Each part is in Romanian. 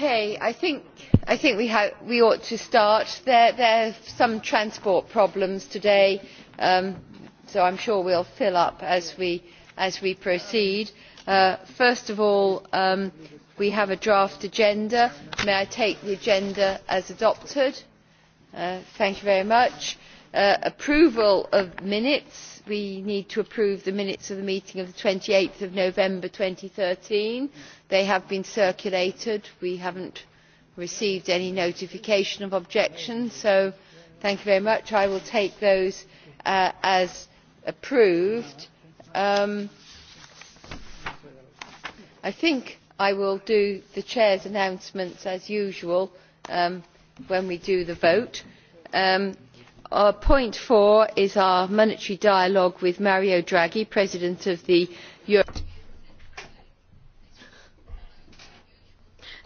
I think, we, ought to start. There, are some transport problems today, so um, so I'm sure we'll fill up as we, proceed. Uh, first of all, um, we have a draft agenda. May I take the agenda as adopted? Uh, thank you very much Uh, approval of minutes we need to approve the minutes of the meeting of twenty eight november two thousand and thirteen they have been circulated we have not received any notification of objection so thank you very much i will take those uh, as approved. Um, i think i will do the chair's announcements as usual um, when we do the vote. Um, point four is our monetary dialogue with mario draghi president of the Euro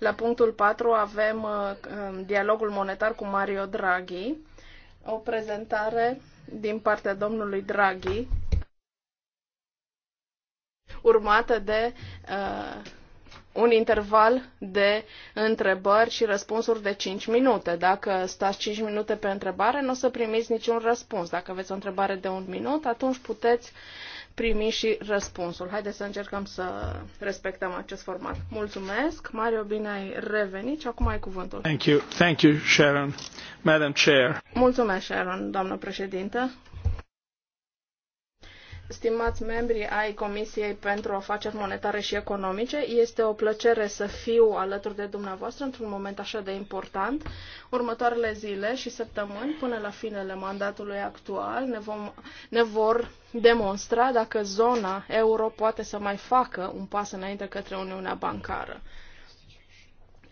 La punctul patru avem uh, um, dialogul monetar cu Mario Draghi, o prezentare din partea domnului Draghi, urmată de uh, un interval de întrebări și răspunsuri de 5 minute. Dacă stați 5 minute pe întrebare, nu o să primiți niciun răspuns. Dacă aveți o întrebare de un minut, atunci puteți primi și răspunsul. Haideți să încercăm să respectăm acest format. Mulțumesc. Mario, bine ai revenit și acum ai cuvântul. Thank you. Thank you, Sharon. Madam Chair. Mulțumesc, Sharon, doamnă președintă stimați membri ai Comisiei pentru Afaceri Monetare și Economice, este o plăcere să fiu alături de dumneavoastră într-un moment așa de important. Următoarele zile și săptămâni, până la finele mandatului actual, ne, vom, ne vor demonstra dacă zona euro poate să mai facă un pas înainte către Uniunea Bancară.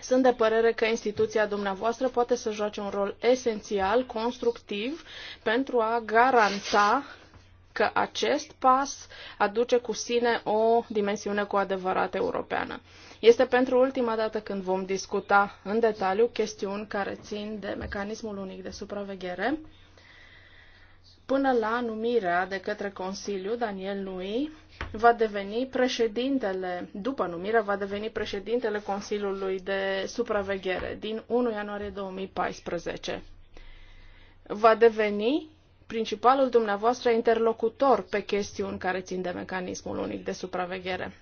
Sunt de părere că instituția dumneavoastră poate să joace un rol esențial, constructiv, pentru a garanta că acest pas aduce cu sine o dimensiune cu adevărat europeană. Este pentru ultima dată când vom discuta în detaliu chestiuni care țin de mecanismul unic de supraveghere. Până la numirea de către Consiliu, Daniel Nui va deveni președintele, după numirea, va deveni președintele Consiliului de Supraveghere din 1 ianuarie 2014. Va deveni principalul dumneavoastră interlocutor pe chestiuni care țin de mecanismul unic de supraveghere.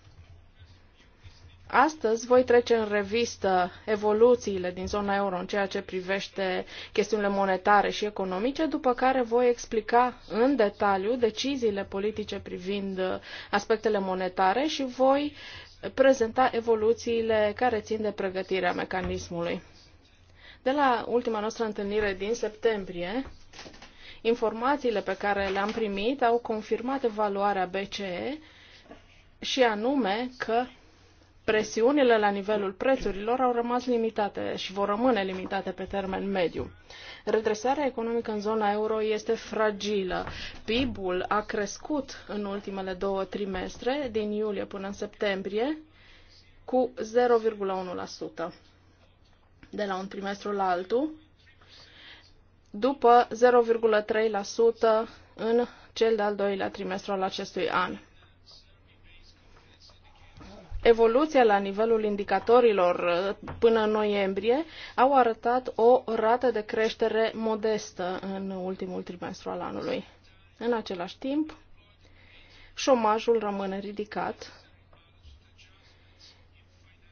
Astăzi voi trece în revistă evoluțiile din zona euro în ceea ce privește chestiunile monetare și economice, după care voi explica în detaliu deciziile politice privind aspectele monetare și voi prezenta evoluțiile care țin de pregătirea mecanismului. De la ultima noastră întâlnire din septembrie, Informațiile pe care le-am primit au confirmat valoarea BCE și anume că presiunile la nivelul prețurilor au rămas limitate și vor rămâne limitate pe termen mediu. Redresarea economică în zona euro este fragilă. PIB-ul a crescut în ultimele două trimestre, din iulie până în septembrie, cu 0,1% de la un trimestru la altul, după 0,3% în cel de-al doilea trimestru al acestui an. Evoluția la nivelul indicatorilor uh, până în noiembrie au arătat o rată de creștere modestă în ultimul trimestru al anului. În același timp, șomajul rămâne ridicat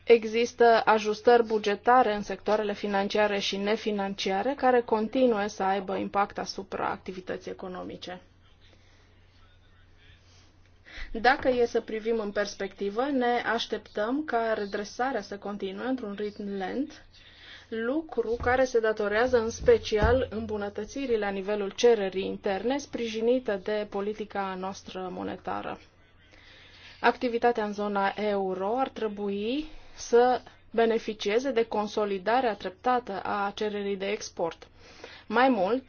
Există ajustări bugetare în sectoarele financiare și nefinanciare care continuă să aibă impact asupra activității economice. Dacă e să privim în perspectivă, ne așteptăm ca redresarea să continue într-un ritm lent, lucru care se datorează în special îmbunătățirii la nivelul cererii interne sprijinită de politica noastră monetară. Activitatea în zona euro ar trebui să beneficieze de consolidarea treptată a cererii de export. Mai mult,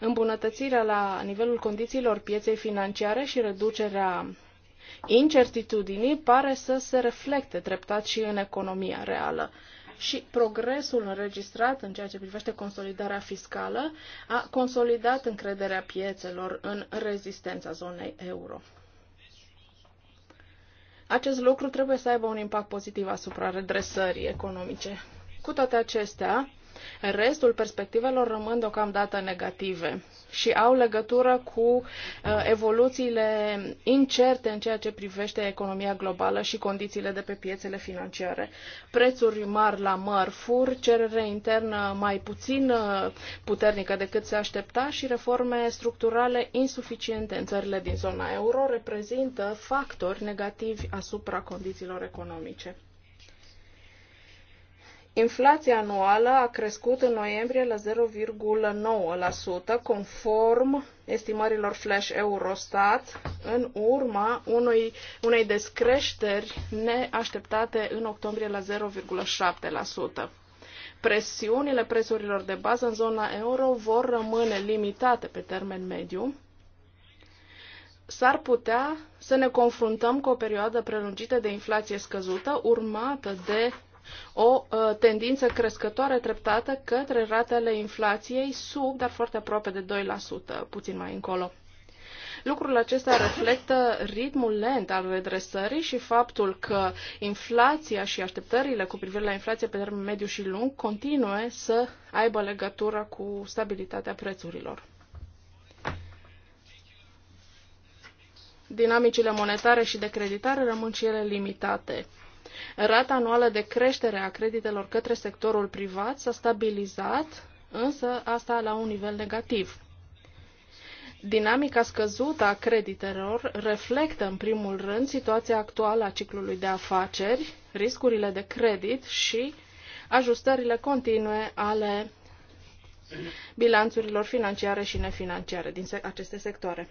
îmbunătățirea la nivelul condițiilor pieței financiare și reducerea incertitudinii pare să se reflecte treptat și în economia reală și progresul înregistrat în ceea ce privește consolidarea fiscală a consolidat încrederea piețelor în rezistența zonei euro. Acest lucru trebuie să aibă un impact pozitiv asupra redresării economice. Cu toate acestea, Restul perspectivelor rămân deocamdată negative și au legătură cu uh, evoluțiile incerte în ceea ce privește economia globală și condițiile de pe piețele financiare. Prețuri mari la mărfuri, cerere internă mai puțin uh, puternică decât se aștepta și reforme structurale insuficiente în țările din zona euro reprezintă factori negativi asupra condițiilor economice. Inflația anuală a crescut în noiembrie la 0,9%, conform estimărilor flash Eurostat, în urma unui, unei descreșteri neașteptate în octombrie la 0,7%. Presiunile prețurilor de bază în zona euro vor rămâne limitate pe termen mediu, s-ar putea să ne confruntăm cu o perioadă prelungită de inflație scăzută, urmată de o uh, tendință crescătoare treptată către ratele inflației sub, dar foarte aproape de 2%, puțin mai încolo. Lucrul acesta reflectă ritmul lent al redresării și faptul că inflația și așteptările cu privire la inflație pe termen mediu și lung continue să aibă legătură cu stabilitatea prețurilor. Dinamicile monetare și de creditare rămân și ele limitate Rata anuală de creștere a creditelor către sectorul privat s-a stabilizat, însă asta la un nivel negativ. Dinamica scăzută a creditelor reflectă în primul rând situația actuală a ciclului de afaceri, riscurile de credit și ajustările continue ale bilanțurilor financiare și nefinanciare din aceste sectoare.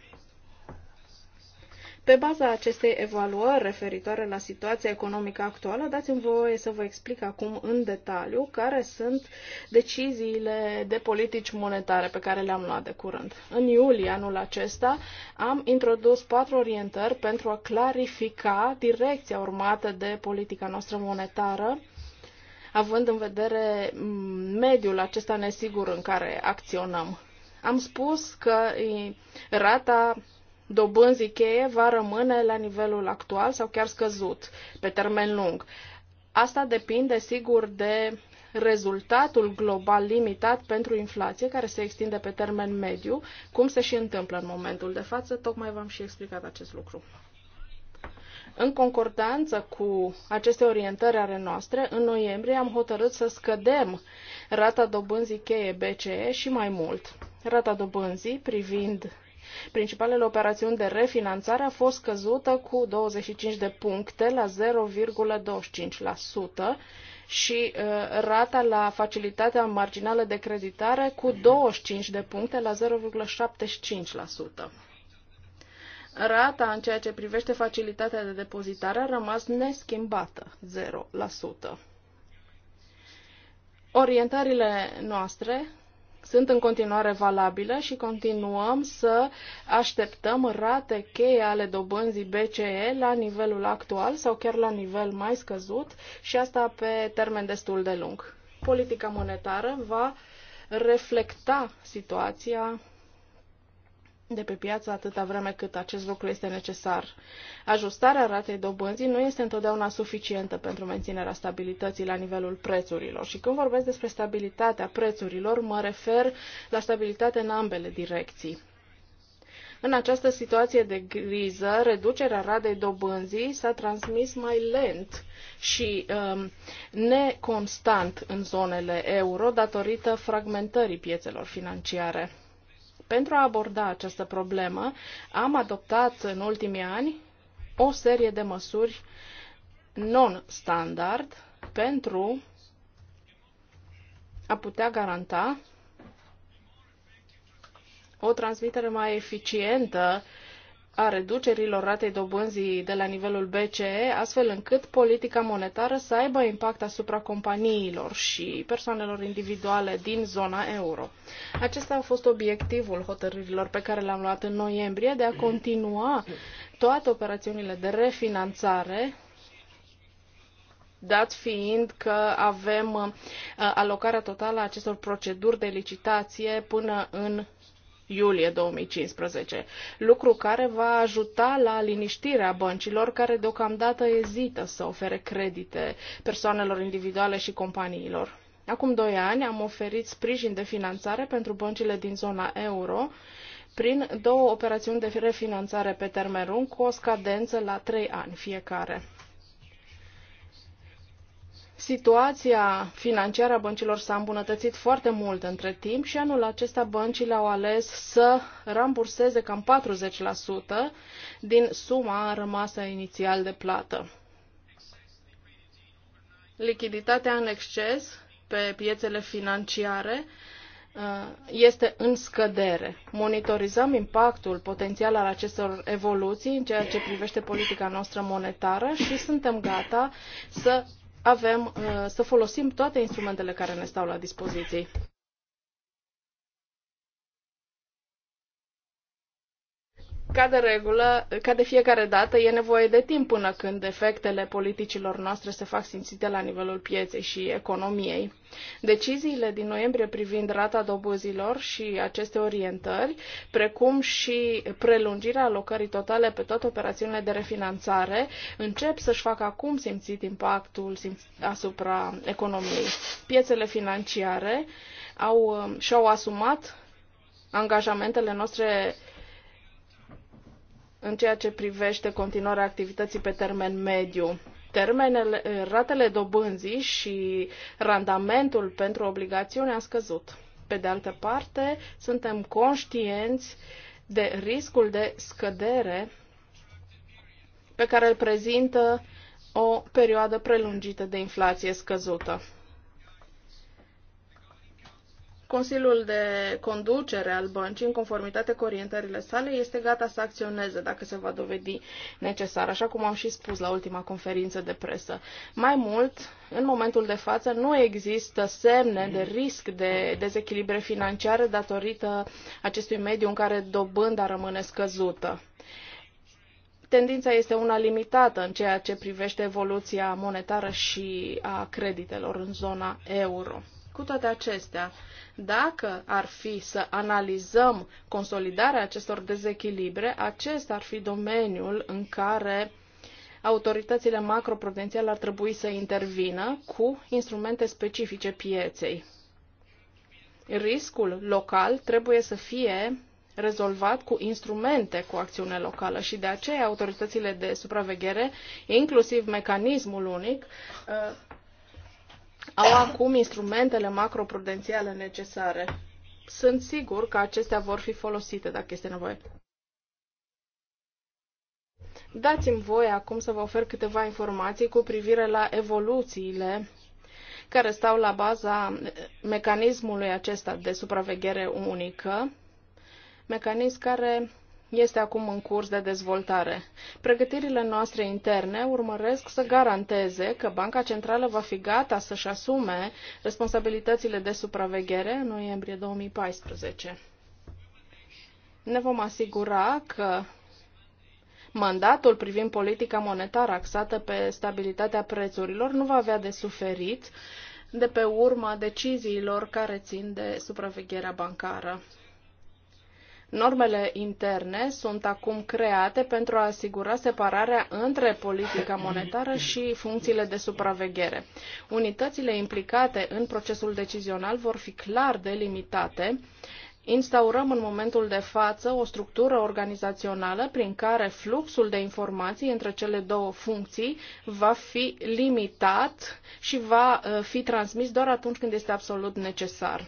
Pe baza acestei evaluări referitoare la situația economică actuală, dați-mi voie să vă explic acum în detaliu care sunt deciziile de politici monetare pe care le-am luat de curând. În iulie anul acesta am introdus patru orientări pentru a clarifica direcția urmată de politica noastră monetară având în vedere mediul acesta nesigur în care acționăm. Am spus că rata dobânzii cheie va rămâne la nivelul actual sau chiar scăzut pe termen lung. Asta depinde, sigur, de rezultatul global limitat pentru inflație, care se extinde pe termen mediu, cum se și întâmplă în momentul de față, tocmai v-am și explicat acest lucru. În concordanță cu aceste orientări ale noastre, în noiembrie am hotărât să scădem rata dobânzii cheie BCE și mai mult. Rata dobânzii privind Principalele operațiuni de refinanțare a fost scăzută cu 25 de puncte la 0,25% și uh, rata la facilitatea marginală de creditare cu 25 de puncte la 0,75%. Rata în ceea ce privește facilitatea de depozitare a rămas neschimbată, 0%. Orientările noastre sunt în continuare valabile și continuăm să așteptăm rate cheie ale dobânzii BCE la nivelul actual sau chiar la nivel mai scăzut și asta pe termen destul de lung. Politica monetară va reflecta situația de pe piață atâta vreme cât acest lucru este necesar. Ajustarea ratei dobânzii nu este întotdeauna suficientă pentru menținerea stabilității la nivelul prețurilor. Și când vorbesc despre stabilitatea prețurilor, mă refer la stabilitate în ambele direcții. În această situație de griză, reducerea radei dobânzii s-a transmis mai lent și um, neconstant în zonele euro datorită fragmentării piețelor financiare. Pentru a aborda această problemă, am adoptat în ultimii ani o serie de măsuri non-standard pentru a putea garanta o transmitere mai eficientă a reducerilor ratei dobânzii de la nivelul BCE, astfel încât politica monetară să aibă impact asupra companiilor și persoanelor individuale din zona euro. Acesta a fost obiectivul hotărârilor pe care le-am luat în noiembrie de a continua toate operațiunile de refinanțare dat fiind că avem uh, alocarea totală a acestor proceduri de licitație până în iulie 2015, lucru care va ajuta la liniștirea băncilor care deocamdată ezită să ofere credite persoanelor individuale și companiilor. Acum doi ani am oferit sprijin de finanțare pentru băncile din zona euro prin două operațiuni de refinanțare pe termen lung cu o scadență la trei ani fiecare. Situația financiară a băncilor s-a îmbunătățit foarte mult între timp și anul acesta băncile au ales să ramburseze cam 40% din suma rămasă inițial de plată. Lichiditatea în exces pe piețele financiare uh, este în scădere. Monitorizăm impactul potențial al acestor evoluții în ceea ce privește politica noastră monetară și suntem gata să avem uh, să folosim toate instrumentele care ne stau la dispoziție. Ca de regulă, ca de fiecare dată, e nevoie de timp până când efectele politicilor noastre se fac simțite la nivelul pieței și economiei. Deciziile din noiembrie privind rata dobânzilor și aceste orientări, precum și prelungirea alocării totale pe toate operațiunile de refinanțare, încep să-și facă acum simțit impactul asupra economiei. Piețele financiare au, um, și-au asumat angajamentele noastre în ceea ce privește continuarea activității pe termen mediu. Termenele, ratele dobânzii și randamentul pentru obligațiuni a scăzut. Pe de altă parte, suntem conștienți de riscul de scădere pe care îl prezintă o perioadă prelungită de inflație scăzută. Consiliul de conducere al băncii, în conformitate cu orientările sale, este gata să acționeze dacă se va dovedi necesar, așa cum am și spus la ultima conferință de presă. Mai mult, în momentul de față, nu există semne de risc de dezechilibre financiare datorită acestui mediu în care dobânda rămâne scăzută tendința este una limitată în ceea ce privește evoluția monetară și a creditelor în zona euro. Cu toate acestea, dacă ar fi să analizăm consolidarea acestor dezechilibre, acesta ar fi domeniul în care autoritățile macroprudențiale ar trebui să intervină cu instrumente specifice pieței. Riscul local trebuie să fie rezolvat cu instrumente cu acțiune locală și de aceea autoritățile de supraveghere, inclusiv mecanismul unic, uh, au acum instrumentele macroprudențiale necesare. Sunt sigur că acestea vor fi folosite dacă este nevoie. Dați-mi voie acum să vă ofer câteva informații cu privire la evoluțiile care stau la baza mecanismului acesta de supraveghere unică, mecanism care este acum în curs de dezvoltare. Pregătirile noastre interne urmăresc să garanteze că Banca Centrală va fi gata să-și asume responsabilitățile de supraveghere în noiembrie 2014. Ne vom asigura că mandatul privind politica monetară axată pe stabilitatea prețurilor nu va avea de suferit de pe urma deciziilor care țin de supravegherea bancară. Normele interne sunt acum create pentru a asigura separarea între politica monetară și funcțiile de supraveghere. Unitățile implicate în procesul decizional vor fi clar delimitate. Instaurăm în momentul de față o structură organizațională prin care fluxul de informații între cele două funcții va fi limitat și va uh, fi transmis doar atunci când este absolut necesar.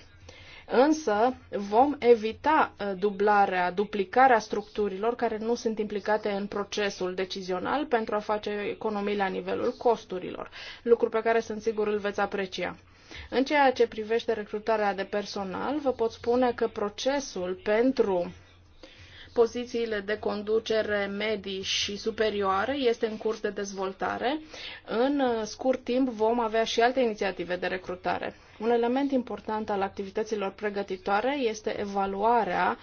Însă vom evita uh, dublarea, duplicarea structurilor care nu sunt implicate în procesul decizional pentru a face economii la nivelul costurilor, lucru pe care sunt sigur îl veți aprecia. În ceea ce privește recrutarea de personal, vă pot spune că procesul pentru pozițiile de conducere medii și superioare este în curs de dezvoltare. În uh, scurt timp vom avea și alte inițiative de recrutare. Un element important al activităților pregătitoare este evaluarea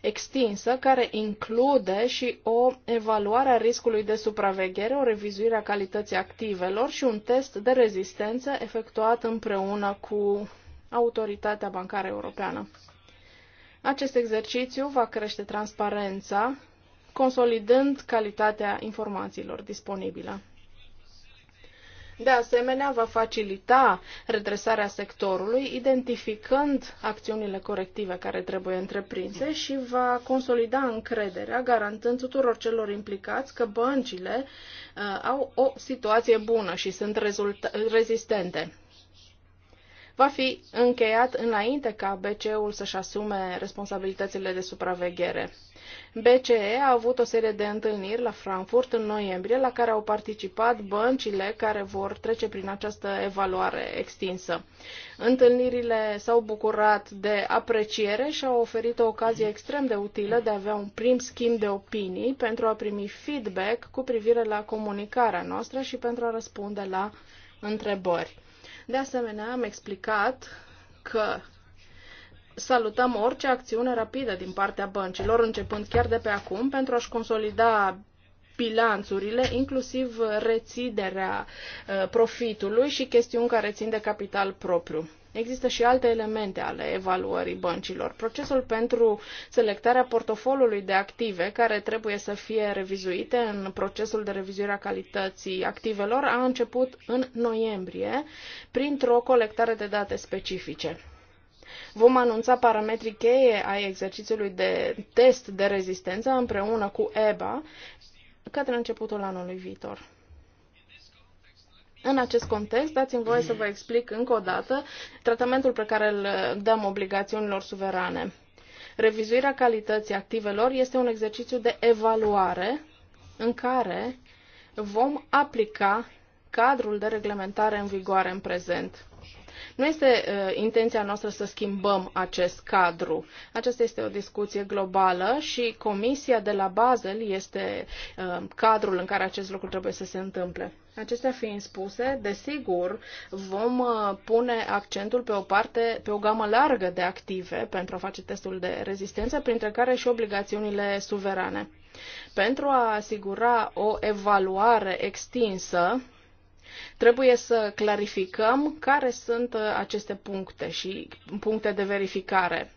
extinsă, care include și o evaluare a riscului de supraveghere, o revizuire a calității activelor și un test de rezistență efectuat împreună cu Autoritatea Bancară Europeană. Acest exercițiu va crește transparența, consolidând calitatea informațiilor disponibile. De asemenea, va facilita redresarea sectorului, identificând acțiunile corective care trebuie întreprinse și va consolida încrederea, garantând tuturor celor implicați că băncile uh, au o situație bună și sunt rezistente va fi încheiat înainte ca BCE-ul să-și asume responsabilitățile de supraveghere. BCE a avut o serie de întâlniri la Frankfurt în noiembrie, la care au participat băncile care vor trece prin această evaluare extinsă. Întâlnirile s-au bucurat de apreciere și au oferit o ocazie extrem de utilă de a avea un prim schimb de opinii pentru a primi feedback cu privire la comunicarea noastră și pentru a răspunde la întrebări. De asemenea, am explicat că salutăm orice acțiune rapidă din partea băncilor, începând chiar de pe acum, pentru a-și consolida bilanțurile, inclusiv reținerea uh, profitului și chestiuni care țin de capital propriu. Există și alte elemente ale evaluării băncilor. Procesul pentru selectarea portofoliului de active care trebuie să fie revizuite în procesul de revizuire a calității activelor a început în noiembrie printr-o colectare de date specifice. Vom anunța parametrii cheie ai exercițiului de test de rezistență împreună cu EBA către începutul anului viitor. În acest context, dați-mi voie să vă explic încă o dată tratamentul pe care îl dăm obligațiunilor suverane. Revizuirea calității activelor este un exercițiu de evaluare în care vom aplica cadrul de reglementare în vigoare în prezent. Nu este uh, intenția noastră să schimbăm acest cadru. Aceasta este o discuție globală și Comisia de la Basel este uh, cadrul în care acest lucru trebuie să se întâmple. Acestea fiind spuse, desigur, vom uh, pune accentul pe o parte, pe o gamă largă de active pentru a face testul de rezistență, printre care și obligațiunile suverane. Pentru a asigura o evaluare extinsă Trebuie să clarificăm care sunt uh, aceste puncte și puncte de verificare.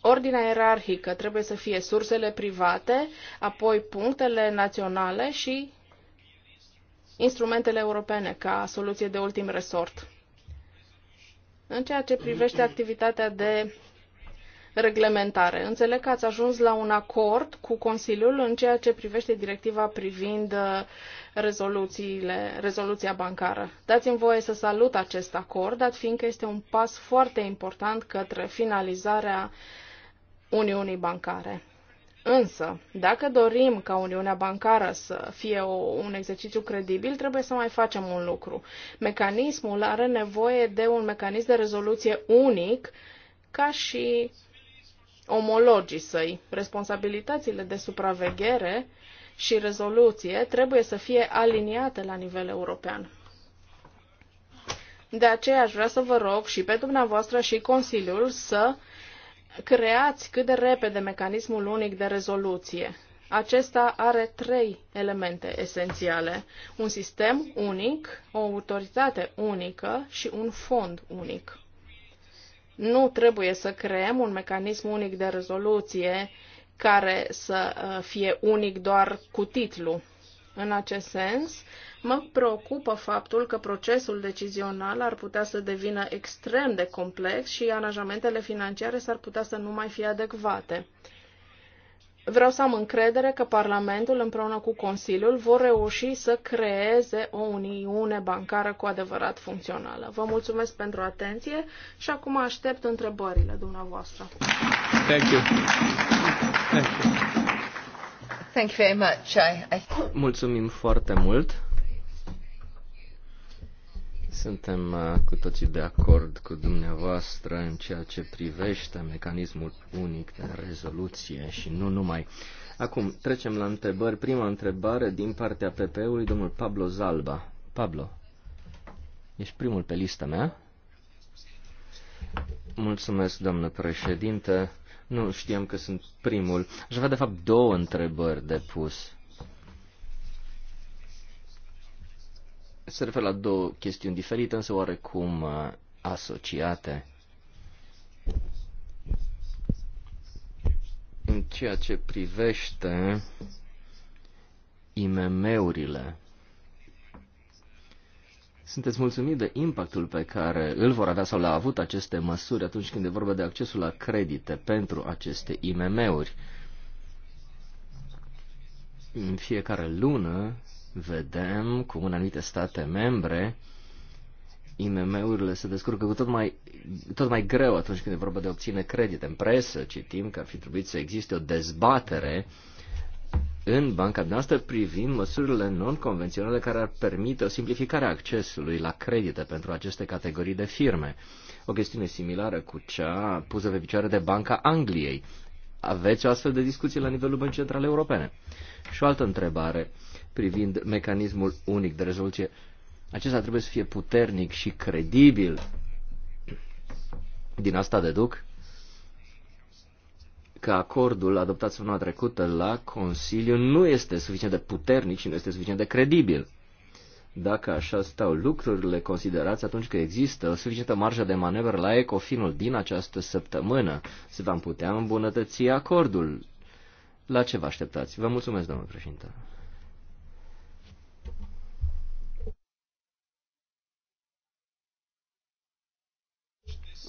Ordinea ierarhică trebuie să fie sursele private, apoi punctele naționale și instrumentele europene ca soluție de ultim resort. În ceea ce privește activitatea de reglementare, înțeleg că ați ajuns la un acord cu Consiliul în ceea ce privește directiva privind uh, rezoluțiile, rezoluția bancară. Dați-mi voie să salut acest acord, dat fiindcă este un pas foarte important către finalizarea Uniunii Bancare. Însă, dacă dorim ca Uniunea Bancară să fie o, un exercițiu credibil, trebuie să mai facem un lucru. Mecanismul are nevoie de un mecanism de rezoluție unic, ca și omologii săi. Responsabilitățile de supraveghere și rezoluție trebuie să fie aliniate la nivel european. De aceea aș vrea să vă rog și pe dumneavoastră și Consiliul să creați cât de repede mecanismul unic de rezoluție. Acesta are trei elemente esențiale. Un sistem unic, o autoritate unică și un fond unic. Nu trebuie să creăm un mecanism unic de rezoluție uh, care să uh, fie unic doar cu titlu. În acest sens, mă preocupă faptul că procesul decizional ar putea să devină extrem de complex și aranjamentele financiare s-ar putea să nu mai fie adecvate. Vreau să am încredere că Parlamentul împreună cu Consiliul vor reuși să creeze o uniune bancară cu adevărat funcțională. Vă mulțumesc pentru atenție și acum aștept întrebările dumneavoastră. Thank you. Thank you very much. I, I... Mulțumim foarte mult. Suntem uh, cu toții de acord cu dumneavoastră în ceea ce privește mecanismul unic de rezoluție și nu numai. Acum trecem la întrebări. Prima întrebare din partea PP-ului, domnul Pablo Zalba. Pablo, ești primul pe lista mea? Mulțumesc, doamnă președinte. Nu știam că sunt primul. Aș avea, de fapt, două întrebări de pus. Se referă la două chestiuni diferite, însă oarecum uh, asociate. În ceea ce privește IMM-urile, sunteți mulțumit de impactul pe care îl vor avea sau l-a avut aceste măsuri atunci când e vorba de accesul la credite pentru aceste IMM-uri. În fiecare lună vedem cum în anumite state membre IMM-urile se descurcă cu tot mai, tot mai greu atunci când e vorba de obține credite. În presă citim că ar fi trebuit să existe o dezbatere uh, în banca noastră privim măsurile non-convenționale care ar permite o simplificare a accesului la credite pentru aceste categorii de firme. O chestiune similară cu cea pusă pe picioare de Banca Angliei. Aveți o astfel de discuție la nivelul Băncii Centrale Europene? Și o altă întrebare privind mecanismul unic de rezoluție. Acesta trebuie să fie puternic și credibil. Din asta deduc că acordul adoptat săptămâna trecută la Consiliu nu este suficient de puternic și nu este suficient de credibil. Dacă așa stau lucrurile, considerați atunci că există o suficientă marjă de manevră la Ecofinul din această săptămână. Se va putea îmbunătăți acordul. La ce vă așteptați? Vă mulțumesc, domnule președinte.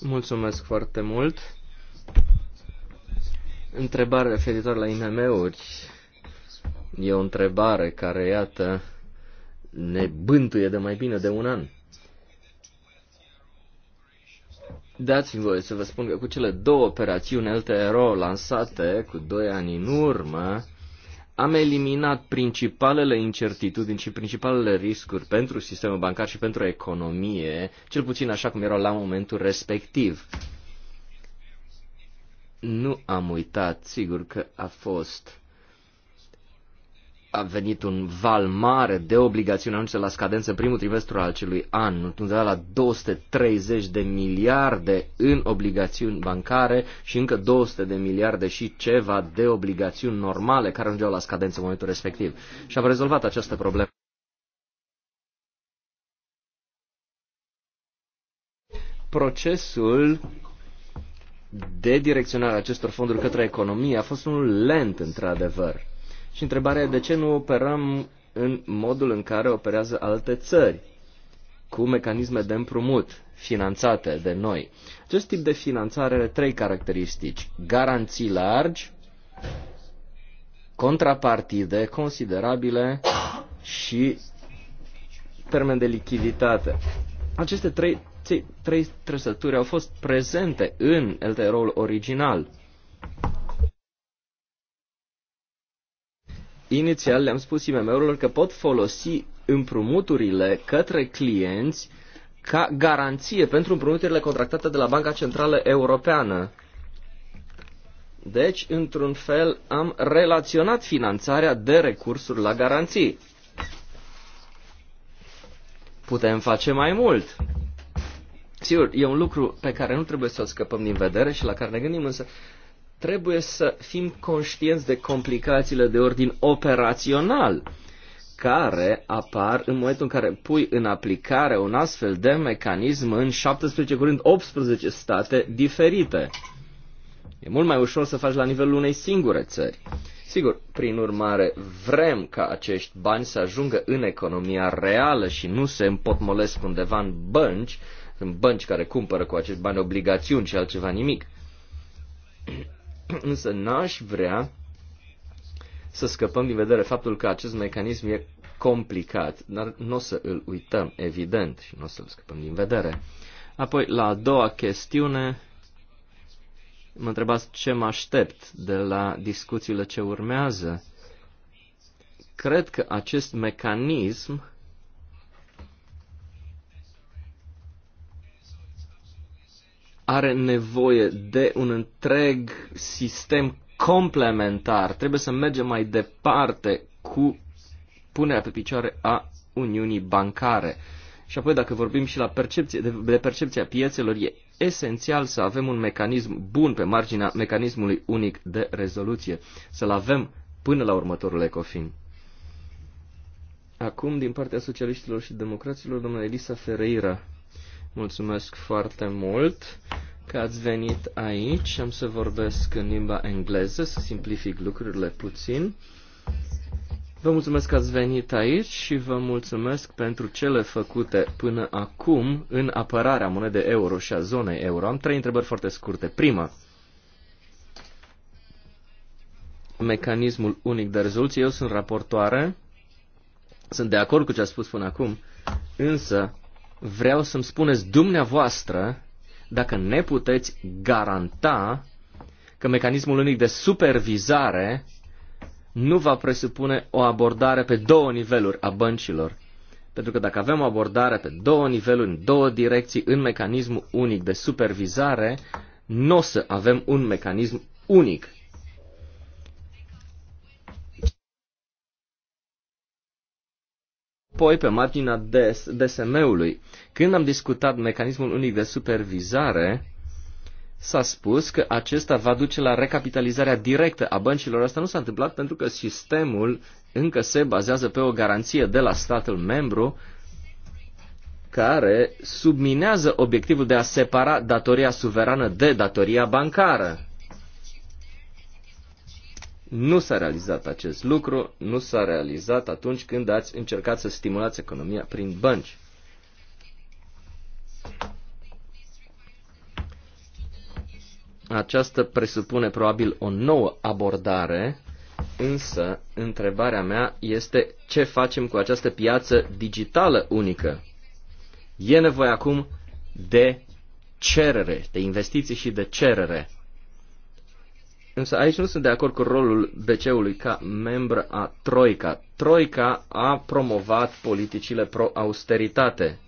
Mulțumesc foarte mult. Întrebare referitor la IMM-uri. E o întrebare care, iată, ne bântuie de mai bine de un an. Dați-mi voie să vă spun că cu cele două operațiuni LTRO lansate cu doi ani în urmă, am eliminat principalele incertitudini și principalele riscuri pentru sistemul bancar și pentru economie, cel puțin așa cum erau la momentul respectiv nu am uitat, sigur că a fost a venit un val mare de obligațiuni anunțe la scadență în primul trimestru al acelui an, undeva la 230 de miliarde în obligațiuni bancare și încă 200 de miliarde și ceva de obligațiuni normale care ajungeau la scadență în momentul respectiv. Și am rezolvat această problemă. Procesul de direcționare a acestor fonduri către economie a fost unul lent, într-adevăr. Și întrebarea e de ce nu operăm în modul în care operează alte țări, cu mecanisme de împrumut finanțate de noi. Acest tip de finanțare are trei caracteristici. Garanții largi, contrapartide considerabile și termen de lichiditate. Aceste trei cei trei trăsături au fost prezente în LTRO-ul original. Inițial le-am spus IMM-urilor că pot folosi împrumuturile către clienți ca garanție pentru împrumuturile contractate de la Banca Centrală Europeană. Deci, într-un fel, am relaționat finanțarea de recursuri la garanții. Putem face mai mult. Sigur, e un lucru pe care nu trebuie să-l scăpăm din vedere și la care ne gândim, însă trebuie să fim conștienți de complicațiile de ordin operațional care apar în momentul în care pui în aplicare un astfel de mecanism în 17, curând 18 state diferite. E mult mai ușor să faci la nivelul unei singure țări. Sigur, prin urmare, vrem ca acești bani să ajungă în economia reală și nu se împotmolesc undeva în bănci, sunt bănci care cumpără cu acești bani obligațiuni și altceva nimic. Însă n-aș vrea să scăpăm din vedere faptul că acest mecanism e complicat, dar nu o să îl uităm, evident, și nu o să-l scăpăm din vedere. Apoi, la a doua chestiune, mă întrebați ce mă aștept de la discuțiile ce urmează. Cred că acest mecanism are nevoie de un întreg sistem complementar. Trebuie să mergem mai departe cu punerea pe picioare a Uniunii Bancare. Și apoi, dacă vorbim și la percepție, de, de percepția piețelor, e esențial să avem un mecanism bun pe marginea mecanismului unic de rezoluție, să-l avem până la următorul ECOFIN. Acum, din partea socialiștilor și democraților, domnul Elisa Ferreira. Mulțumesc foarte mult că ați venit aici. Am să vorbesc în limba engleză, să simplific lucrurile puțin. Vă mulțumesc că ați venit aici și vă mulțumesc pentru cele făcute până acum în apărarea monedei euro și a zonei euro. Am trei întrebări foarte scurte. Prima, mecanismul unic de rezoluție. Eu sunt raportoare, sunt de acord cu ce a spus până acum, însă vreau să-mi spuneți dumneavoastră dacă ne puteți garanta că mecanismul unic de supervizare nu va presupune o abordare pe două niveluri a băncilor. Pentru că dacă avem o abordare pe două niveluri, în două direcții, în mecanismul unic de supervizare, nu o să avem un mecanism unic Poi pe marginea DSM-ului, când am discutat mecanismul unic de supervizare, s-a spus că acesta va duce la recapitalizarea directă a băncilor. Asta nu s-a întâmplat pentru că sistemul încă se bazează pe o garanție de la statul membru care subminează obiectivul de a separa datoria suverană de datoria bancară. Nu s-a realizat acest lucru, nu s-a realizat atunci când ați încercat să stimulați economia prin bănci. Aceasta presupune probabil o nouă abordare, însă întrebarea mea este ce facem cu această piață digitală unică. E nevoie acum de cerere, de investiții și de cerere. Însă aici nu sunt de acord cu rolul BC-ului ca membru a Troica. Troica a promovat politicile pro-austeritate.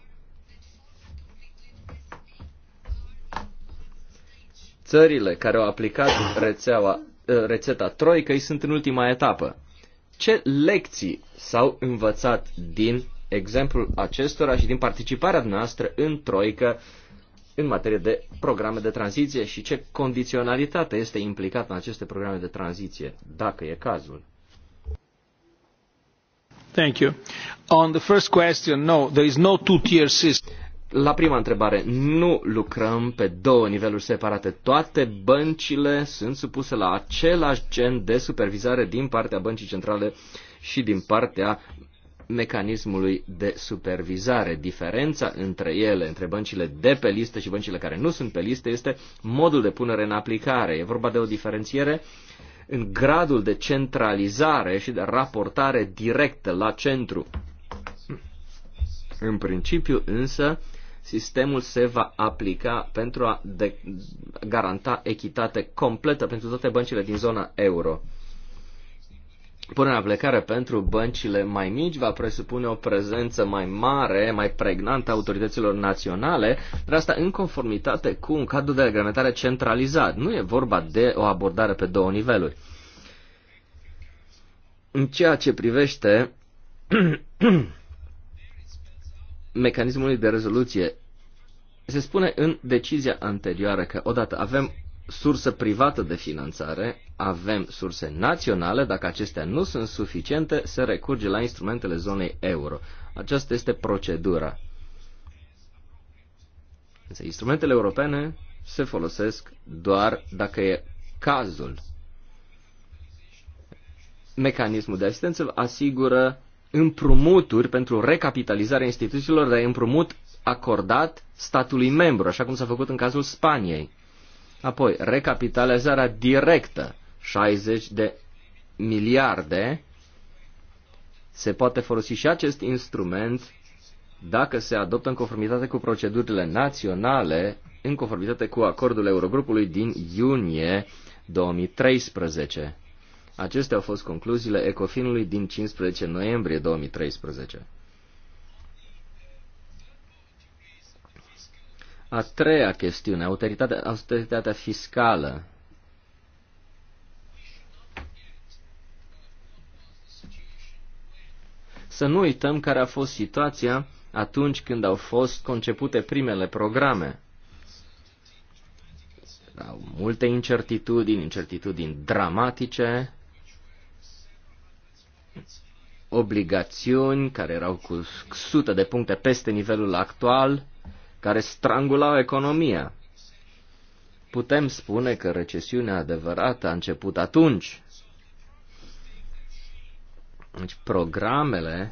Țările care au aplicat rețeaua, eh, rețeta Troica îi sunt în ultima etapă. Ce lecții s-au învățat din exemplul acestora și din participarea noastră în Troică în materie de programe de tranziție și ce condiționalitate este implicată în aceste programe de tranziție, dacă e cazul. Thank you. On the first question, no, there is no two-tier system. La prima întrebare, nu lucrăm pe două niveluri separate. Toate băncile sunt supuse la același gen de supervizare din partea Băncii Centrale și din partea mecanismului de supervizare. Diferența între ele, între băncile de pe listă și băncile care nu sunt pe listă, este modul de punere în aplicare. E vorba de o diferențiere în gradul de centralizare și de raportare directă la centru. În principiu, însă, sistemul se va aplica pentru a garanta echitate completă pentru toate băncile din zona euro. Punerea la plecare pentru băncile mai mici va presupune o prezență mai mare, mai pregnantă a autorităților naționale, dar asta în conformitate cu un cadru de reglementare centralizat. Nu e vorba de o abordare pe două niveluri. În ceea ce privește mecanismului de rezoluție, se spune în decizia anterioară că odată avem sursă privată de finanțare, avem surse naționale, dacă acestea nu sunt suficiente, se recurge la instrumentele zonei euro. Aceasta este procedura. Însă instrumentele europene se folosesc doar dacă e cazul. Mecanismul de asistență asigură împrumuturi pentru recapitalizarea instituțiilor, dar împrumut acordat statului membru, așa cum s-a făcut în cazul Spaniei. Apoi, recapitalizarea directă 60 de miliarde, se poate folosi și acest instrument dacă se adoptă în conformitate cu procedurile naționale, în conformitate cu acordul Eurogrupului din iunie 2013. Acestea au fost concluziile Ecofinului din 15 noiembrie 2013. A treia chestiune, autoritatea, autoritatea fiscală. Să nu uităm care a fost situația atunci când au fost concepute primele programe. Au multe incertitudini, incertitudini dramatice, obligațiuni care erau cu sute de puncte peste nivelul actual, care strangulau economia. Putem spune că recesiunea adevărată a început atunci, deci programele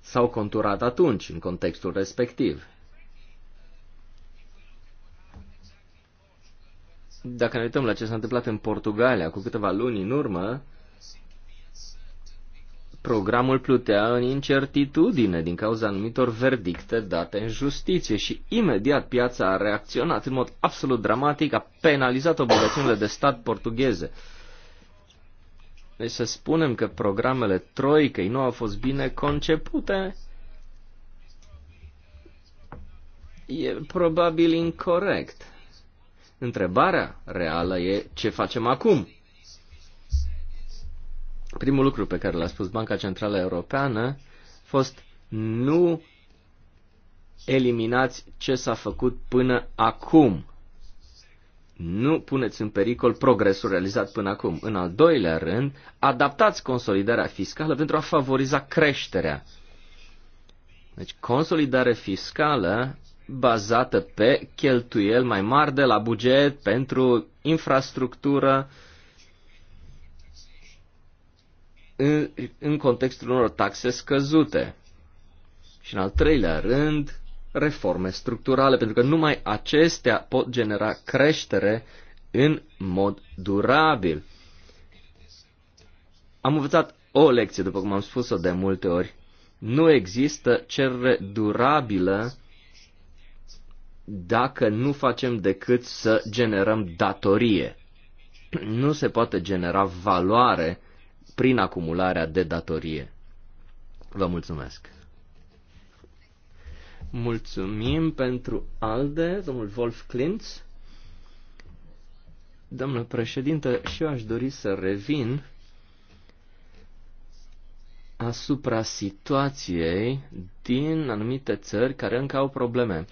s-au conturat atunci, în contextul respectiv. Dacă ne uităm la ce s-a întâmplat în Portugalia cu câteva luni în urmă, programul plutea în incertitudine din cauza anumitor verdicte date în justiție și imediat piața a reacționat în mod absolut dramatic, a penalizat obligațiunile de stat portugheze. Deci să spunem că programele troicăi nu au fost bine concepute e probabil incorrect. Întrebarea reală e ce facem acum. Primul lucru pe care l-a spus Banca Centrală Europeană a fost nu eliminați ce s-a făcut până acum nu puneți în pericol progresul realizat până acum. În al doilea rând, adaptați consolidarea fiscală pentru a favoriza creșterea. Deci, consolidare fiscală bazată pe cheltuieli mai mari de la buget pentru infrastructură în, în contextul unor taxe scăzute. Și în al treilea rând, reforme structurale, pentru că numai acestea pot genera creștere în mod durabil. Am învățat o lecție, după cum am spus-o de multe ori. Nu există cerere durabilă dacă nu facem decât să generăm datorie. Nu se poate genera valoare prin acumularea de datorie. Vă mulțumesc! Mulțumim pentru ALDE, domnul Wolf Klintz. Doamnă președintă, și eu aș dori să revin asupra situației din anumite țări care încă au probleme.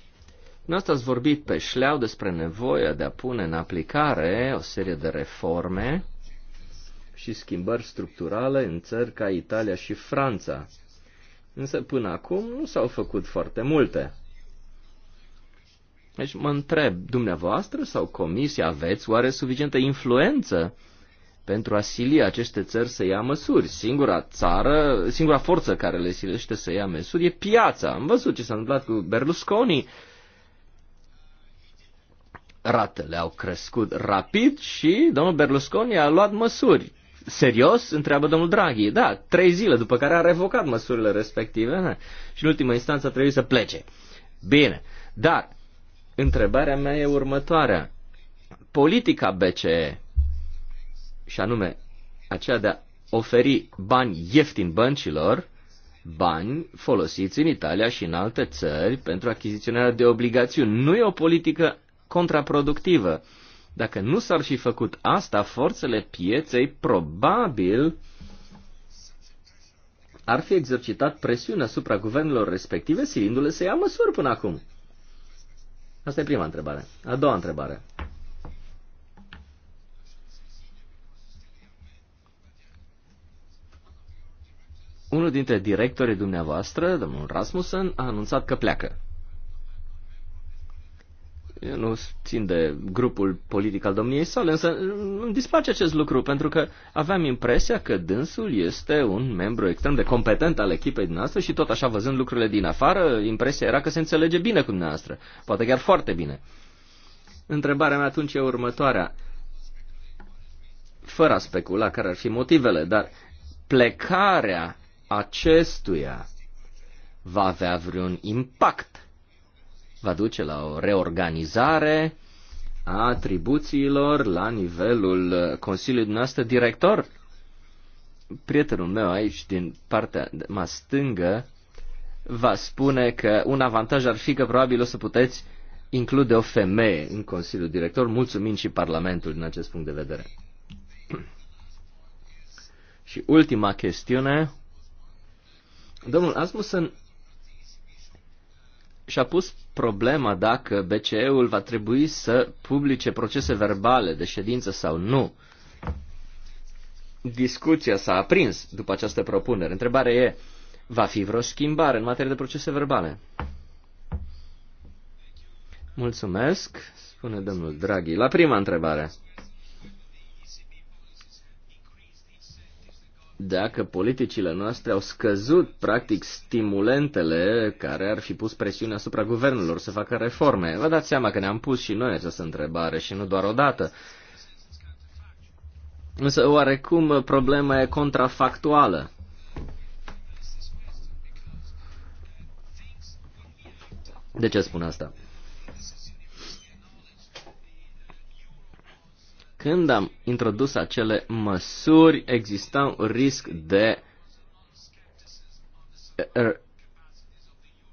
Noi ați vorbit pe șleau despre nevoia de a pune în aplicare o serie de reforme și schimbări structurale în țări ca Italia și Franța. Însă până acum nu s-au făcut foarte multe. Deci mă întreb, dumneavoastră sau comisia aveți oare suficientă influență pentru a sili aceste țări să ia măsuri? Singura țară, singura forță care le silește să ia măsuri e piața. Am văzut ce s-a întâmplat cu Berlusconi. Ratele au crescut rapid și domnul Berlusconi a luat măsuri. Serios? Întreabă domnul Draghi. Da, trei zile după care a revocat măsurile respective da. și în ultima instanță a trebuit să plece. Bine, dar întrebarea mea e următoarea. Politica BCE, și anume aceea de a oferi bani ieftin băncilor, bani folosiți în Italia și în alte țări pentru achiziționarea de obligațiuni. Nu e o politică contraproductivă. Dacă nu s-ar fi făcut asta, forțele pieței probabil ar fi exercitat presiune asupra guvernelor respective, silindu-le să ia măsuri până acum. Asta e prima întrebare. A doua întrebare. Unul dintre directorii dumneavoastră, domnul Rasmussen, a anunțat că pleacă eu nu țin de grupul politic al domniei sale, însă îmi displace acest lucru, pentru că aveam impresia că dânsul este un membru extrem de competent al echipei noastre și tot așa văzând lucrurile din afară, impresia era că se înțelege bine cu dumneavoastră, poate chiar foarte bine. Întrebarea mea atunci e următoarea, fără a specula care ar fi motivele, dar plecarea acestuia va avea vreun impact va duce la o reorganizare a atribuțiilor la nivelul Consiliului noastră director. Prietenul meu aici, din partea mea stângă, va spune că un avantaj ar fi că probabil o să puteți include o femeie în Consiliul Director, mulțumind și Parlamentul din acest punct de vedere. și ultima chestiune. Domnul Asmussen și-a pus problema dacă BCE-ul va trebui să publice procese verbale de ședință sau nu. Discuția s-a aprins după această propunere. Întrebarea e, va fi vreo schimbare în materie de procese verbale? Mulțumesc, spune domnul Draghi. La prima întrebare. dacă politicile noastre au scăzut, practic, stimulentele care ar fi pus presiune asupra guvernelor să facă reforme. Vă dați seama că ne-am pus și noi această întrebare și nu doar o dată. Însă, oarecum, problema e contrafactuală. De ce spun asta? Când am introdus acele măsuri, exista un risc de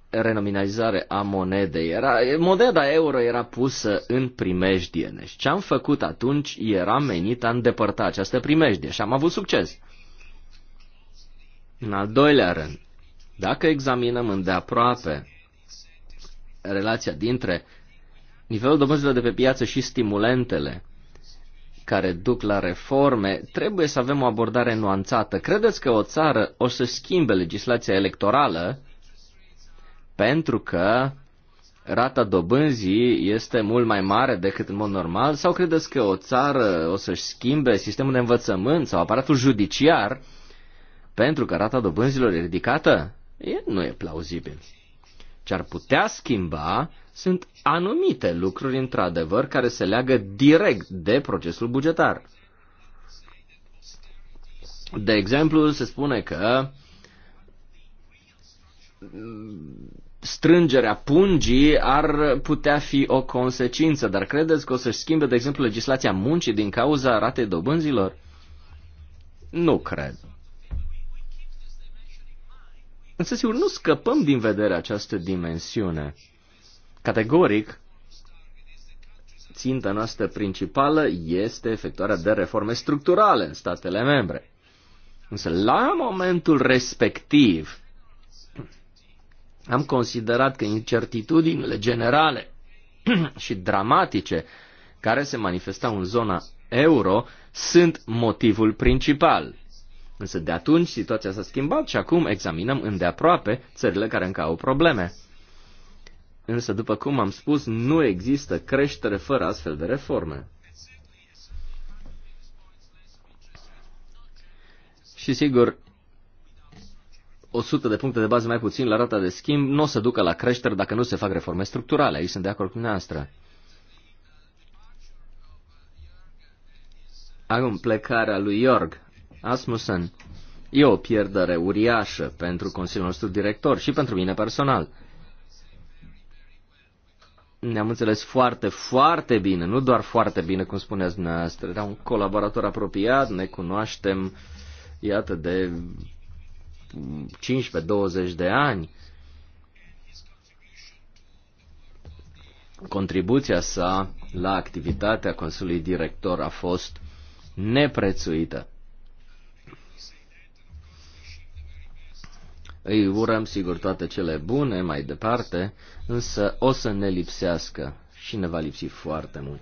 renominalizare a monedei. Era, moneda euro era pusă în primejdie. Deci ce am făcut atunci era menit a îndepărta această primejdie și am avut succes. În al doilea rând, dacă examinăm îndeaproape relația dintre nivelul dobânzilor de pe piață și stimulentele, care duc la reforme, trebuie să avem o abordare nuanțată. Credeți că o țară o să schimbe legislația electorală pentru că rata dobânzii este mult mai mare decât în mod normal? Sau credeți că o țară o să-și schimbe sistemul de învățământ sau aparatul judiciar pentru că rata dobânzilor e ridicată? E, nu e plauzibil. Ce ar putea schimba sunt anumite lucruri, într-adevăr, care se leagă direct de procesul bugetar. De exemplu, se spune că strângerea pungii ar putea fi o consecință, dar credeți că o să-și schimbe, de exemplu, legislația muncii din cauza ratei dobânzilor? Nu cred. Însă, sigur, nu scăpăm din vedere această dimensiune. Categoric, ținta noastră principală este efectuarea de reforme structurale în statele membre. Însă, la momentul respectiv, am considerat că incertitudinile generale și dramatice care se manifestau în zona euro sunt motivul principal. Însă de atunci situația s-a schimbat și acum examinăm îndeaproape țările care încă au probleme. Însă, după cum am spus, nu există creștere fără astfel de reforme. Și sigur, 100 de puncte de bază mai puțin la rata de schimb nu o să ducă la creștere dacă nu se fac reforme structurale. Aici sunt de acord cu dumneavoastră. Acum, plecarea lui Iorg Asmussen e o pierdere uriașă pentru Consiliul nostru director și pentru mine personal ne-am înțeles foarte, foarte bine, nu doar foarte bine, cum spuneați dumneavoastră, dar un colaborator apropiat, ne cunoaștem, iată, de 15-20 de ani. Contribuția sa la activitatea Consiliului Director a fost neprețuită. Îi urăm, sigur, toate cele bune mai departe, însă o să ne lipsească și ne va lipsi foarte mult.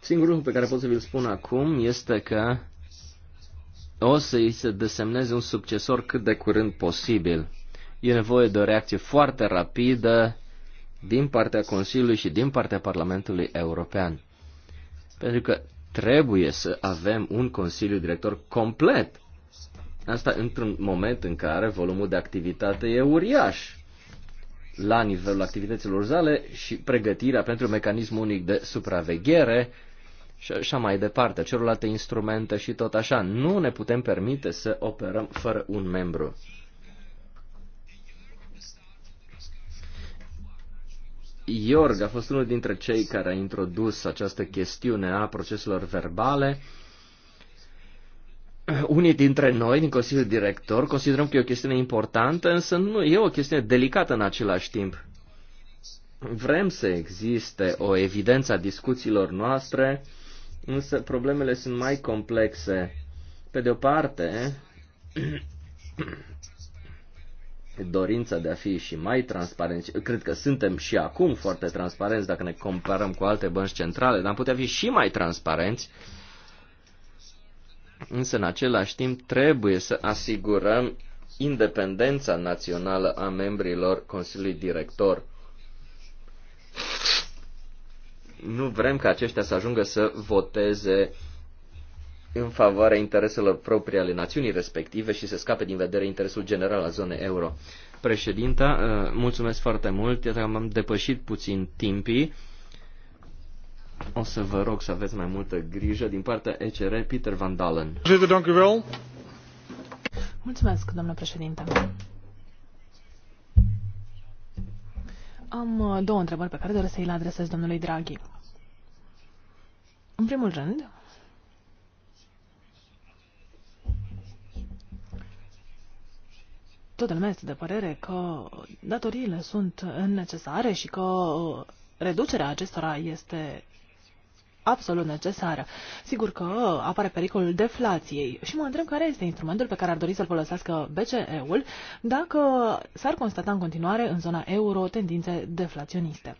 Singurul lucru pe care pot să vi-l spun acum este că o să îi se desemneze un succesor cât de curând posibil. E nevoie de o reacție foarte rapidă din partea Consiliului și din partea Parlamentului European. Pentru că trebuie să avem un Consiliu Director complet Asta într-un moment în care volumul de activitate e uriaș la nivelul activităților sale și pregătirea pentru mecanismul unic de supraveghere și așa mai departe, celelalte instrumente și tot așa. Nu ne putem permite să operăm fără un membru. Iorg a fost unul dintre cei care a introdus această chestiune a proceselor verbale unii dintre noi din Consiliul Director considerăm că e o chestiune importantă, însă nu e o chestiune delicată în același timp. Vrem să existe o evidență a discuțiilor noastre, însă problemele sunt mai complexe. Pe de o parte, dorința de a fi și mai transparenți, cred că suntem și acum foarte transparenți dacă ne comparăm cu alte bănci centrale, dar am putea fi și mai transparenți, uh, însă în același timp trebuie să asigurăm independența națională a membrilor Consiliului Director. Nu vrem ca aceștia să ajungă să voteze în favoarea intereselor proprii ale națiunii respective și să scape din vedere interesul general al zonei euro. Președinta, uh, mulțumesc foarte mult, iată că am depășit puțin timpii. O să vă rog să aveți mai multă grijă din partea ECR, Peter Van Dalen. Mulțumesc, domnule președinte. Am uh, două întrebări pe care doresc să le adresez domnului Draghi. În primul rând, toată lumea este de părere că datoriile sunt necesare și că uh, reducerea acestora este absolut necesară. Sigur că apare pericolul deflației și mă întreb care este instrumentul pe care ar dori să-l folosească BCE-ul dacă s-ar constata în continuare în zona euro tendințe deflaționiste.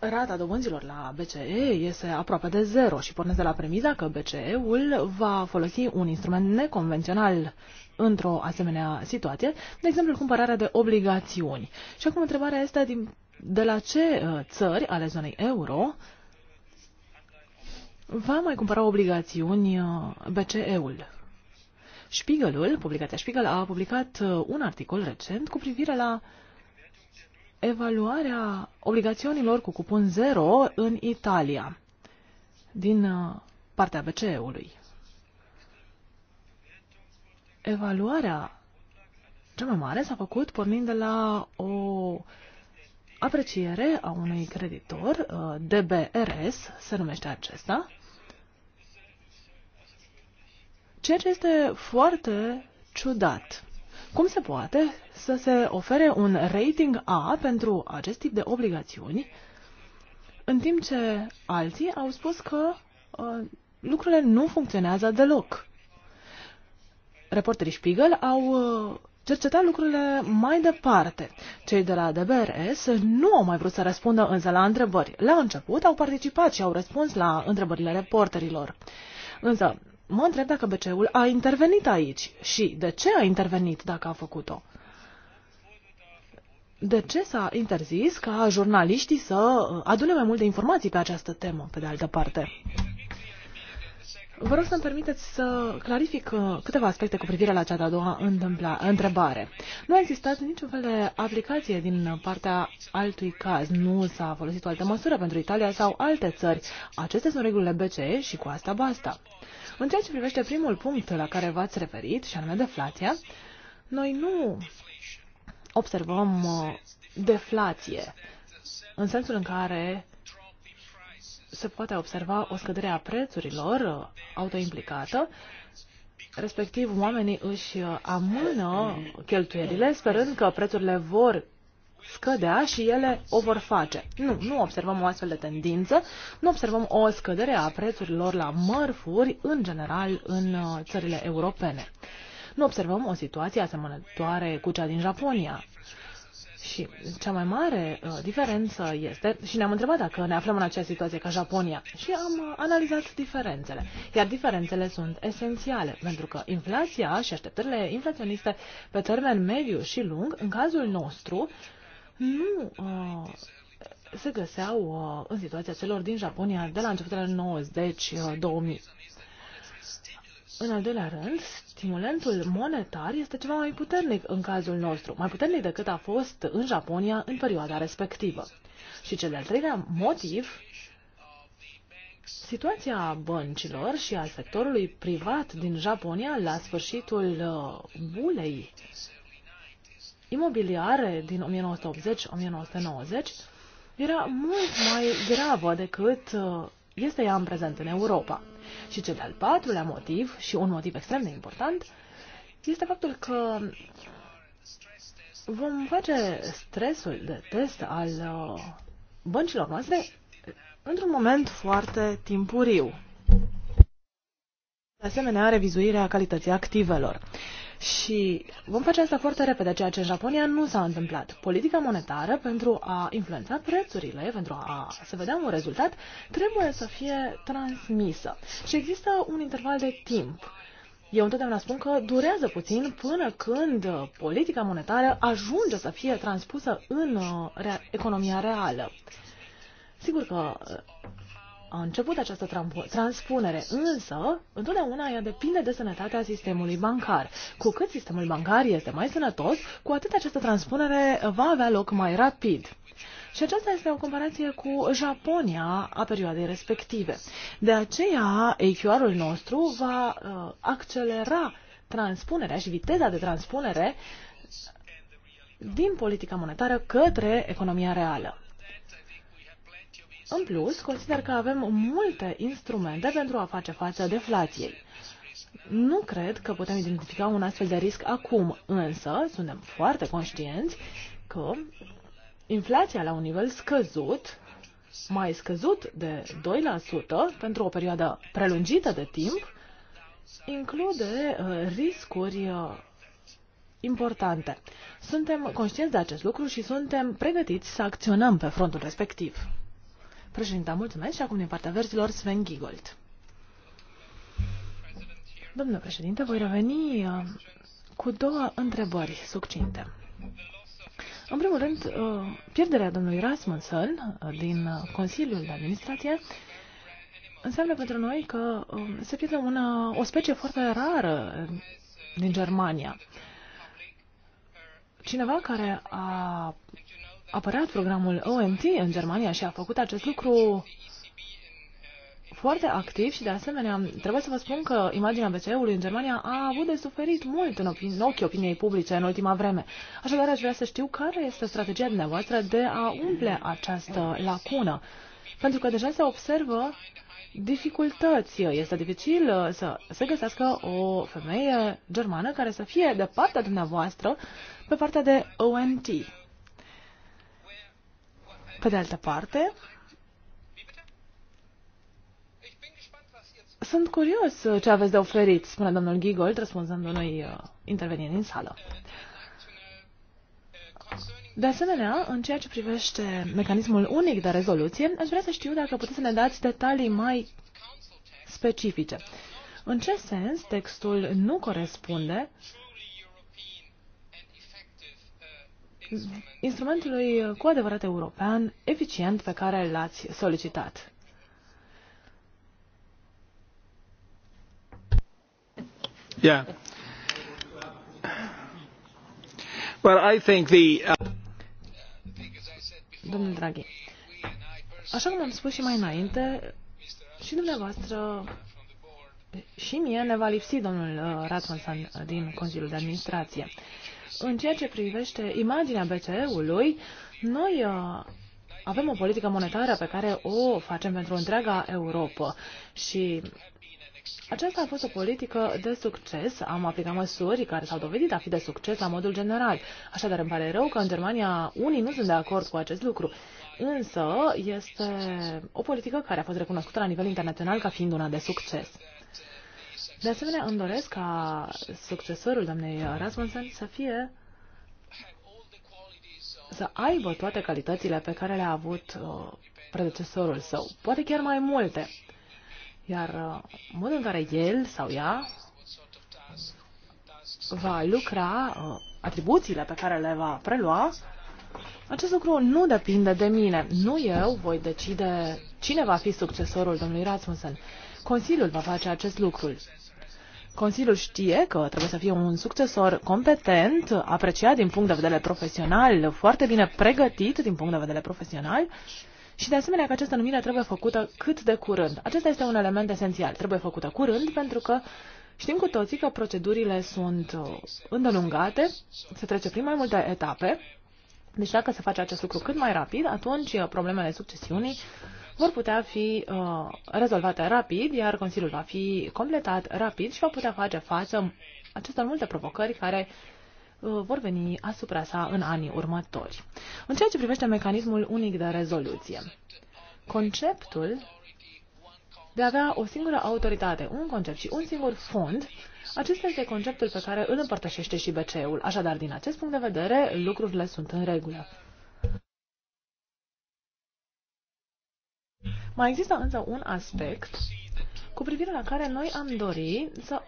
Rata dobânzilor la BCE este aproape de zero și pornesc de la premiza că BCE-ul va folosi un instrument neconvențional într-o asemenea situație, de exemplu cumpărarea de obligațiuni. Și acum întrebarea este din de la ce uh, țări ale zonei euro va mai cumpăra obligațiuni uh, BCE-ul. Spiegelul, publicația Spiegel, a publicat uh, un articol recent cu privire la evaluarea obligațiunilor cu cupon zero în Italia din partea BCE-ului. Evaluarea cea mai mare s-a făcut pornind de la o apreciere a unui creditor, uh, DBRS se numește acesta, ceea ce este foarte ciudat. Cum se poate să se ofere un rating A pentru acest tip de obligațiuni, în timp ce alții au spus că uh, lucrurile nu funcționează deloc? Reporterii Spiegel au uh, cerceta lucrurile mai departe. Cei de la DBRS nu au mai vrut să răspundă însă la întrebări. La început au participat și au răspuns la întrebările reporterilor. Însă, mă întreb dacă BCE-ul a intervenit aici și de ce a intervenit dacă a făcut-o. De ce s-a interzis ca jurnaliștii să adune mai multe informații pe această temă, pe de altă parte? Vă rog să-mi permiteți să clarific uh, câteva aspecte cu privire la cea de-a doua întrebare. Nu a existat niciun fel de aplicație din partea altui caz. Nu s-a folosit o altă măsură pentru Italia sau alte țări. Acestea sunt regulile BCE și cu asta basta. În ceea ce privește primul punct la care v-ați referit, și anume deflația, noi nu observăm uh, deflație în sensul în care se poate observa o scădere a prețurilor uh, autoimplicată, respectiv oamenii își uh, amână cheltuielile sperând că prețurile vor scădea și ele o vor face. Nu, nu observăm o astfel de tendință, nu observăm o scădere a prețurilor la mărfuri în general în uh, țările europene. Nu observăm o situație asemănătoare cu cea din Japonia. Și cea mai mare uh, diferență este, și ne-am întrebat dacă ne aflăm în această situație ca Japonia, și am uh, analizat diferențele. Iar diferențele sunt esențiale, pentru că inflația și așteptările inflaționiste pe termen mediu și lung, în cazul nostru, nu uh, se găseau uh, în situația celor din Japonia de la începutul 90-2000. În al doilea rând, stimulentul monetar este ceva mai puternic în cazul nostru, mai puternic decât a fost în Japonia în perioada respectivă. Și cel de-al treilea motiv, situația băncilor și a sectorului privat din Japonia la sfârșitul uh, bulei imobiliare din 1980-1990 era mult mai gravă decât uh, este ea în prezent în Europa. Și cel de-al patrulea motiv, și un motiv extrem de important, este faptul că vom face stresul de test al uh, băncilor noastre într-un moment foarte timpuriu. De asemenea, revizuirea calității activelor. Și vom face asta foarte repede, ceea ce în Japonia nu s-a întâmplat. Politica monetară, pentru a influența prețurile, pentru a se vedea un rezultat, trebuie să fie transmisă. Și există un interval de timp. Eu întotdeauna spun că durează puțin până când politica monetară ajunge să fie transpusă în uh, economia reală. Sigur că uh, a început această transpunere, însă întotdeauna ea depinde de sănătatea sistemului bancar. Cu cât sistemul bancar este mai sănătos, cu atât această transpunere va avea loc mai rapid. Și aceasta este o comparație cu Japonia a perioadei respective. De aceea, AQR-ul nostru va uh, accelera transpunerea și viteza de transpunere din politica monetară către economia reală. În plus, consider că avem multe instrumente pentru a face față deflației. Nu cred că putem identifica un astfel de risc acum, însă suntem foarte conștienți că inflația la un nivel scăzut, mai scăzut de 2% pentru o perioadă prelungită de timp, include uh, riscuri uh, importante. Suntem conștienți de acest lucru și suntem pregătiți să acționăm pe frontul respectiv. Președinta, mulțumesc și acum din partea verzilor Sven Giegold. Domnule președinte, voi reveni uh, cu două întrebări succinte. În primul rând, uh, pierderea domnului Rasmussen uh, din Consiliul de Administrație înseamnă pentru noi că um, se pierde una, o specie foarte rară din Germania. Cineva care a apărat programul OMT în Germania și a făcut acest lucru foarte activ și de asemenea trebuie să vă spun că imaginea BCE-ului în Germania a avut de suferit mult în, opin- în ochii opiniei publice în ultima vreme. Așadar aș vrea să știu care este strategia dumneavoastră de a umple această lacună. Pentru că deja se observă dificultăți. Este dificil uh, să se găsească o femeie germană care să fie de partea dumneavoastră pe partea de ONT. Pe de altă parte, sunt curios uh, ce aveți de oferit, spune domnul Gigold, răspunzând unui uh, intervenind din sală. De asemenea, în ceea ce privește mecanismul unic de rezoluție, aș vrea să știu dacă puteți să ne dați detalii mai specifice. În ce sens textul nu corespunde instrumentului cu adevărat european, eficient, pe care l-ați solicitat. Yeah. Well, I think the, uh... Domnul Draghi, așa cum am spus și mai înainte, și dumneavoastră și mie ne va lipsi domnul uh, Ratmansan din Consiliul de Administrație. În ceea ce privește imaginea BCE-ului, noi uh, avem o politică monetară pe care o facem pentru întreaga Europa și aceasta a fost o politică de succes. Am aplicat măsuri care s-au dovedit a fi de succes la modul general. Așadar, îmi pare rău că în Germania unii nu sunt de acord cu acest lucru. Însă, este o politică care a fost recunoscută la nivel internațional ca fiind una de succes. De asemenea, îmi doresc ca succesorul doamnei Rasmussen să fie să aibă toate calitățile pe care le-a avut uh, predecesorul său, poate chiar mai multe. Iar uh, modul în care el sau ea va lucra, uh, atribuțiile pe care le va prelua, acest lucru nu depinde de mine. Nu eu voi decide cine va fi succesorul domnului Rasmussen. Consiliul va face acest lucru. Consiliul știe că trebuie să fie un succesor competent, apreciat din punct de vedere profesional, foarte bine pregătit din punct de vedere profesional și de asemenea că această numire trebuie făcută cât de curând. Acesta este un element esențial. Trebuie făcută curând pentru că știm cu toții că procedurile sunt uh, îndelungate, se trece prin mai multe etape, deci dacă se face acest lucru cât mai rapid, atunci uh, problemele succesiunii vor putea fi uh, rezolvate rapid, iar Consiliul va fi completat rapid și va putea face față acestor multe provocări care uh, vor veni asupra sa în anii următori. În ceea ce privește mecanismul unic de rezoluție, conceptul de a avea o singură autoritate, un concept și un singur fond, acesta este conceptul pe care îl împărtășește și BCE-ul. Așadar, din acest punct de vedere, lucrurile sunt în regulă. Mai există însă un aspect cu privire la care noi am dori să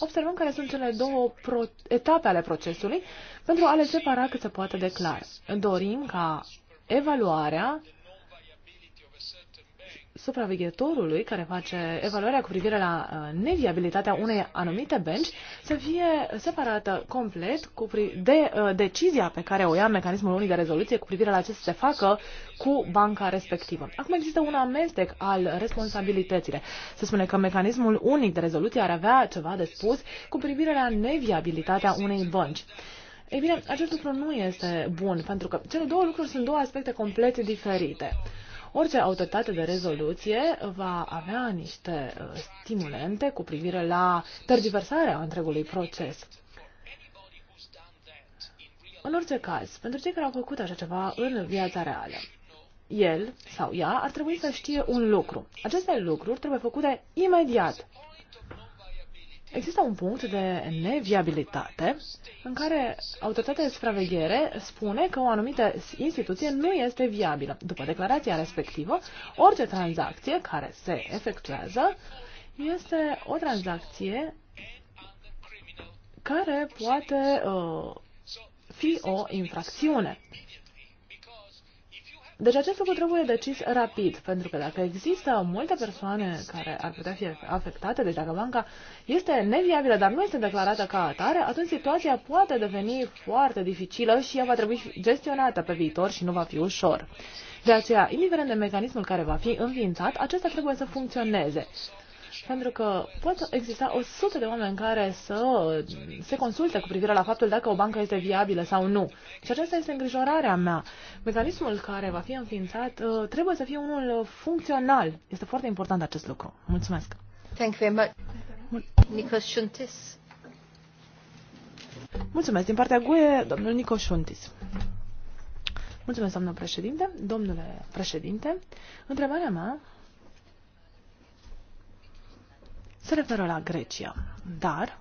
observăm care sunt cele două etape ale procesului pentru a le separa cât se poate de clar. Dorim ca evaluarea supraveghetorului care face evaluarea cu privire la uh, neviabilitatea unei anumite benci să fie separată complet cu de uh, decizia pe care o ia mecanismul unic de rezoluție cu privire la ce să se facă cu banca respectivă. Acum există un amestec al responsabilităților. Se spune că mecanismul unic de rezoluție ar avea ceva de spus cu privire la neviabilitatea unei bănci. Ei bine, acest lucru nu este bun, pentru că cele două lucruri sunt două aspecte complet diferite. Orice autoritate de rezoluție va avea niște uh, stimulente cu privire la tergiversarea întregului proces. În orice caz, pentru cei care au făcut așa ceva în viața reală, el sau ea ar trebui să știe un lucru. Aceste lucruri trebuie făcute imediat Există un punct de neviabilitate în care autoritatea de supraveghere spune că o anumită instituție nu este viabilă. După declarația respectivă, orice tranzacție care se efectuează este o tranzacție care poate uh, fi o infracțiune. Deci acest lucru trebuie decis rapid, pentru că dacă există multe persoane care ar putea fi afectate, deci dacă banca este neviabilă, dar nu este declarată ca atare, atunci situația poate deveni foarte dificilă și ea va trebui gestionată pe viitor și nu va fi ușor. De aceea, indiferent de mecanismul care va fi înființat, acesta trebuie să funcționeze pentru că pot exista o sută de oameni care să se consulte cu privire la faptul dacă o bancă este viabilă sau nu. Și aceasta este îngrijorarea mea. Mecanismul care va fi înființat uh, trebuie să fie unul funcțional. Este foarte important acest lucru. Mulțumesc. Thank you very much. Nikos Shuntis. Mulțumesc. Din partea GUE, domnul Nikos Shuntis. Mulțumesc, doamnă președinte. Domnule președinte, întrebarea mea se referă la Grecia. Dar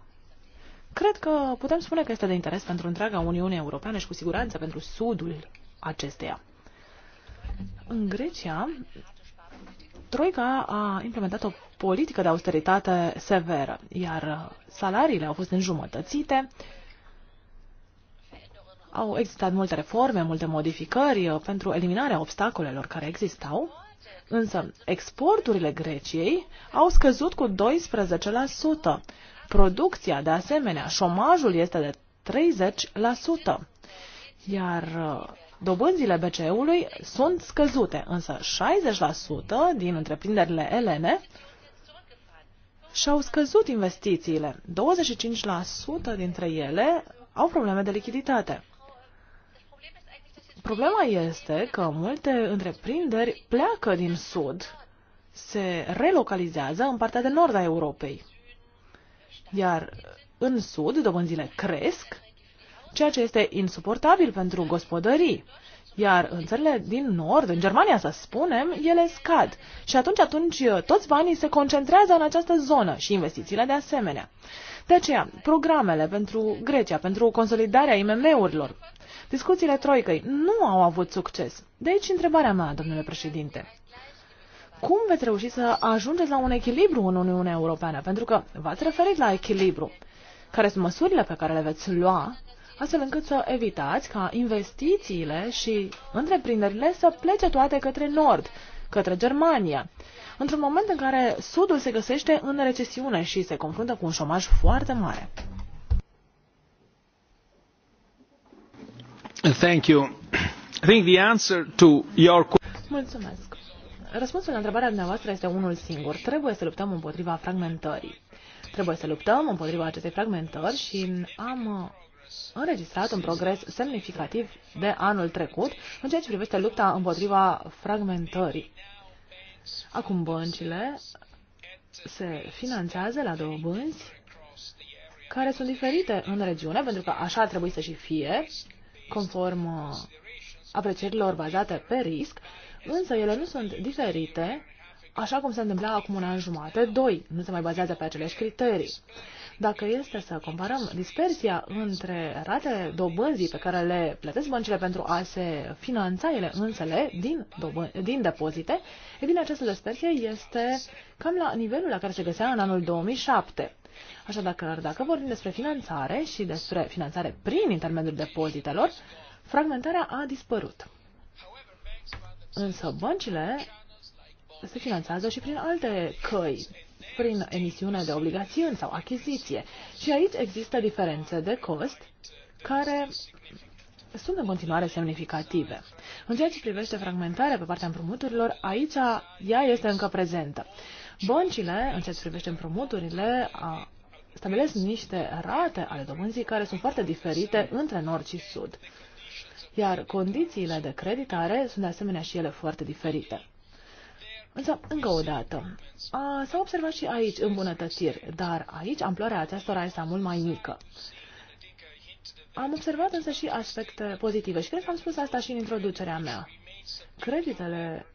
cred că putem spune că este de interes pentru întreaga Uniune Europeană și cu siguranță pentru sudul acesteia. În Grecia, Troica a implementat o politică de austeritate severă, iar salariile au fost înjumătățite, au existat multe reforme, multe modificări pentru eliminarea obstacolelor care existau Însă, exporturile Greciei au scăzut cu 12%. Producția, de asemenea, șomajul este de 30%. Iar uh, dobânzile BCE-ului sunt scăzute, însă 60% din întreprinderile elene și-au scăzut investițiile. 25% dintre ele au probleme de lichiditate. Problema este că multe întreprinderi pleacă din sud, se relocalizează în partea de nord a Europei. Iar în sud dobânzile cresc, ceea ce este insuportabil pentru gospodării. Iar în țările din nord, în Germania să spunem, ele scad. Și atunci, atunci, toți banii se concentrează în această zonă și investițiile de asemenea. De aceea, programele pentru Grecia, pentru consolidarea IMM-urilor, Discuțiile Troicăi nu au avut succes. Deci, întrebarea mea, domnule președinte, cum veți reuși să ajungeți la un echilibru în Uniunea Europeană? Pentru că v-ați referit la echilibru. Care sunt măsurile pe care le veți lua astfel încât să evitați ca investițiile și întreprinderile să plece toate către nord, către Germania, într-un moment în care sudul se găsește în recesiune și se confruntă cu un șomaj foarte mare. Răspunsul la întrebarea dumneavoastră este unul singur. Trebuie să luptăm împotriva fragmentării. Trebuie să luptăm împotriva acestei fragmentări și am uh, înregistrat un progres semnificativ de anul trecut în ceea ce privește lupta împotriva fragmentării. Acum băncile se finanțează la două bănci care sunt diferite în regiune, pentru că așa ar trebui să și fie, conform uh, aprecierilor bazate pe risc, însă ele nu sunt diferite așa cum se întâmpla acum un an jumate, doi, nu se mai bazează pe aceleași criterii. Dacă este să comparăm dispersia între ratele dobânzii pe care le plătesc băncile pentru a se finanța ele însele din, din depozite, e bine, această dispersie este cam la nivelul la care se găsea în anul 2007. Așadar, dacă, dacă vorbim despre finanțare și despre finanțare prin intermediul depozitelor, fragmentarea a dispărut. Însă băncile se finanțează și prin alte căi, prin emisiune de obligațiuni sau achiziție. Și aici există diferențe de cost care sunt în continuare semnificative. În ceea ce privește fragmentarea pe partea împrumuturilor, aici ea este încă prezentă. Băncile, în ceea ce privește împrumuturile, stabilesc niște rate ale dobânzii care sunt foarte diferite între nord și sud. Iar condițiile de creditare sunt de asemenea și ele foarte diferite. Însă, încă o dată, s-au observat și aici îmbunătățiri, dar aici amploarea acestora este mult mai mică. Am observat însă și aspecte pozitive și cred că am spus asta și în introducerea mea. Creditele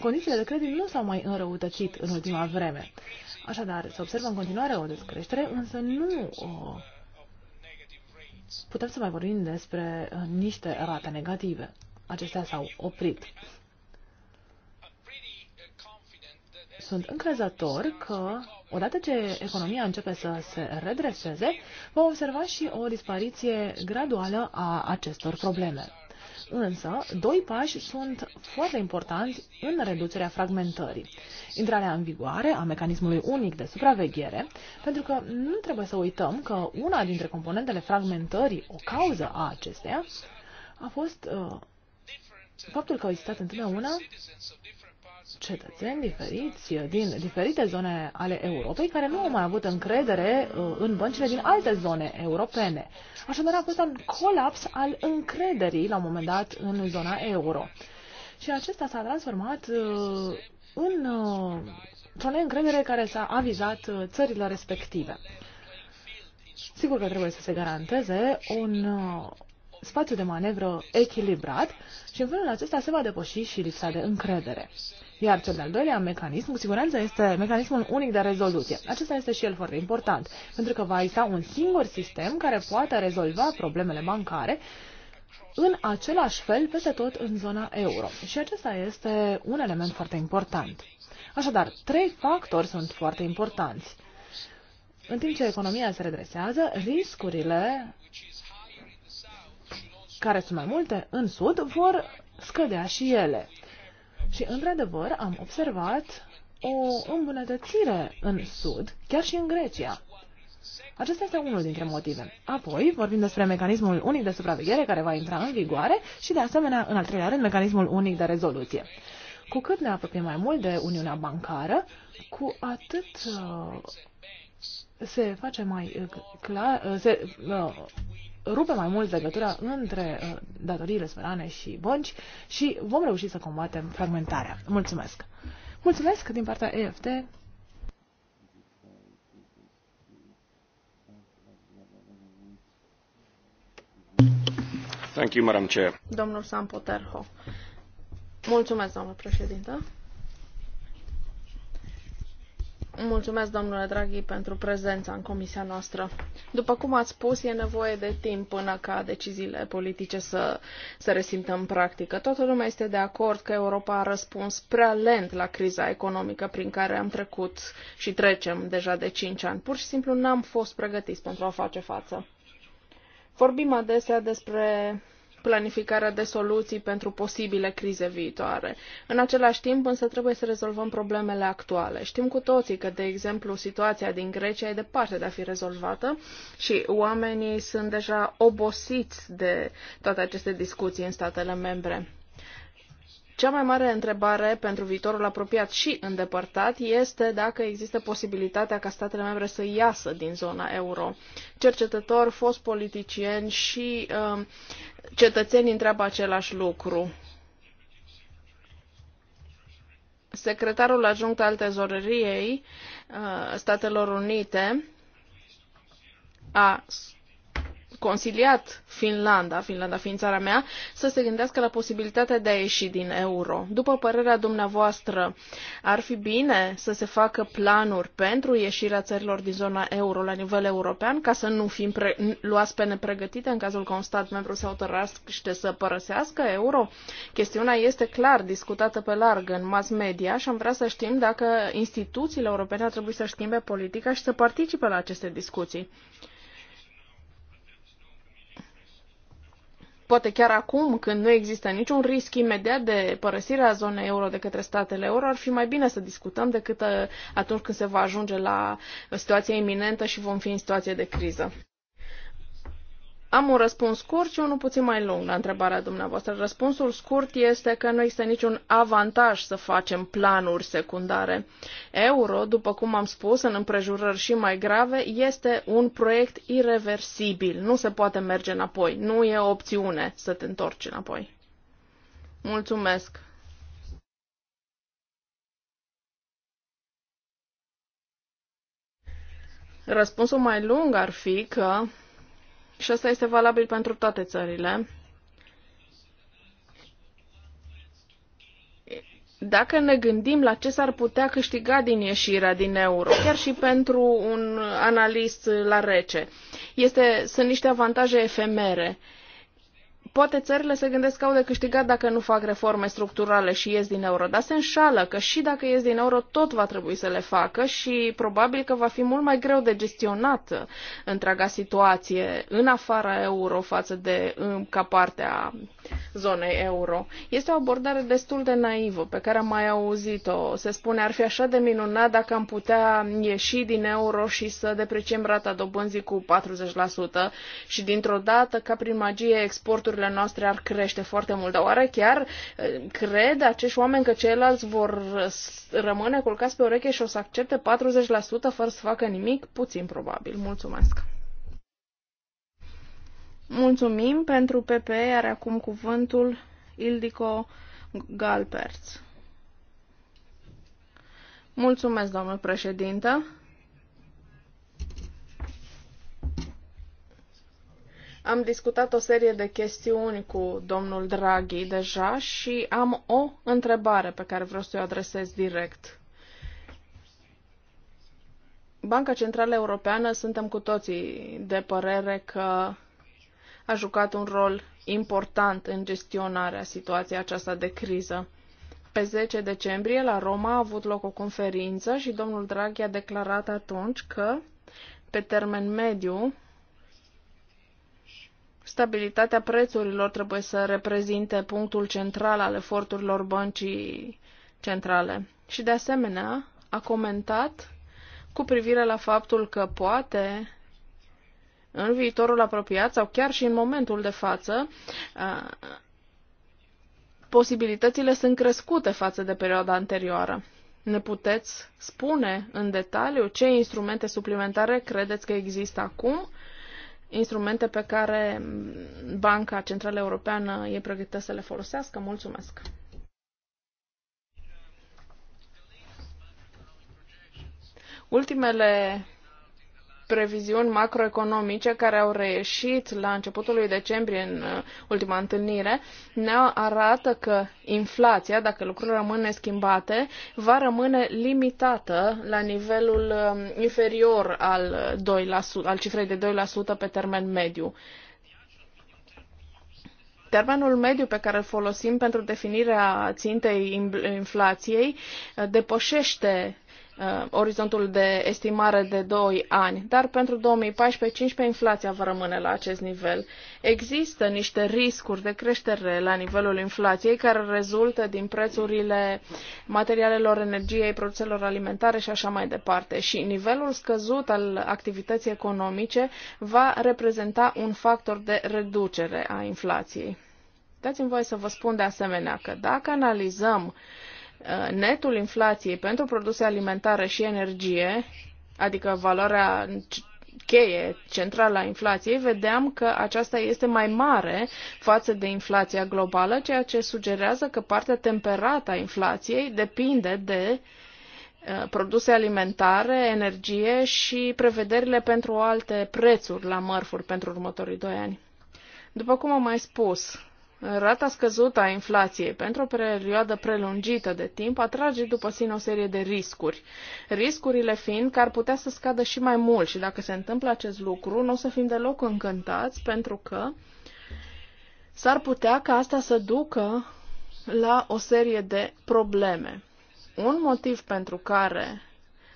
condițiile de credit nu s-au mai înrăutăcit în ultima vreme. Așadar, se observă în continuare o descreștere, însă nu o... putem să mai vorbim despre uh, niște rate negative. Acestea s-au oprit. Sunt încrezător că, odată ce economia începe să se redreseze, vom observa și o dispariție graduală a acestor probleme. Însă, doi pași sunt foarte importanti în reducerea fragmentării. Intrarea în vigoare a mecanismului unic de supraveghere, pentru că nu trebuie să uităm că una dintre componentele fragmentării, o cauză a acesteia, a fost uh, faptul că au existat întotdeauna cetățeni diferiți uh, din diferite zone ale Europei care nu au mai avut încredere uh, în băncile din alte zone europene. Așadar a fost un colaps al încrederii la un moment dat în zona euro. Și acesta s-a transformat uh, în o neîncredere care s-a avizat țările respective. Sigur că trebuie să se garanteze un spațiu de manevră echilibrat și în felul acesta se va depăși și lipsa de încredere. Iar cel de-al doilea mecanism, cu siguranță, este mecanismul unic de rezoluție. Acesta este și el foarte important, pentru că va exista un singur sistem care poate rezolva problemele bancare în același fel peste tot în zona euro. Și acesta este un element foarte important. Așadar, trei factori sunt foarte importanți. În timp ce economia se redresează, riscurile care sunt mai multe în Sud vor scădea și ele. Și, într-adevăr, am observat o îmbunătățire în Sud, chiar și în Grecia. Acesta este unul dintre motive. Apoi vorbim despre mecanismul unic de supraveghere care va intra în vigoare și, de asemenea, în al treilea rând, mecanismul unic de rezoluție. Cu cât ne apropiem mai mult de Uniunea Bancară, cu atât uh, se face mai uh, clar, uh, se, uh, rupe mai mult legătura între uh, datoriile sperane și bănci și vom reuși să combatem fragmentarea. Mulțumesc! Mulțumesc din partea EFT! Thank you, Madam Chair. Domnul Sam Poterho. Mulțumesc, domnule președinte. Mulțumesc, domnule Draghi, pentru prezența în comisia noastră. După cum ați spus, e nevoie de timp până ca deciziile politice să se resimtă în practică. Toată lumea este de acord că Europa a răspuns prea lent la criza economică prin care am trecut și trecem deja de cinci ani. Pur și simplu n-am fost pregătiți pentru a face față. Vorbim adesea despre planificarea de soluții pentru posibile crize viitoare. În același timp, însă, trebuie să rezolvăm problemele actuale. Știm cu toții că, de exemplu, situația din Grecia e departe de a fi rezolvată și oamenii sunt deja obosiți de toate aceste discuții în statele membre. Cea mai mare întrebare pentru viitorul apropiat și îndepărtat este dacă există posibilitatea ca statele membre să iasă din zona euro. Cercetători, fost politicieni și uh, um, cetățeni întreabă același lucru. Secretarul adjunct al tezoreriei uh, Statelor Unite a consiliat Finlanda, Finlanda fiind țara mea, să se gândească la posibilitatea de a ieși din euro. După părerea dumneavoastră, ar fi bine să se facă planuri pentru ieșirea țărilor din zona euro la nivel european, ca să nu fim pre- luați pe nepregătite în cazul că un stat membru se hotărăște să părăsească euro? Chestiunea este clar discutată pe larg în mass media și am vrea să știm dacă instituțiile europene ar trebui să schimbe politica și să participe la aceste discuții. poate chiar acum, când nu există niciun risc imediat de părăsirea zonei euro de către statele euro, ar fi mai bine să discutăm decât uh, atunci când se va ajunge la situația iminentă și vom fi în situație de criză. Am un răspuns scurt și unul puțin mai lung la întrebarea dumneavoastră. Răspunsul scurt este că nu există niciun avantaj să facem planuri secundare. Euro, după cum am spus, în împrejurări și mai grave, este un proiect irreversibil. Nu se poate merge înapoi. Nu e o opțiune să te întorci înapoi. Mulțumesc! Răspunsul mai lung ar fi că și asta este valabil pentru toate țările. Dacă ne gândim la ce s-ar putea câștiga din ieșirea din euro, chiar și pentru un analist la rece, este, sunt niște avantaje efemere. Uh, poate țările se gândesc că au de câștigat dacă nu fac reforme structurale și ies din euro, dar se înșală că și dacă ies din euro, tot va trebui să le facă și probabil că va fi mult mai greu de gestionat întreaga situație în afara euro față de ca parte a zonei euro. Este o abordare destul de naivă pe care am mai auzit-o. Se spune ar fi așa de minunat dacă am putea ieși din euro și să depreciem rata dobânzii cu 40% și dintr-o dată, ca prin magie, exporturile noastre ar crește foarte mult. Dar oare chiar eh, cred acești oameni că ceilalți vor rămâne culcați pe ureche și o să accepte 40% fără să facă nimic? Puțin probabil. Mulțumesc. Mulțumim pentru PP, are acum cuvântul Ildico Galperț. Mulțumesc, doamnă președintă. Am discutat o serie de chestiuni cu domnul Draghi deja și am o întrebare pe care vreau să o adresez direct. Banca Centrală Europeană suntem cu toții de părere că a jucat un rol important în gestionarea situației aceasta de criză. Pe 10 decembrie, la Roma, a avut loc o conferință și domnul Draghi a declarat atunci că, pe termen mediu, stabilitatea prețurilor trebuie să reprezinte punctul central al eforturilor băncii centrale. Și, de asemenea, a comentat cu privire la faptul că poate în viitorul apropiat sau chiar și în momentul de față, posibilitățile sunt crescute față de perioada anterioară. Ne puteți spune în detaliu ce instrumente suplimentare credeți că există acum, instrumente pe care Banca Centrală Europeană e pregătită să le folosească? Mulțumesc! Ultimele previziuni macroeconomice care au reieșit la începutul lui decembrie în uh, ultima întâlnire ne arată că inflația, dacă lucrurile rămân neschimbate, va rămâne limitată la nivelul uh, inferior al, 2%, uh, al cifrei de 2% pe termen mediu. Termenul mediu pe care îl folosim pentru definirea țintei inflației depășește uh, orizontul de estimare de 2 ani, dar pentru 2014-2015 inflația va rămâne la acest nivel. Există niște riscuri de creștere la nivelul inflației care rezultă din prețurile materialelor, energiei, produselor alimentare și așa mai departe. Și nivelul scăzut al activității economice va reprezenta un factor de reducere a inflației. Dați-mi voie să vă spun de asemenea că dacă analizăm uh, Uh, netul inflației pentru produse alimentare și energie, adică valoarea cheie centrală a inflației, vedeam că aceasta este mai mare față de inflația globală, ceea ce sugerează că partea temperată a inflației depinde de uh, produse alimentare, energie și prevederile pentru alte prețuri la mărfuri pentru următorii doi ani. După cum am mai spus, Rata scăzută a inflației pentru o perioadă prelungită de timp atrage după sine o serie de riscuri. Riscurile fiind că ar putea să scadă și mai mult și dacă se întâmplă acest lucru, nu o să fim deloc încântați pentru că s-ar putea ca asta să ducă la o serie de probleme. Un motiv pentru care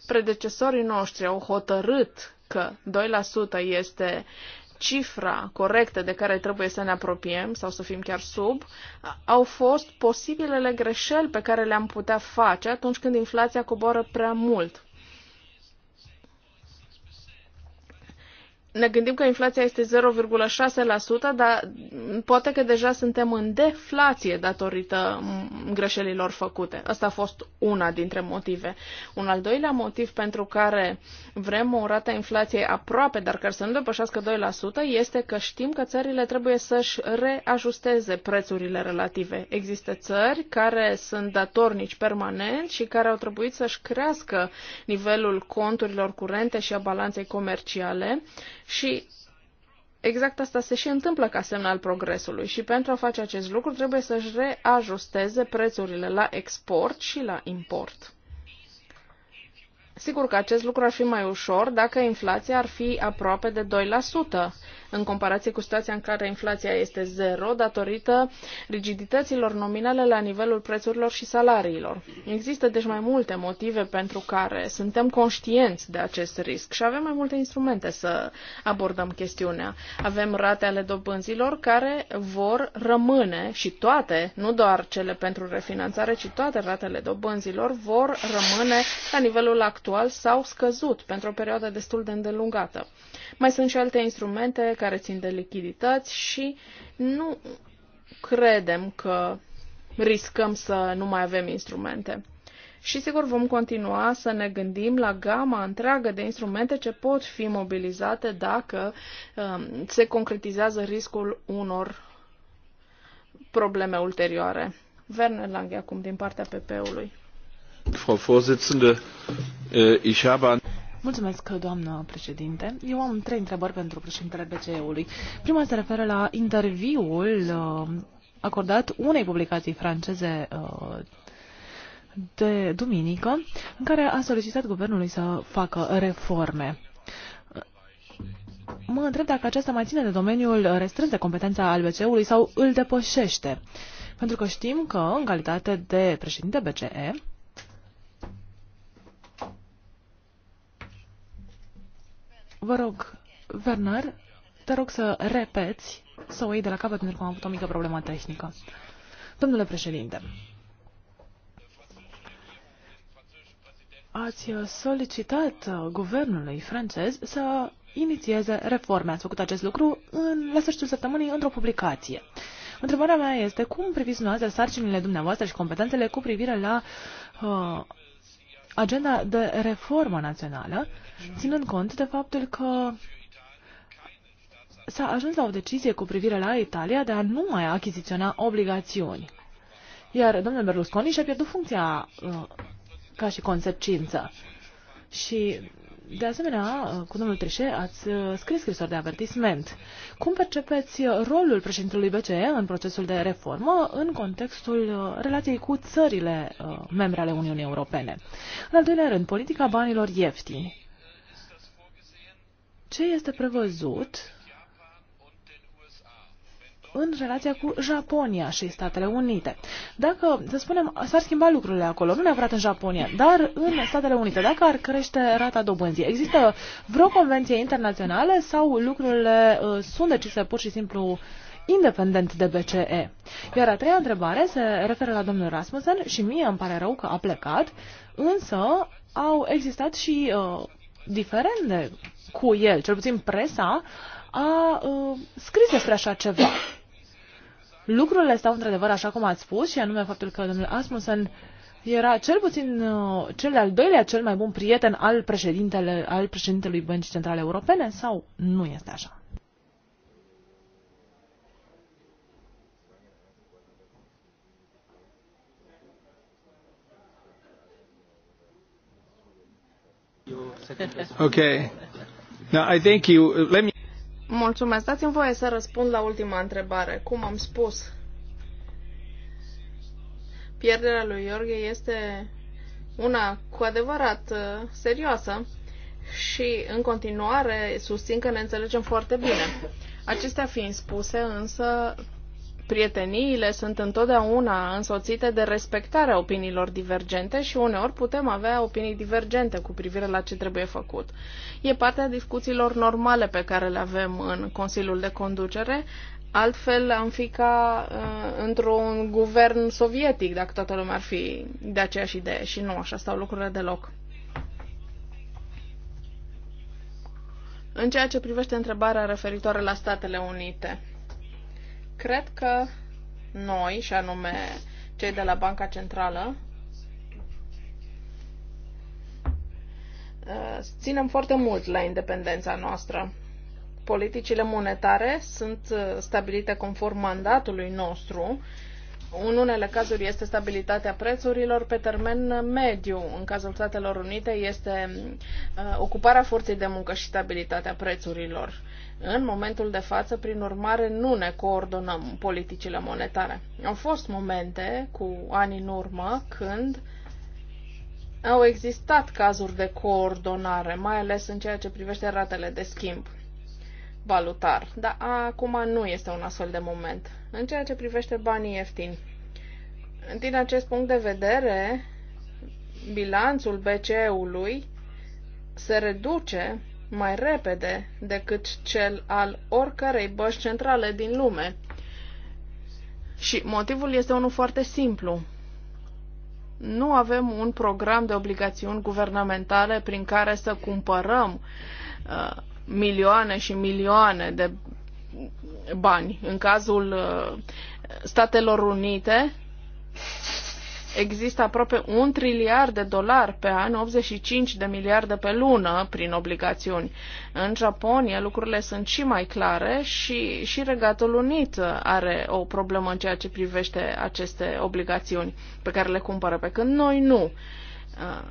predecesorii noștri au hotărât că 2% este cifra corectă de care trebuie să ne apropiem sau să fim chiar sub, au fost posibilele greșeli pe care le-am putea face atunci când inflația coboară prea mult. ne gândim că inflația este 0,6%, dar poate că deja suntem în deflație datorită greșelilor făcute. Asta a fost una dintre motive. Un al doilea motiv pentru care vrem o rată a inflației aproape, dar care să nu depășească 2%, este că știm că țările trebuie să-și reajusteze prețurile relative. Există țări care sunt datornici permanent și care au trebuit să-și crească nivelul conturilor curente și a balanței comerciale și exact asta se și întâmplă ca semnal progresului și pentru a face acest lucru trebuie să-și reajusteze prețurile la export și la import. Sigur că acest lucru ar fi mai ușor dacă inflația ar fi aproape de 2%, în comparație cu situația în care inflația este zero datorită rigidităților nominale la nivelul prețurilor și salariilor. Există deci mai multe motive pentru care suntem conștienți de acest risc și avem mai multe instrumente să abordăm chestiunea. Avem rate ale dobânzilor care vor rămâne și toate, nu doar cele pentru refinanțare, ci toate ratele dobânzilor vor rămâne la nivelul actual sau scăzut pentru o perioadă destul de îndelungată. Mai sunt și alte instrumente care țin de lichidități și nu credem că riscăm să nu mai avem instrumente. Și sigur vom continua să ne gândim la gama întreagă de instrumente ce pot fi mobilizate dacă um, se concretizează riscul unor probleme ulterioare. Werner Lange acum din partea PP-ului. Frau Vorsitzende, äh, ich habe Mulțumesc, doamnă președinte. Eu am trei întrebări pentru președintele BCE-ului. Prima se referă la interviul uh, acordat unei publicații franceze uh, de duminică, în care a solicitat guvernului să facă reforme. Mă întreb dacă aceasta mai ține de domeniul restrâns de competența al BCE-ului sau îl depășește. Pentru că știm că, în calitate de președinte BCE, Vă rog, Werner, te rog să repeți, să o iei de la capăt, pentru că am avut o mică problemă tehnică. Domnule președinte, ați solicitat guvernului francez să inițieze reforme. Ați făcut acest lucru în, la sfârșitul săptămânii într-o publicație. Întrebarea mea este cum priviți dumneavoastră sarcinile dumneavoastră și competențele cu privire la uh, agenda de reformă națională ținând cont de faptul că s-a ajuns la o decizie cu privire la Italia de a nu mai achiziționa obligațiuni. Iar domnul Berlusconi și-a pierdut funcția uh, ca și consecință. Și, de asemenea, uh, cu domnul Trișe ați uh, scris scrisori de avertisment. Cum percepeți rolul președintelui BCE în procesul de reformă în contextul relației cu țările membre ale Uniunii Europene? În al doilea rând, politica banilor ieftini ce este prevăzut în relația cu Japonia și Statele Unite. Dacă, să spunem, s-ar schimba lucrurile acolo, nu neapărat în Japonia, dar în Statele Unite, dacă ar crește rata dobânzii, există vreo convenție internațională sau lucrurile uh, sunt decise pur și simplu independent de BCE? Iar a treia întrebare se referă la domnul Rasmussen și mie îmi pare rău că a plecat, însă au existat și uh, de cu el, cel puțin presa, a uh, scris despre așa ceva. Lucrurile stau într-adevăr așa cum ați spus și anume faptul că domnul Asmussen era cel puțin uh, cel de-al doilea cel mai bun prieten al, președintele, al președintelui Băncii Centrale Europene sau nu este așa? Ok. Now, I think you, let me... Mulțumesc. Dați-mi voie să răspund la ultima întrebare. Cum am spus, pierderea lui Iorghe este una cu adevărat uh, serioasă și în continuare susțin că ne înțelegem foarte bine. Acestea fiind spuse, însă, Prieteniile sunt întotdeauna însoțite de respectarea opiniilor divergente și uneori putem avea opinii divergente cu privire la ce trebuie făcut. E partea discuțiilor normale pe care le avem în Consiliul de Conducere, altfel am fi ca uh, într-un guvern sovietic, dacă toată lumea ar fi de aceeași idee și nu așa stau lucrurile deloc. În ceea ce privește întrebarea referitoare la Statele Unite, Cred că noi, și anume cei de la Banca Centrală, uh, ținem foarte mult la independența noastră. Politicile monetare sunt uh, stabilite conform mandatului nostru în unele cazuri este stabilitatea prețurilor pe termen mediu. În cazul Statelor Unite este uh, ocuparea forței de muncă și stabilitatea prețurilor. În momentul de față, prin urmare, nu ne coordonăm politicile monetare. Au fost momente cu ani în urmă când au existat cazuri de coordonare, mai ales în ceea ce privește ratele de schimb valutar, dar acum nu este un astfel de moment. În ceea ce privește banii ieftini, din acest punct de vedere, bilanțul BCE-ului se reduce mai repede decât cel al oricărei băști centrale din lume. Și motivul este unul foarte simplu. Nu avem un program de obligațiuni guvernamentale prin care să cumpărăm uh, milioane și milioane de bani. În cazul uh, Statelor Unite există aproape un triliard de dolari pe an, 85 de miliarde pe lună prin obligațiuni. În Japonia lucrurile sunt și mai clare și, și Regatul Unit are o problemă în ceea ce privește aceste obligațiuni pe care le cumpără, pe când noi nu. Uh,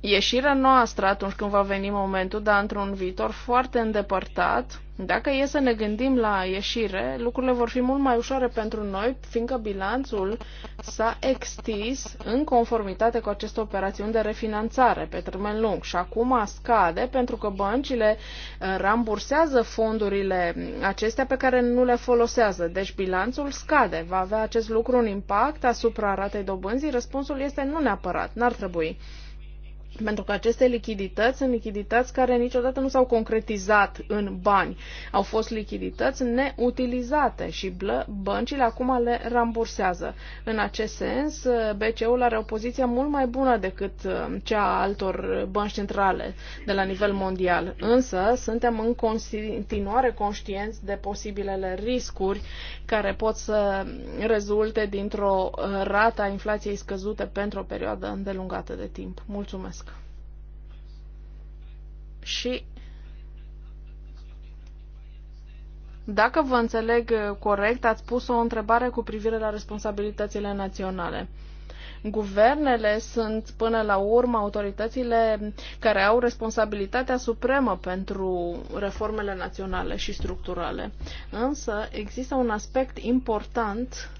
ieșirea noastră atunci când va veni momentul, dar într-un viitor foarte îndepărtat, dacă e să ne gândim la ieșire, lucrurile vor fi mult mai ușoare pentru noi, fiindcă bilanțul s-a extins în conformitate cu aceste operațiuni de refinanțare pe termen lung și acum scade pentru că băncile uh, rambursează fondurile acestea pe care nu le folosează. Deci bilanțul scade. Va avea acest lucru un impact asupra ratei dobânzii? Răspunsul este nu neapărat, n-ar trebui pentru că aceste lichidități sunt lichidități care niciodată nu s-au concretizat în bani. Au fost lichidități neutilizate și băncile acum le rambursează. În acest sens, BCE-ul are o poziție mult mai bună decât uh, cea a altor bănci centrale de la nivel mondial. Însă, suntem în continuare conștienți de posibilele riscuri care pot să rezulte dintr-o uh, rată a inflației scăzute pentru o perioadă îndelungată de timp. Mulțumesc! Și dacă vă înțeleg corect, ați pus o întrebare cu privire la responsabilitățile naționale. Guvernele sunt până la urmă autoritățile care au responsabilitatea supremă pentru reformele naționale și structurale. Însă există un aspect important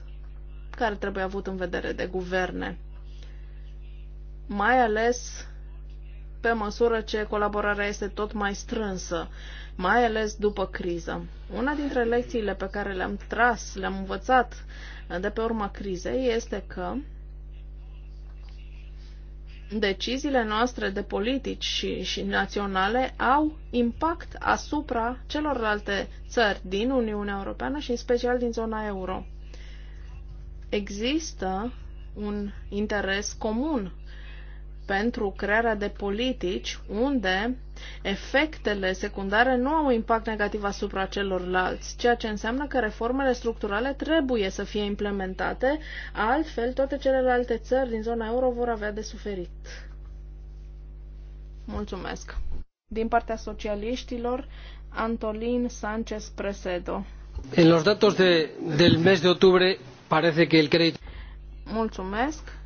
care trebuie avut în vedere de guverne, mai ales pe măsură ce colaborarea este tot mai strânsă, mai ales după criză. Una dintre lecțiile pe care le-am tras, le-am învățat de pe urma crizei este că deciziile noastre de politici și, și naționale au impact asupra celorlalte țări din Uniunea Europeană și în special din zona euro. Există un interes comun pentru crearea de politici unde efectele secundare nu au impact negativ asupra celorlalți, ceea ce înseamnă că reformele structurale trebuie să fie implementate, altfel toate celelalte țări din zona euro vor avea de suferit. Mulțumesc. Din partea socialiștilor, Antolin Sánchez Presedo. En los datos de, del mes de octubre parece que el crédito. Mulțumesc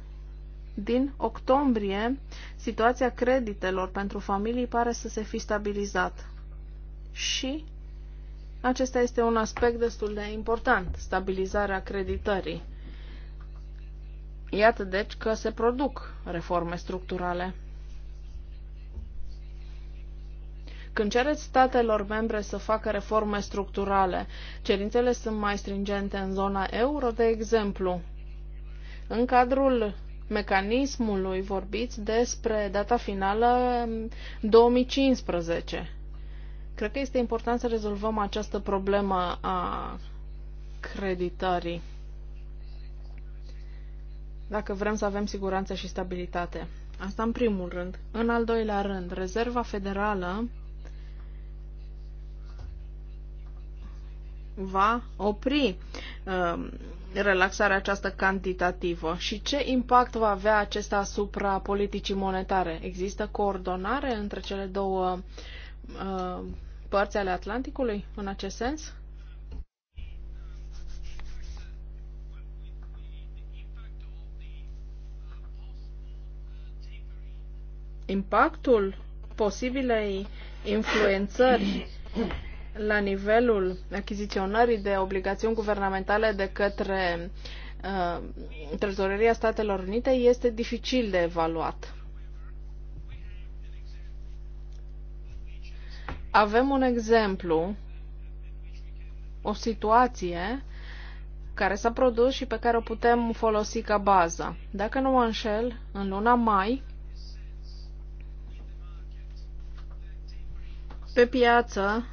din octombrie, situația creditelor pentru familii pare să se fi stabilizat. Și acesta este un aspect destul de important, stabilizarea creditării. Iată deci că se produc reforme structurale. Când cereți statelor membre să facă reforme structurale, cerințele sunt mai stringente în zona euro, de exemplu. În cadrul mecanismului vorbiți despre data finală 2015. Mm, Cred că este important să rezolvăm această problemă a creditării. Dacă vrem să avem siguranță și stabilitate. Asta în primul rând. În al doilea rând, Rezerva Federală va opri uh, relaxarea aceasta cantitativă și ce impact va avea acesta asupra politicii monetare? Există coordonare între cele două uh, părți ale Atlanticului în acest sens? Impactul posibilei influențări la nivelul achiziționării de obligațiuni guvernamentale de către uh, Trezoreria Statelor Unite este dificil de evaluat. Avem un exemplu, o situație care s-a produs și pe care o putem folosi ca bază. Dacă nu mă înșel, în luna mai, pe piață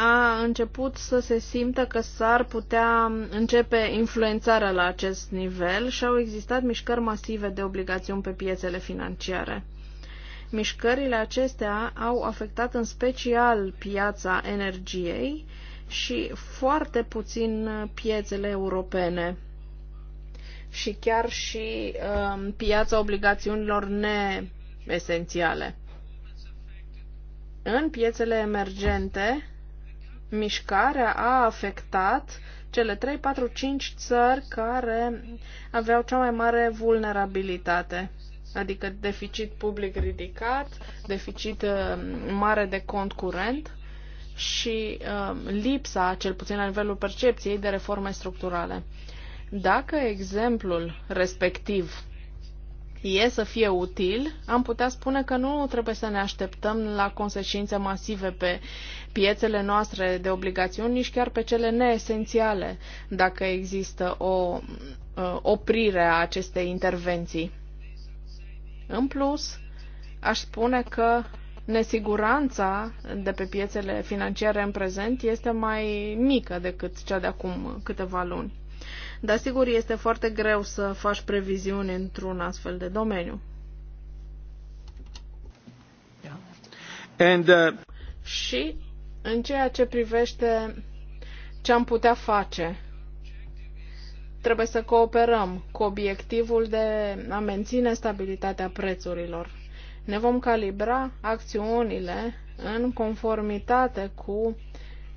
a început să se simtă că s-ar putea începe influențarea la acest nivel și au existat mișcări masive de obligațiuni pe piețele financiare. Mișcările acestea au afectat în special piața energiei și foarte puțin piețele europene și chiar și um, piața obligațiunilor neesențiale. În piețele emergente, mișcarea a afectat cele 3, 4, 5 țări care aveau cea mai mare vulnerabilitate, adică deficit public ridicat, deficit uh, mare de cont curent și uh, lipsa, cel puțin la nivelul percepției, de reforme structurale. Dacă exemplul respectiv e să fie util, am putea spune că nu trebuie să ne așteptăm la consecințe masive pe piețele noastre de obligațiuni, nici chiar pe cele neesențiale, dacă există o uh, oprire a acestei intervenții. În plus, aș spune că nesiguranța de pe piețele financiare în prezent este mai mică decât cea de acum câteva luni. Dar sigur este foarte greu să faci previziuni într-un astfel de domeniu. And, uh... Și în ceea ce privește ce am putea face, trebuie să cooperăm cu obiectivul de a menține stabilitatea prețurilor. Ne vom calibra acțiunile în conformitate cu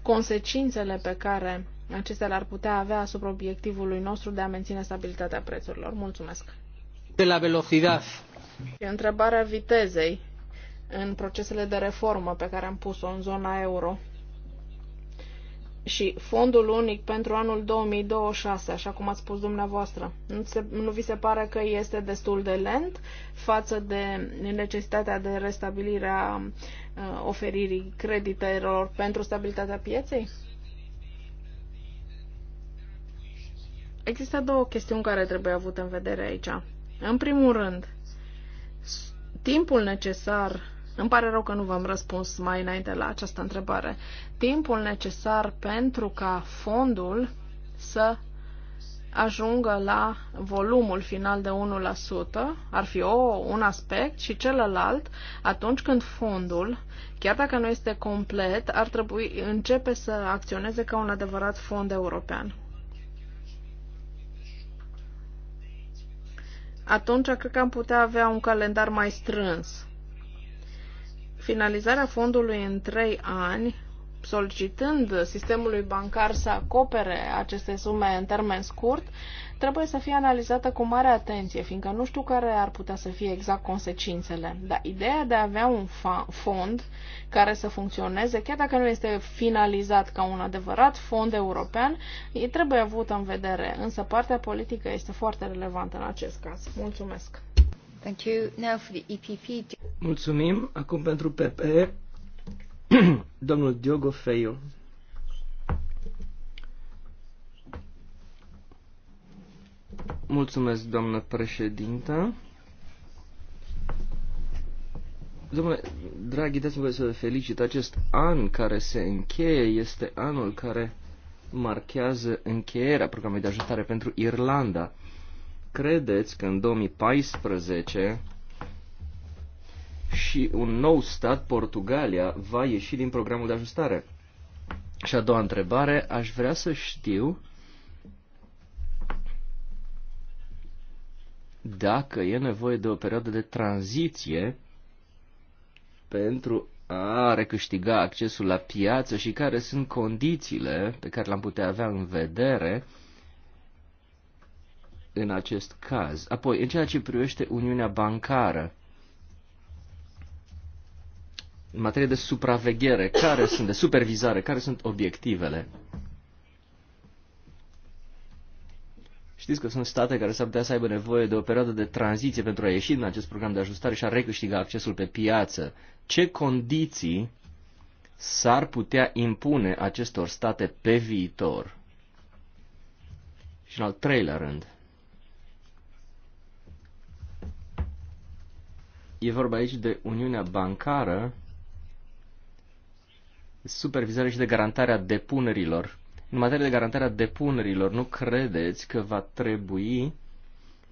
consecințele pe care acestea le ar putea avea asupra obiectivului nostru de a menține stabilitatea prețurilor. Mulțumesc. De la velocidad. E întrebarea vitezei în procesele de reformă pe care am pus-o în zona euro și fondul unic pentru anul 2026, așa cum ați spus dumneavoastră. Nu, se, nu vi se pare că este destul de lent față de necesitatea de restabilire a uh, oferirii creditelor pentru stabilitatea pieței? Există două chestiuni care trebuie avut în vedere aici. În primul rând, timpul necesar, îmi pare rău că nu v-am răspuns mai înainte la această întrebare, timpul necesar pentru ca fondul să ajungă la volumul final de 1%, ar fi o, un aspect și celălalt, atunci când fondul, chiar dacă nu este complet, ar trebui începe să acționeze ca un adevărat fond european. atunci cred că am putea avea un calendar mai strâns. Finalizarea fondului în trei ani, solicitând sistemului bancar să acopere aceste sume în termen scurt, trebuie să fie analizată cu mare atenție, fiindcă nu știu care ar putea să fie exact consecințele. Dar ideea de a avea un fond care să funcționeze, chiar dacă nu este finalizat ca un adevărat fond european, trebuie avut în vedere. Însă partea politică este foarte relevantă în acest caz. Mulțumesc! Thank you. Now for the EPP. Mulțumim. Acum pentru PPE, domnul Diogo Feio. Mulțumesc, doamnă președintă. Domnule, draghi, dați-mi voie să vă felicit. Acest an care se încheie este anul care marchează încheierea programului de ajutare pentru Irlanda. Credeți că în 2014 și un nou stat, Portugalia, va ieși din programul de ajustare? Și a doua întrebare, aș vrea să știu dacă e nevoie de o perioadă de tranziție pentru a recâștiga accesul la piață și care sunt condițiile pe care le-am putea avea în vedere în acest caz. Apoi, în ceea ce privește Uniunea Bancară, în materie de supraveghere, care sunt de supervizare, care sunt obiectivele? Știți că sunt state care s-ar putea să aibă nevoie de o perioadă de tranziție pentru a ieși din acest program de ajustare și a recâștiga accesul pe piață. Ce condiții s-ar putea impune acestor state pe viitor? Și în al treilea rând, e vorba aici de Uniunea Bancară, supervizare și de garantarea depunerilor în materie de garantarea depunerilor, nu credeți că va trebui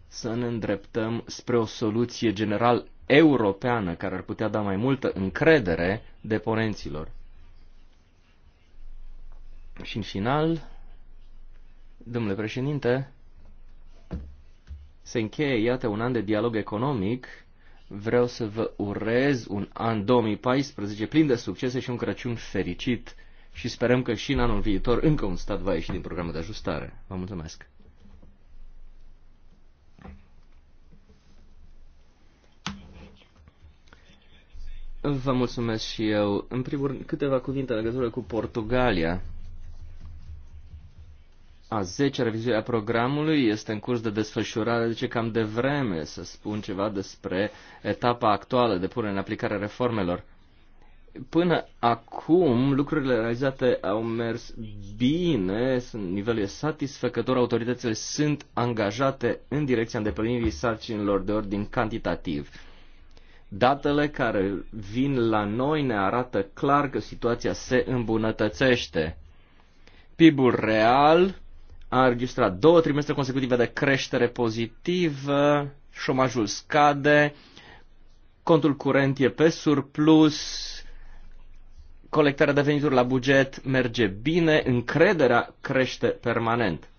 să ne îndreptăm spre o soluție general europeană care ar putea da mai multă încredere deponenților? Și în final, domnule președinte, se încheie, iată, un an de dialog economic. Vreau să vă urez un an 2014 plin de succese și un Crăciun fericit și sperăm că și în anul viitor încă un stat va ieși din programul de ajustare. Vă mulțumesc! Vă mulțumesc și eu. În primul rând, câteva cuvinte în legătură cu Portugalia. A 10 a programului este în curs de desfășurare, deci ce cam devreme să spun ceva despre etapa actuală de punere în aplicare a reformelor. Până acum, lucrurile realizate au mers bine, nivelul e satisfăcător, autoritățile sunt angajate în direcția îndeplinirii sarcinilor de ordin cantitativ. Datele care vin la noi ne arată clar că situația se îmbunătățește. PIB-ul real a înregistrat două trimestre consecutive de creștere pozitivă, șomajul scade, contul curent e pe surplus, colectarea de venituri la buget merge bine, încrederea crește permanent.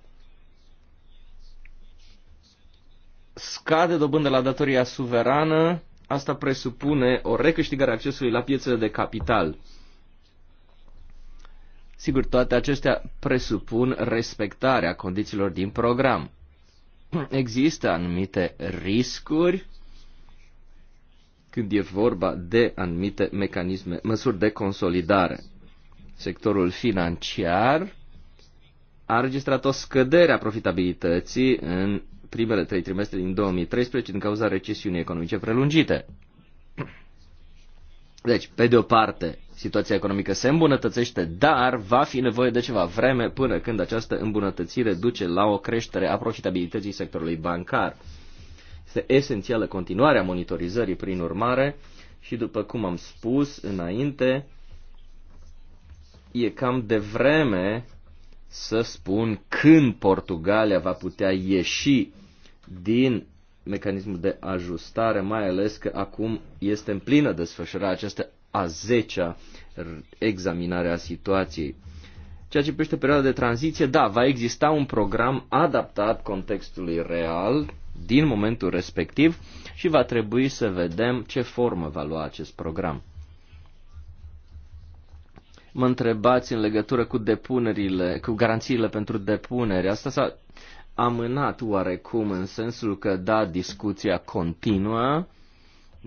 Scade dobândă la datoria suverană, asta presupune o recâștigare a accesului la piețele de capital. Sigur, toate acestea presupun respectarea condițiilor din program. Există anumite riscuri când e vorba de anumite mecanisme, măsuri de consolidare. Sectorul financiar a registrat o scădere a profitabilității în primele trei trimestre din 2013 din cauza recesiunii economice prelungite. Deci, pe de o parte, situația economică se îmbunătățește, dar va fi nevoie de ceva vreme până când această îmbunătățire duce la o creștere a profitabilității sectorului bancar. Este esențială continuarea monitorizării, prin urmare, și după cum am spus înainte, e cam de vreme să spun când Portugalia va putea ieși din mecanismul de ajustare, mai ales că acum este în plină desfășurare această a zecea examinare a situației. Ceea ce privește perioada de tranziție, da, va exista un program adaptat contextului real, din momentul respectiv și va trebui să vedem ce formă va lua acest program. Mă întrebați în legătură cu depunerile, cu garanțiile pentru depunere. Asta s-a amânat oarecum în sensul că, da, discuția continuă,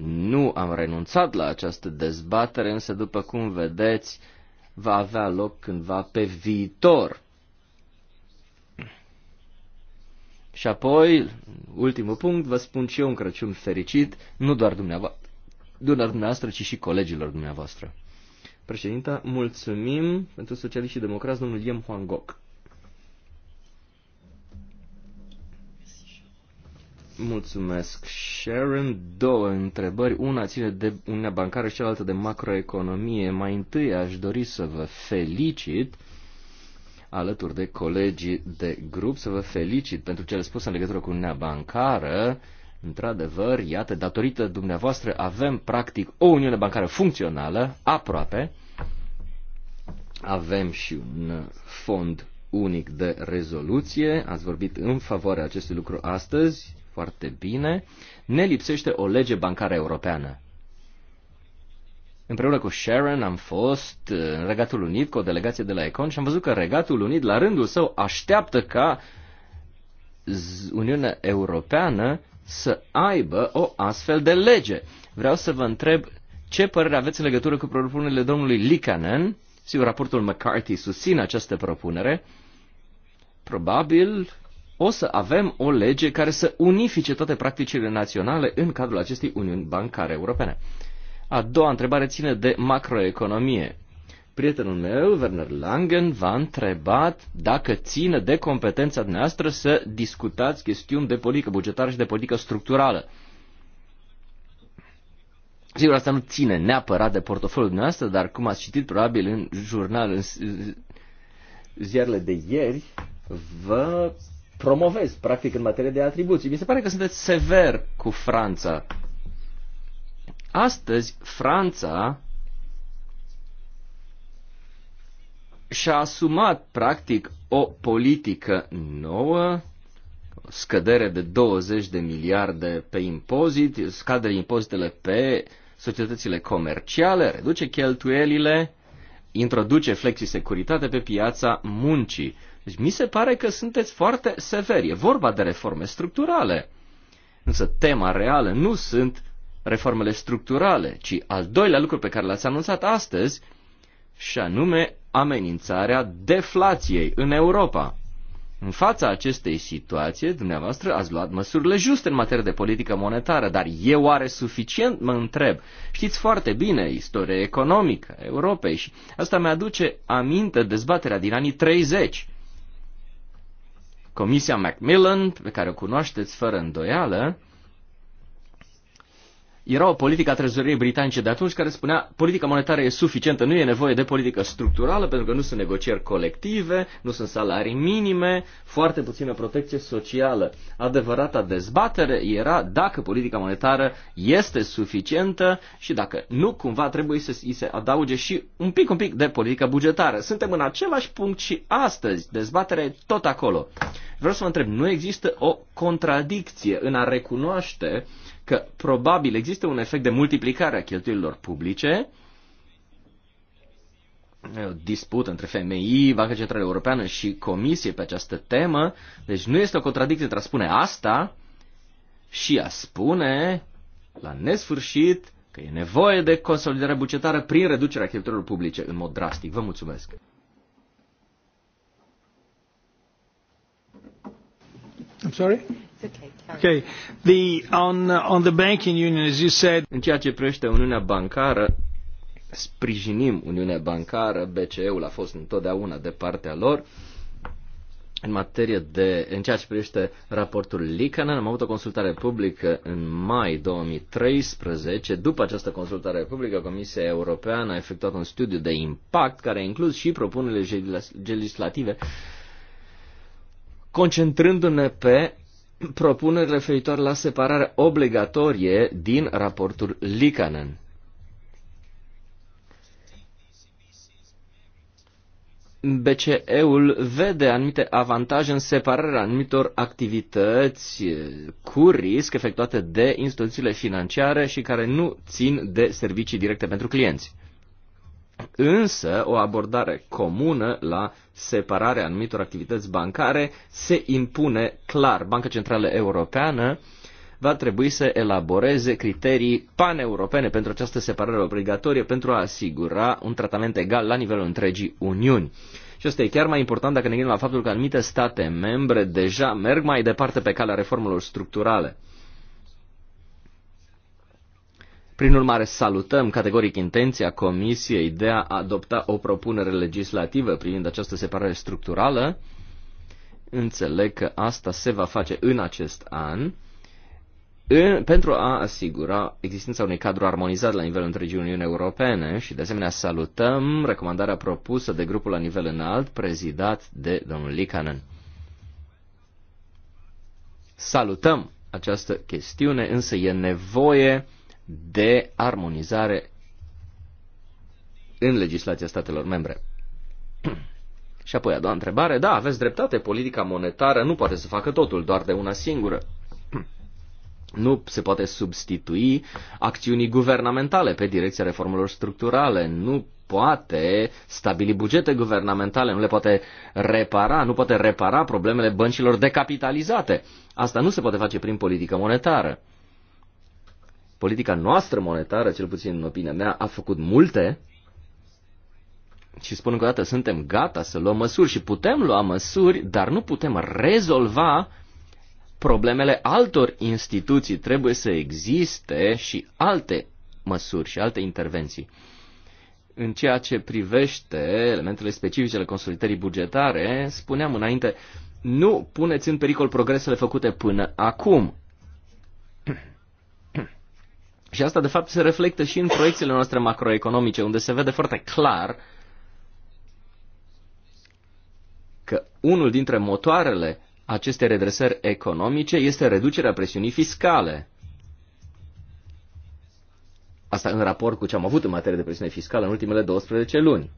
nu am renunțat la această dezbatere, însă, după cum vedeți, va avea loc cândva pe viitor. Și apoi, ultimul punct, vă spun și eu un Crăciun fericit, nu doar dumneavoastră, doar dumneavoastră, ci și colegilor dumneavoastră. Președinta, mulțumim pentru socialiști și democrați, domnul Iem Huang Gok. Mulțumesc, Sharon. Două întrebări. Una ține de Uniunea Bancară și cealaltă de macroeconomie. Mai întâi aș dori să vă felicit alături de colegii de grup să vă felicit pentru cele spus în legătură cu Uniunea Bancară. Într-adevăr, iată, datorită dumneavoastră avem practic o Uniune Bancară funcțională, aproape. Avem și un fond unic de rezoluție. Ați vorbit în favoarea acestui lucru astăzi, foarte bine. Ne lipsește o lege bancară europeană. Împreună cu Sharon am fost uh, în Regatul Unit cu o delegație de la Econ și am văzut că Regatul Unit, la rândul său, așteaptă ca Uniunea Europeană să aibă o astfel de lege. Vreau să vă întreb ce părere aveți în legătură cu propunerile domnului Likanen? Sigur, raportul McCarthy susține această propunere. Probabil o să avem o lege care să unifice toate practicile naționale în cadrul acestei Uniuni Bancare Europene. A doua întrebare ține de macroeconomie. Prietenul meu, Werner Langen, v-a întrebat dacă ține de competența noastră să discutați chestiuni de politică bugetară și de politică structurală. Sigur, asta nu ține neapărat de portofoliul dumneavoastră, dar cum ați citit probabil în jurnal, în ziarele de ieri, vă promovez, practic, în materie de atribuții. Mi se pare că sunteți sever cu Franța Astăzi, Franța și-a asumat, practic, o politică nouă, scădere de 20 de miliarde pe impozit, scadere impozitele pe societățile comerciale, reduce cheltuielile, introduce flexisecuritate pe piața muncii. Deci mi se pare că sunteți foarte severi. E vorba de reforme structurale. Însă tema reală nu sunt reformele structurale, ci al doilea lucru pe care l-ați anunțat astăzi, și anume amenințarea deflației în Europa. În fața acestei situații, dumneavoastră ați luat măsurile juste în materie de politică monetară, dar e oare suficient, mă întreb. Știți foarte bine istoria economică a Europei și asta mi-aduce aminte dezbaterea din anii 30. Comisia Macmillan, pe care o cunoașteți fără îndoială, era o politică a trezoriei britanice de atunci care spunea politica monetară e suficientă, nu e nevoie de politică structurală pentru că nu sunt negocieri colective, nu sunt salarii minime, foarte puțină protecție socială. Adevărata dezbatere era dacă politica monetară este suficientă și dacă nu, cumva trebuie să îi se adauge și un pic, un pic de politică bugetară. Suntem în același punct și astăzi. Dezbaterea e tot acolo. Vreau să vă întreb, nu există o contradicție în a recunoaște că probabil există un efect de multiplicare a cheltuielilor publice, o dispută între FMI, Banca Centrală Europeană și Comisie pe această temă, deci nu este o contradicție între a spune asta și a spune la nesfârșit că e nevoie de consolidare bugetară prin reducerea cheltuielor publice în mod drastic. Vă mulțumesc! I'm sorry? Okay. The, on, on the banking union, as you said... În ceea ce privește Uniunea Bancară, sprijinim Uniunea Bancară, BCE-ul a fost întotdeauna de partea lor. În materie de, în ceea ce privește raportul Licanen, am avut o consultare publică în mai 2013. După această consultare publică, Comisia Europeană a efectuat un studiu de impact care a inclus și propunerile legislative concentrându-ne pe propuneri referitoare la separare obligatorie din raportul Likanen. BCE-ul vede anumite avantaje în separarea anumitor activități cu risc efectuate de instituțiile financiare și care nu țin de servicii directe pentru clienți. Însă, o abordare comună la separarea anumitor activități bancare se impune clar. Banca Centrală Europeană va trebui să elaboreze criterii paneuropene pentru această separare obligatorie pentru a asigura un tratament egal la nivelul întregii Uniuni. Și asta e chiar mai important dacă ne gândim la faptul că anumite state membre deja merg mai departe pe calea reformelor structurale. Prin urmare, salutăm categoric intenția Comisiei de a adopta o propunere legislativă privind această separare structurală. Înțeleg că asta se va face în acest an în, pentru a asigura existența unui cadru armonizat la nivelul întregii Uniuni Europene și, de asemenea, salutăm recomandarea propusă de grupul la nivel înalt, prezidat de domnul Likanen. Salutăm această chestiune, însă e nevoie de armonizare în legislația statelor membre. Și apoi a doua întrebare, da, aveți dreptate, politica monetară nu poate să facă totul doar de una singură. Nu se poate substitui acțiunii guvernamentale pe direcția reformelor structurale, nu poate stabili bugete guvernamentale, nu le poate repara, nu poate repara problemele băncilor decapitalizate. Asta nu se poate face prin politică monetară politica noastră monetară, cel puțin în opinia mea, a făcut multe și spun încă o dată, suntem gata să luăm măsuri și putem lua măsuri, dar nu putem rezolva problemele altor instituții. Trebuie să existe și alte măsuri și alte intervenții. În ceea ce privește elementele specifice ale consolidării bugetare, spuneam înainte, nu puneți în pericol progresele făcute până acum. Și asta, de fapt, se reflectă și în proiecțiile noastre macroeconomice, unde se vede foarte clar că unul dintre motoarele acestei redresări economice este reducerea presiunii fiscale. Asta în raport cu ce am avut în materie de presiune fiscală în ultimele 12 luni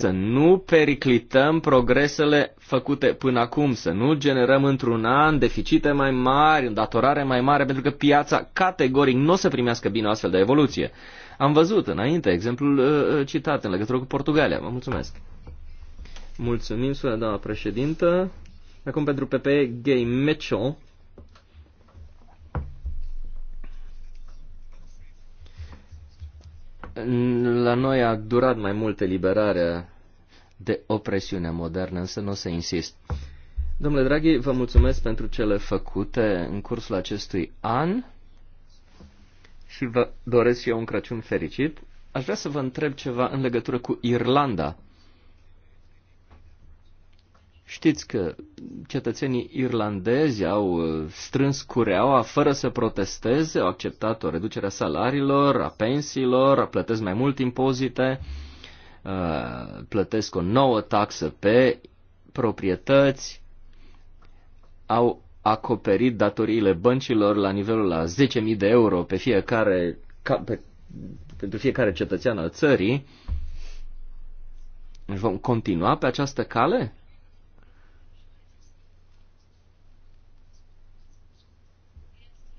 să nu periclităm progresele făcute până acum, să nu generăm într-un an deficite mai mari, îndatorare mai mare, pentru că piața categoric nu o să primească bine o astfel de evoluție. Am văzut înainte exemplul uh, uh citat în legătură cu Portugalia. Vă mulțumesc. Mulțumim, sună doamna președintă. Acum pentru PPE Gay Mitchell. La noi a durat mai mult eliberarea de opresiunea modernă, însă nu o să insist. Domnule Draghi, vă mulțumesc pentru cele făcute în cursul acestui an și vă doresc eu un Crăciun fericit. Aș vrea să vă întreb ceva în legătură cu Irlanda. Știți că cetățenii irlandezi au uh, strâns cureaua fără să protesteze, au acceptat o reducere a salariilor, a pensiilor, plătesc mai mult impozite, uh, plătesc o nouă taxă pe proprietăți, au acoperit datoriile băncilor la nivelul la 10.000 de euro pe fiecare, ca, pe, pentru fiecare cetățean al țării. Vom continua pe această cale?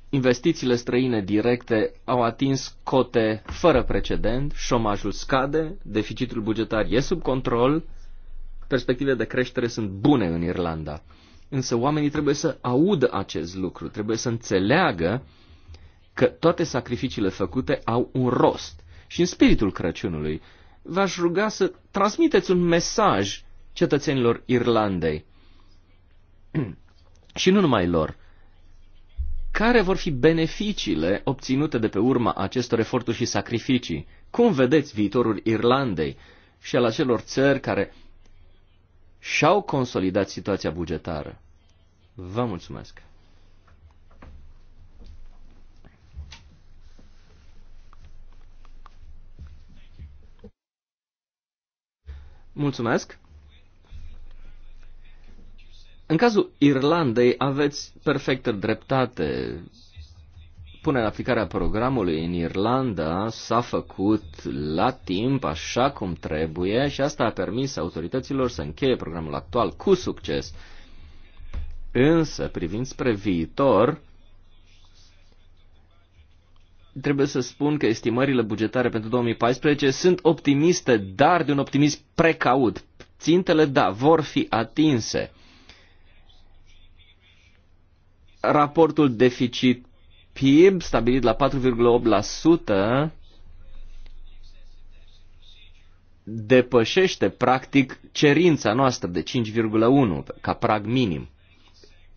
investițiile străine directe au atins cote fără precedent, șomajul scade, deficitul bugetar e sub control, perspectivele de creștere sunt bune în Irlanda. Însă oamenii trebuie să audă acest lucru, trebuie să înțeleagă că toate sacrificiile făcute au un rost. Și în spiritul Crăciunului v-aș ruga să transmiteți un mesaj cetățenilor Irlandei. și nu numai lor, care vor fi beneficiile obținute de pe urma acestor eforturi și sacrificii? Cum vedeți viitorul Irlandei și al acelor țări care și-au consolidat situația bugetară? Vă mulțumesc! Mulțumesc! În cazul Irlandei aveți perfectă dreptate. Punerea la aplicarea programului în Irlanda s-a făcut la timp, așa cum trebuie, și asta a permis autorităților să încheie programul actual cu succes. Însă, privind spre viitor, trebuie să spun că estimările bugetare pentru 2014 sunt optimiste, dar de un optimism precaut. Țintele, da, vor fi atinse. Raportul deficit PIB stabilit la 4,8% depășește practic cerința noastră de 5,1 ca prag minim.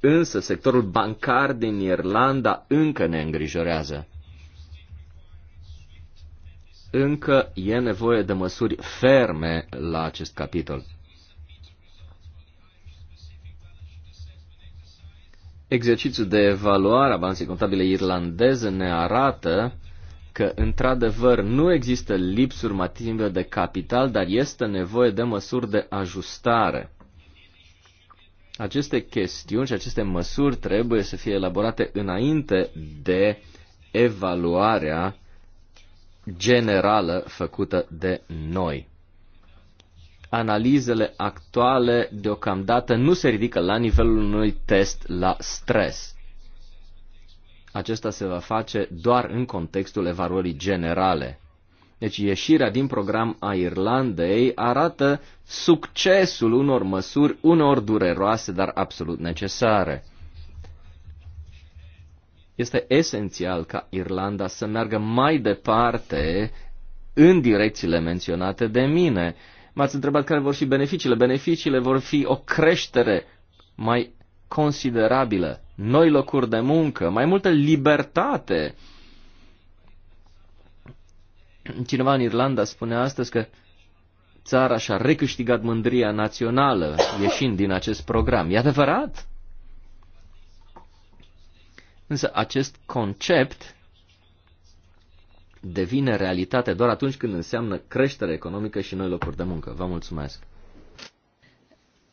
Însă sectorul bancar din Irlanda încă ne îngrijorează. Încă e nevoie de măsuri ferme la acest capitol. Exercițiul de evaluare a balanței contabile irlandeze ne arată că, într-adevăr, nu există lipsuri mative de capital, dar este nevoie de măsuri de ajustare. Aceste chestiuni și aceste măsuri trebuie să fie elaborate înainte de evaluarea generală făcută de noi analizele actuale deocamdată nu se ridică la nivelul unui test la stres. Acesta se va face doar în contextul evaluării generale. Deci ieșirea din program a Irlandei arată succesul unor măsuri, unor dureroase, dar absolut necesare. Este esențial ca Irlanda să meargă mai departe în direcțiile menționate de mine M-ați întrebat care vor fi beneficiile. Beneficiile vor fi o creștere mai considerabilă, noi locuri de muncă, mai multă libertate. Cineva în Irlanda spune astăzi că țara și-a recâștigat mândria națională ieșind din acest program. E adevărat? Însă acest concept devine realitate doar atunci când înseamnă creștere economică și noi locuri de muncă. Vă mulțumesc!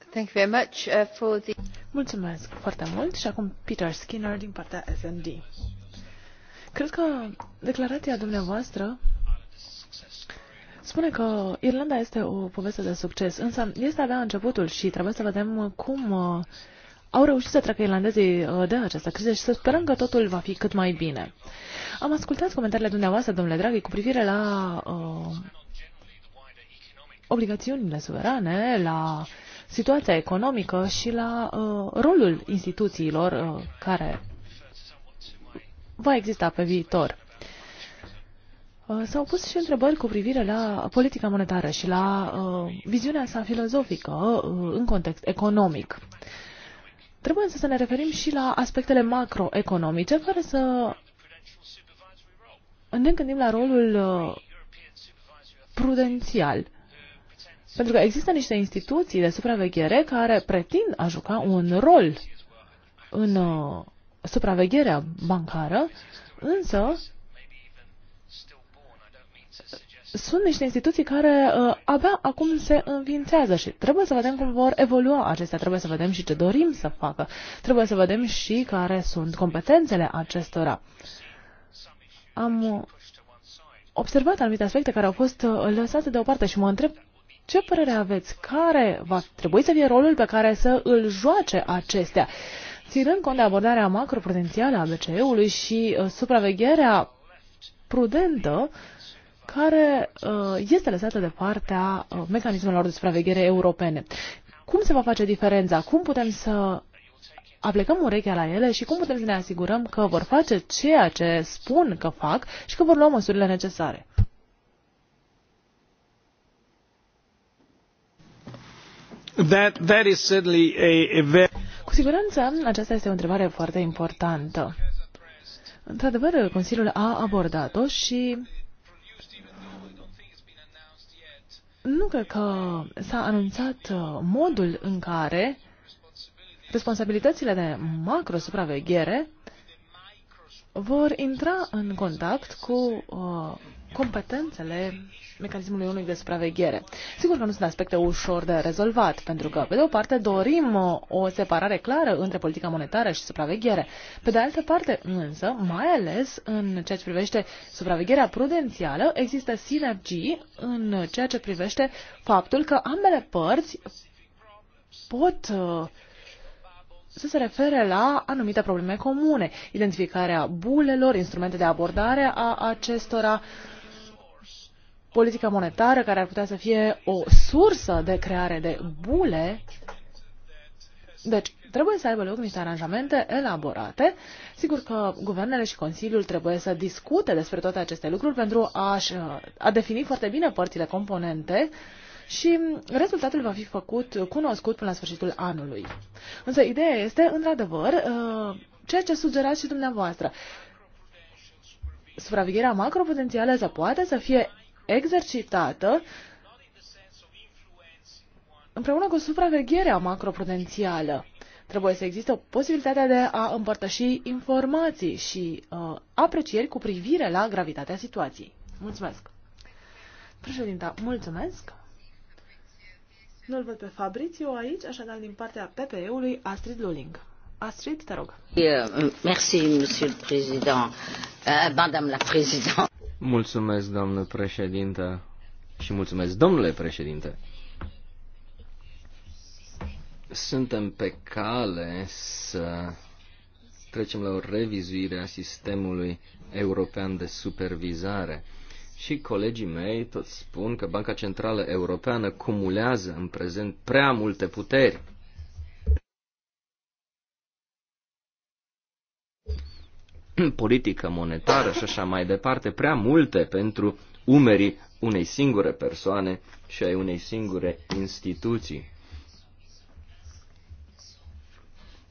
Thank you very much uh, for the... Mulțumesc foarte mult și acum Peter Skinner din partea SND. Cred că declarația dumneavoastră spune că Irlanda este o poveste de succes, însă este abia începutul și trebuie să vedem cum uh, au reușit să treacă irlandezii uh, de această criză și să sperăm că totul va fi cât mai bine. Am ascultat comentariile dumneavoastră, domnule Draghi, cu privire la uh, obligațiunile suverane, la situația economică și la uh, rolul instituțiilor uh, care va exista pe viitor. Uh, S-au pus și întrebări cu privire la politica monetară și la uh, viziunea sa filozofică uh, în context economic. Uh, Trebuie însă să ne referim și la aspectele macroeconomice, fără să ne gândim la rolul uh, prudențial. Pentru că există niște instituții de supraveghere care pretind a juca un rol în uh, supravegherea bancară, însă sunt niște instituții care uh, abia acum se înființează și trebuie să vedem cum vor evolua acestea, trebuie să vedem și ce dorim să facă, trebuie să vedem și care sunt competențele acestora. Am uh, observat anumite aspecte care au fost uh, lăsate deoparte și mă întreb ce părere aveți, care va trebui să fie rolul pe care să îl joace acestea, ținând cont de abordarea macroprudențială a BCE-ului și uh, supravegherea prudentă uh, care uh, este lăsată de partea uh, mecanismelor de supraveghere europene. Cum se va face diferența? Cum putem să aplicăm urechea la ele și cum putem să ne asigurăm că vor face ceea ce spun că fac și că vor lua măsurile necesare? That, that is certainly a, a very... Cu siguranță, aceasta este o întrebare foarte importantă. Într-adevăr, Consiliul a abordat-o și Nu cred că s-a anunțat uh, modul în care responsabilitățile de macrosupraveghere vor intra în contact cu uh, competențele mecanismului unui de supraveghere. Sigur că nu sunt aspecte ușor de rezolvat, pentru că, pe de o parte, dorim o separare clară între politica monetară și supraveghere. Pe de altă parte, însă, mai ales în ceea ce privește supravegherea prudențială, există sinergii în ceea ce privește faptul că ambele părți pot uh, să se refere la anumite probleme comune, identificarea bulelor, instrumente de abordare a acestora, politica monetară, care ar putea să fie o sursă de creare de bule. Deci, trebuie să aibă loc niște aranjamente elaborate. Sigur că guvernele și Consiliul trebuie să discute despre toate aceste lucruri pentru a, uh, a defini foarte bine părțile componente și rezultatul va fi făcut cunoscut până la sfârșitul anului. Însă ideea este, într-adevăr, uh, ceea ce sugerați și dumneavoastră. Supravegherea macroprudențială să poate să fie exercitată împreună cu supravegherea macroprudențială. Trebuie să existe posibilitatea de a împărtăși informații și uh, aprecieri cu privire la gravitatea situației. Mulțumesc! Președinta, mulțumesc! Nu-l văd pe Fabrizio aici, așadar din partea PPE-ului Astrid Luling. Astrid, te rog. Euh, merci, monsieur le président. Euh, madame la présidente. Mulțumesc, domnule președinte și mulțumesc, domnule președinte. Suntem pe cale să trecem la o revizuire a sistemului european de supervizare. Și colegii mei tot spun că Banca Centrală Europeană cumulează în prezent prea multe puteri politică monetară și așa mai departe, prea multe pentru umerii unei singure persoane și ai unei singure instituții.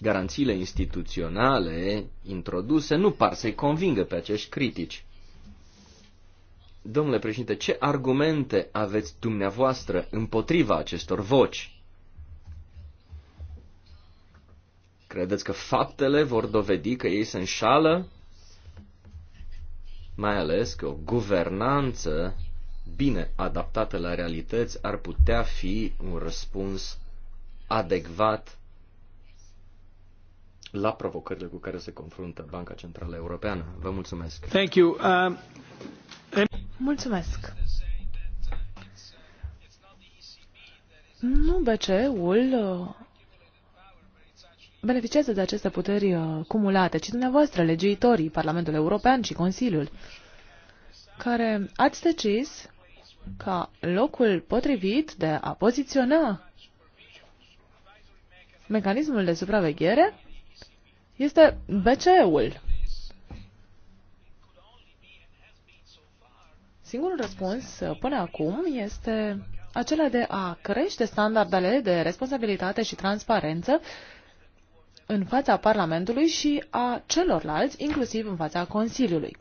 Garanțiile instituționale introduse nu par să-i convingă pe acești critici. Domnule președinte, ce argumente aveți dumneavoastră împotriva acestor voci? Credeți că faptele vor dovedi că ei se înșală? mai ales că o guvernanță bine adaptată la realități ar putea fi un răspuns adecvat la provocările cu care se confruntă Banca Centrală Europeană. Vă mulțumesc. Thank you. and... Um, mulțumesc. Nu BCE-ul beneficiază de aceste puteri uh, cumulate, ci dumneavoastră, legiuitorii, Parlamentul European și Consiliul, care ați decis ca locul potrivit de a poziționa mecanismul de supraveghere este BCE-ul. Singurul răspuns uh, până acum este acela de a crește standardele de responsabilitate și transparență în fața Parlamentului și a celorlalți, inclusiv în fața Consiliului.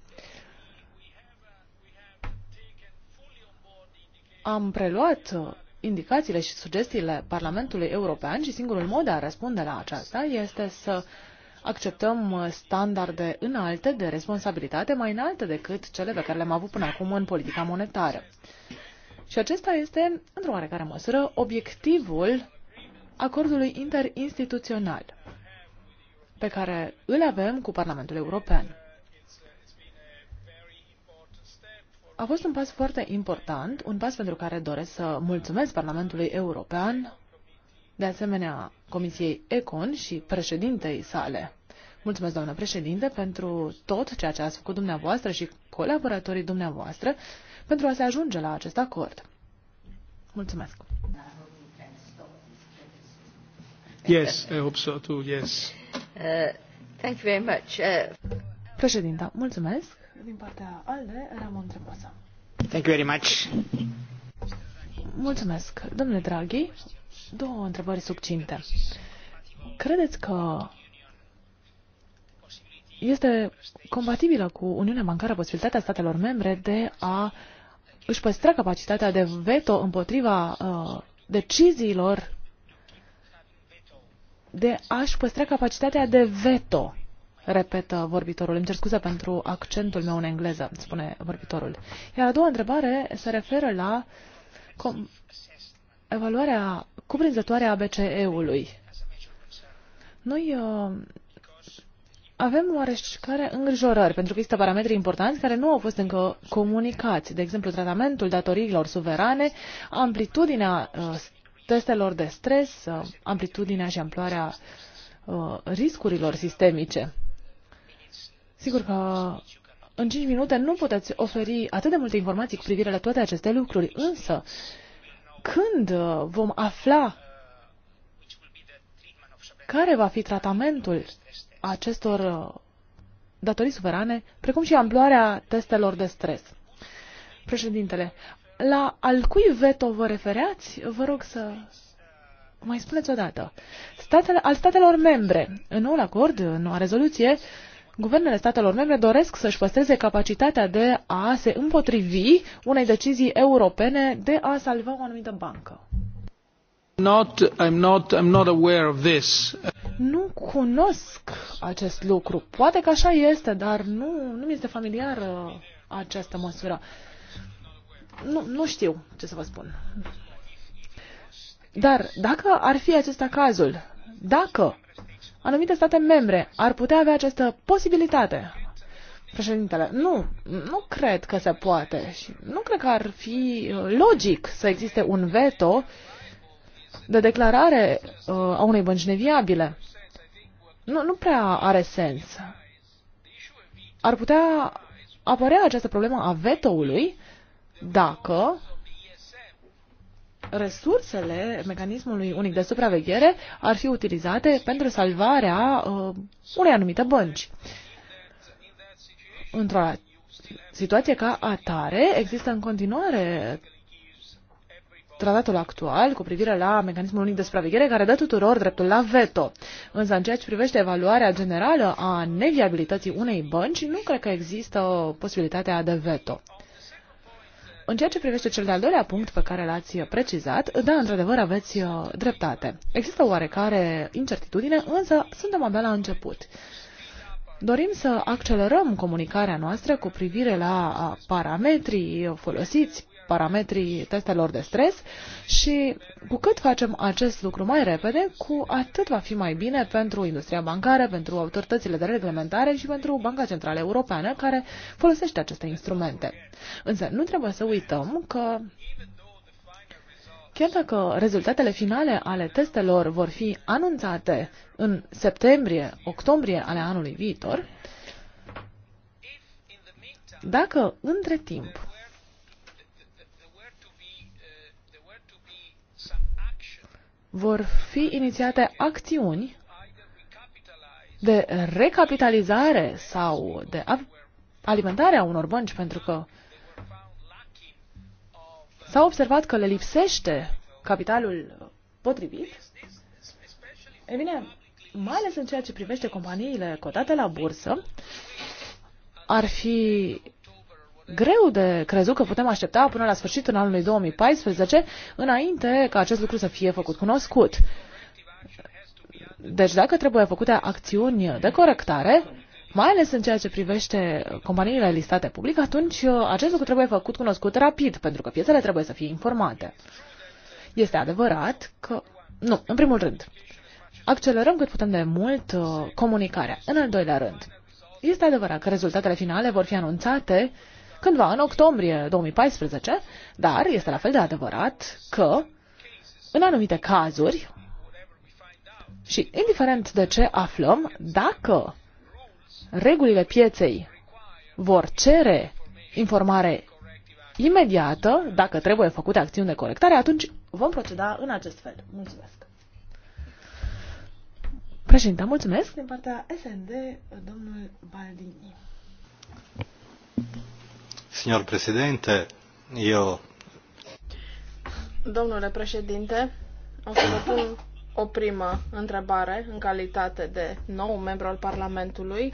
Am preluat uh, indicațiile și sugestiile Parlamentului European și singurul mod de a răspunde la aceasta este să acceptăm uh, standarde înalte de responsabilitate, mai înalte decât cele pe care le-am avut până acum în politica monetară. Și acesta este, într-o oarecare măsură, obiectivul acordului interinstituțional pe care îl avem cu Parlamentul European. A fost un pas foarte important, un pas pentru care doresc să mulțumesc Parlamentului European, de asemenea Comisiei Econ și președintei sale. Mulțumesc, doamnă președinte, pentru tot ceea ce ați făcut dumneavoastră și colaboratorii dumneavoastră pentru a se ajunge la acest acord. Mulțumesc. Yes, I hope so too, yes. Uh, thank you very much. Uh, Președinta, mulțumesc. Din partea ALDE, Ramon Thank you very much. Mulțumesc. Domnule Draghi, două întrebări succinte. Credeți că este compatibilă cu Uniunea Bancară posibilitatea statelor membre de a își păstra capacitatea de veto împotriva uh, deciziilor de a-și păstra capacitatea de veto repetă vorbitorul. Îmi cer scuze pentru accentul meu în engleză, spune vorbitorul. Iar a doua întrebare se referă la com- evaluarea cuprinzătoare a BCE-ului. Noi uh, avem oareșcare îngrijorări, pentru că există parametri importanți care nu au fost încă comunicați. De exemplu, tratamentul datoriilor suverane, amplitudinea uh, testelor de stres, uh, amplitudinea și amploarea uh, riscurilor sistemice. Sigur că în 5 minute nu puteți oferi atât de multe informații cu privire la toate aceste lucruri, însă când uh, vom afla care va fi tratamentul acestor datorii suverane, precum și amploarea testelor de stres. Președintele, la al cui veto vă refereați? Vă rog să mai spuneți o dată. Statele, al statelor membre. În noul acord, în noua rezoluție, guvernele statelor membre doresc să-și păstreze capacitatea de a se împotrivi unei decizii europene de a salva o anumită bancă. Not, I'm not, I'm not aware of this. Nu cunosc acest lucru. Poate că așa este, dar nu, nu mi este familiar această măsură nu, nu știu ce să vă spun. Dar dacă ar fi acesta cazul, dacă anumite state membre ar putea avea această posibilitate, președintele, nu, nu cred că se poate și nu cred că ar fi uh, logic să existe un veto de declarare uh, a unei bănci neviabile. Nu, nu prea are sens. Ar putea apărea această problemă a vetoului dacă resursele mecanismului unic de supraveghere ar fi utilizate pentru salvarea uh, unei anumite bănci. Într-o situație ca atare, există în continuare tratatul actual cu privire la mecanismul unic de supraveghere care dă tuturor dreptul la veto. Însă în ceea ce privește evaluarea generală a neviabilității unei bănci, nu cred că există posibilitatea de veto. În ceea ce privește cel de-al doilea punct pe care l-ați precizat, da, într-adevăr aveți uh, dreptate. Există oarecare incertitudine, însă suntem abia la început. Dorim să accelerăm comunicarea noastră cu privire la uh, parametrii folosiți parametrii testelor de stres și cu cât facem acest lucru mai repede, cu atât va fi mai bine pentru industria bancară, pentru autoritățile de reglementare și pentru Banca Centrală Europeană care folosește aceste instrumente. Însă nu trebuie să uităm că Chiar dacă rezultatele finale ale testelor vor fi anunțate în septembrie-octombrie ale anului viitor, dacă între timp vor fi inițiate acțiuni de recapitalizare sau de alimentarea unor bănci, pentru că s-a observat că le lipsește capitalul potrivit. E bine, mai ales în ceea ce privește companiile cotate la bursă, ar fi greu de crezut că putem aștepta până la sfârșitul anului 2014 înainte ca acest lucru să fie făcut cunoscut. Deci dacă trebuie făcute acțiuni de corectare, mai ales în ceea ce privește companiile listate public, atunci uh, acest lucru trebuie făcut cunoscut rapid, pentru că piețele trebuie să fie informate. Este adevărat că... Nu, în primul rând, accelerăm cât putem de mult uh, comunicarea. În al doilea rând, este adevărat că rezultatele finale vor fi anunțate cândva în octombrie 2014, dar este la fel de adevărat că în anumite cazuri și indiferent de ce aflăm, dacă regulile pieței vor cere informare imediată, dacă trebuie făcute acțiuni de corectare, atunci vom proceda în acest fel. Mulțumesc! Președinte, mulțumesc din partea SND, domnul Baldini. Signor Presidente, Domnule președinte, o să vă pun o primă întrebare în calitate de nou membru al Parlamentului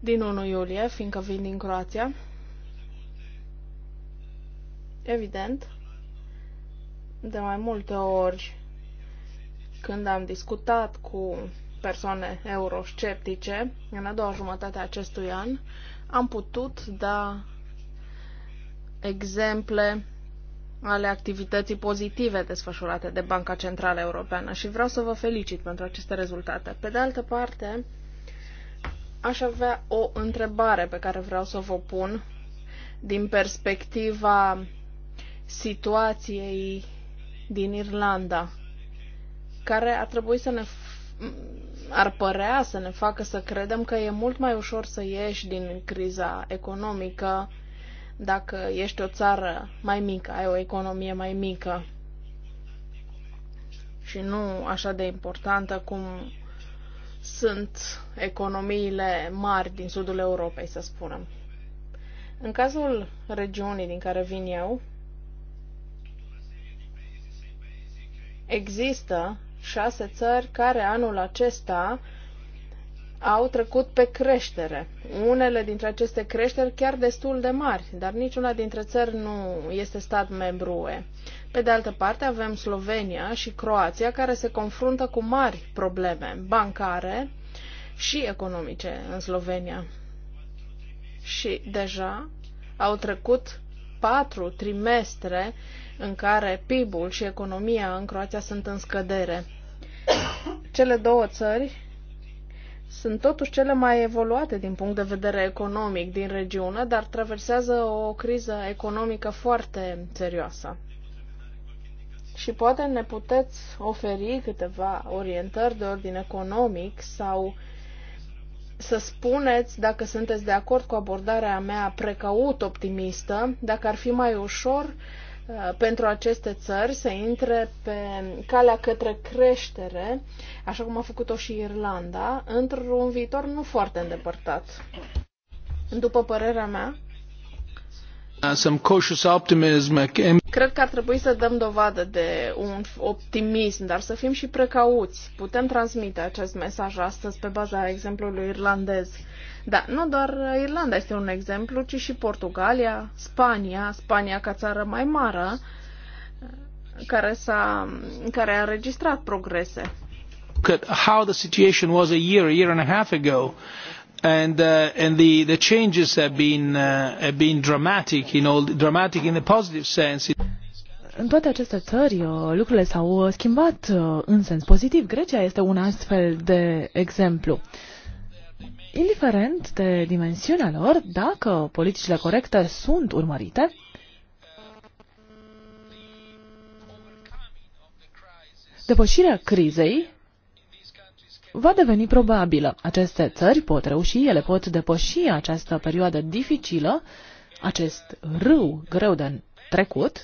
din 1 iulie, fiindcă vin din Croația. Evident, de mai multe ori când am discutat cu persoane eurosceptice în a doua jumătate a acestui an, am putut da exemple ale activității pozitive desfășurate de Banca Centrală Europeană și vreau să vă felicit pentru aceste rezultate. Pe de altă parte, aș avea o întrebare pe care vreau să vă pun din perspectiva situației din Irlanda, care ar trebui să ne ar părea să ne facă să credem că e mult mai ușor să ieși din criza economică dacă ești o țară mai mică, ai o economie mai mică și nu așa de importantă cum sunt economiile mari din sudul Europei, să spunem. În cazul regiunii din care vin eu, există șase țări care anul acesta au trecut pe creștere. Unele dintre aceste creșteri chiar destul de mari, dar niciuna dintre țări nu este stat membru UE. Pe de altă parte, avem Slovenia și Croația care se confruntă cu mari probleme bancare și economice în Slovenia. Și deja au trecut patru trimestre în care PIB-ul și economia în Croația sunt în scădere. Cele două țări sunt totuși cele mai evoluate din punct de vedere economic din regiune, dar traversează o criză economică foarte serioasă. Și poate ne puteți oferi câteva orientări de ordin economic sau să spuneți dacă sunteți de acord cu abordarea mea precaut optimistă, dacă ar fi mai ușor uh, Uh, pentru aceste țări să intre pe calea către creștere, așa cum a făcut-o și Irlanda, într-un viitor nu foarte îndepărtat. După părerea mea, Uh, uh, Cred că ar trebui să dăm dovadă de un optimism, dar să fim și precauți. Putem transmite acest mesaj astăzi pe baza exemplului irlandez. Da, nu doar Irlanda este un exemplu, ci și Portugalia, Spania, Spania ca țară mai mare, care, s-a, care a registrat progrese. How the situation was a year, a year and a half ago and, uh, and the, the changes have been, uh, have been dramatic, in all, dramatic in a positive sense. În toate aceste țări uh, lucrurile s-au uh, schimbat uh, în sens pozitiv. Grecia este un astfel de exemplu. Indiferent de dimensiunea lor, dacă politicile corecte sunt urmărite, depășirea crizei va deveni probabilă. Aceste țări pot reuși, ele pot depăși această perioadă dificilă, acest râu greu de trecut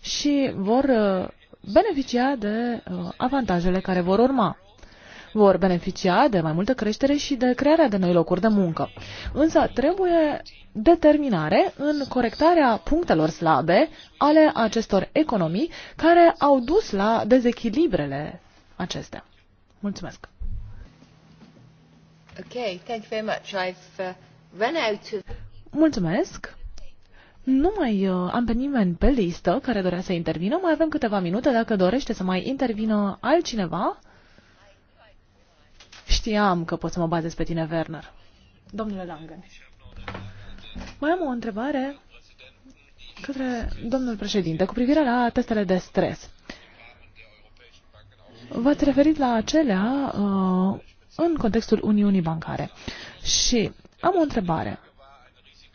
și vor uh, beneficia de uh, avantajele care vor urma. Vor beneficia de mai multă creștere și de crearea de noi locuri de muncă. Însă trebuie determinare în corectarea punctelor slabe ale acestor economii care au dus la dezechilibrele acestea. Mulțumesc! Okay, thank you very much. I've uh, run out of... Mulțumesc. Nu mai uh, am pe nimeni pe listă care dorea să intervină. Mai avem câteva minute dacă dorește să mai intervină altcineva. Știam că pot să mă bazez pe tine, Werner. Domnule Langen. Mai am o întrebare către domnul președinte cu privire la testele de stres. V-ați referit la acelea uh, în contextul Uniunii Bancare. Și am o întrebare.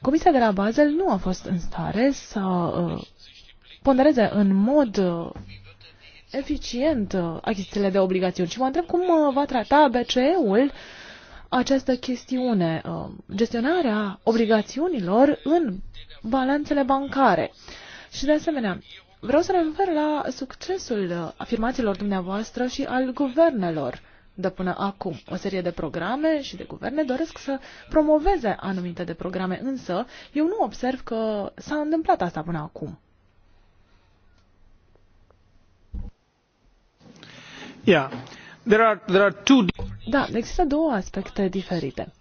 Comisia de la Basel nu a fost în stare să uh, pondereze în mod uh, eficient uh, achizițiile de obligațiuni și mă întreb cum va trata BCE-ul această chestiune, gestionarea obligațiunilor în balanțele bancare. Și de asemenea, vreau să refer la succesul afirmațiilor dumneavoastră și al guvernelor de până acum. O serie de programe și de guverne doresc să promoveze anumite de programe, însă eu nu observ că s-a întâmplat asta până acum. Yeah. There are, there are two... Da, există două aspecte diferite.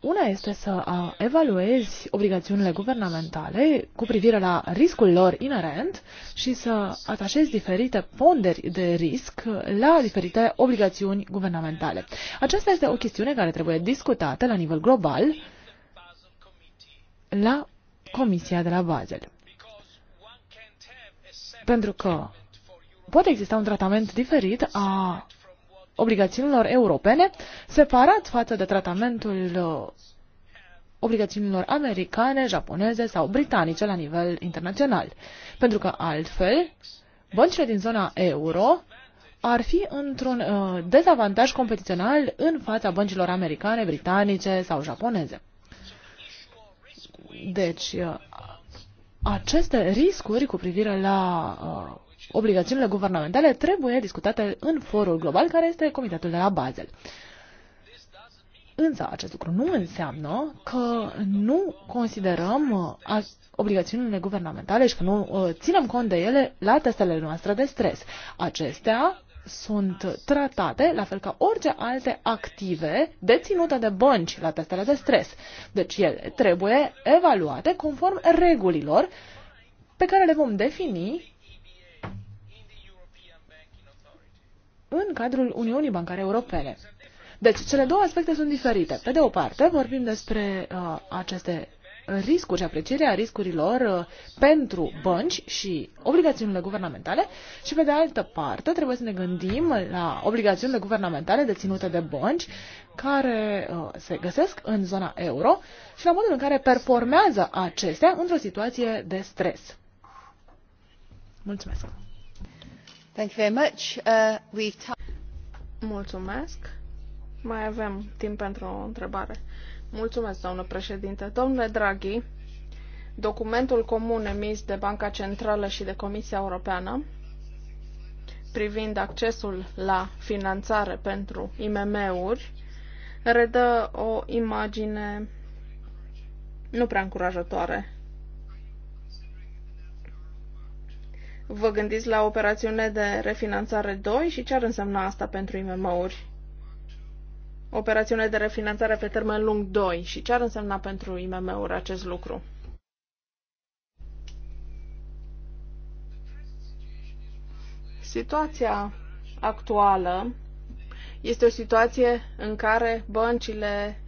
Una este să evaluezi obligațiunile guvernamentale cu privire la riscul lor inerent și să atașezi diferite ponderi de risc la diferite obligațiuni guvernamentale. Aceasta este o chestiune care trebuie discutată la nivel global la Comisia de la Basel. Pentru că poate exista un tratament diferit a obligațiunilor europene, separat față de tratamentul uh, obligațiunilor americane, japoneze sau britanice la nivel internațional. Pentru că altfel, băncile din zona euro ar fi într-un uh, dezavantaj competițional în fața băncilor americane, britanice sau japoneze. Deci, uh, aceste riscuri cu privire la uh, obligațiunile guvernamentale trebuie discutate în forul global, care este Comitetul de la Basel. Însă acest lucru nu înseamnă că nu considerăm uh, obligațiunile guvernamentale și că nu uh, ținem cont de ele la testele noastre de stres. Acestea sunt tratate la fel ca orice alte active deținute de bănci la testele de stres. Deci ele trebuie evaluate conform regulilor pe care le vom defini în cadrul Uniunii Bancare Europene. Deci, cele două aspecte sunt diferite. Pe de o parte, vorbim despre uh, aceste riscuri și aprecierea riscurilor uh, pentru bănci și obligațiunile guvernamentale și, pe de altă parte, trebuie să ne gândim la obligațiunile guvernamentale deținute de bănci care uh, se găsesc în zona euro și la modul în care performează acestea într-o situație de stres. Mulțumesc! Thank you very much. Uh, Mulțumesc. Mai avem timp pentru o întrebare. Mulțumesc, doamnă președinte. Domnule Draghi, documentul comun emis de Banca Centrală și de Comisia Europeană privind accesul la finanțare pentru IMM-uri redă o imagine nu prea încurajatoare Vă gândiți la operațiune de refinanțare 2 și ce ar însemna asta pentru IMM-uri? Operațiune de refinanțare pe termen lung 2 și ce ar însemna pentru IMM-uri acest lucru? Situația actuală este o situație în care băncile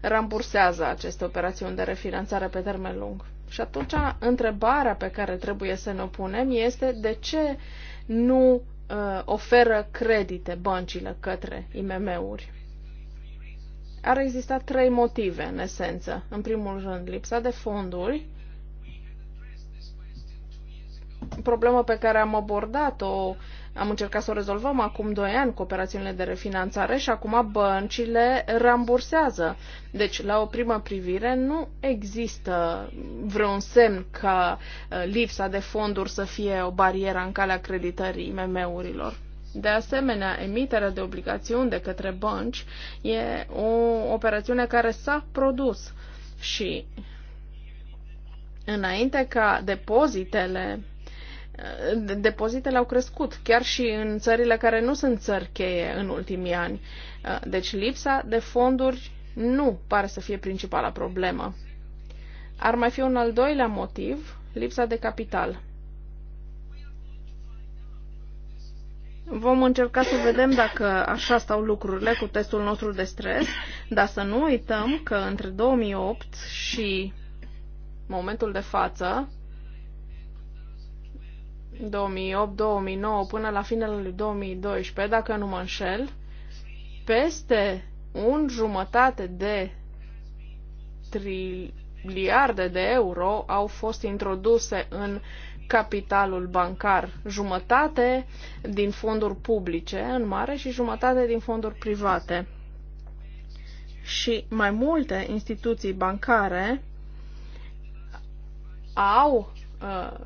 rambursează aceste operațiuni de refinanțare pe termen lung. Și atunci întrebarea pe care trebuie să ne o punem este de ce nu uh, oferă credite băncile către IMM-uri. Ar exista trei motive, în esență. În primul rând, lipsa de fonduri, problemă pe care am abordat-o, am încercat să o rezolvăm acum 2 ani cu operațiunile de refinanțare și acum băncile rambursează. Deci, la o primă privire, nu există vreun semn ca uh, lipsa de fonduri să fie o barieră în calea creditării IMM-urilor. De asemenea, emiterea de obligațiuni de către bănci e o operațiune care s-a produs și înainte ca depozitele depozitele au crescut, chiar și în țările care nu sunt țări cheie în ultimii ani. Uh, deci lipsa de fonduri nu pare să fie principala problemă. Ar mai fi un al doilea motiv, lipsa de capital. Vom încerca să vedem dacă așa stau lucrurile cu testul nostru de stres, dar să nu uităm că între 2008 și momentul de față, 2008-2009 până la finalul 2012, dacă nu mă înșel, peste un jumătate de triliarde de euro au fost introduse în capitalul bancar, jumătate din fonduri publice în mare și jumătate din fonduri private. Și mai multe instituții bancare au uh,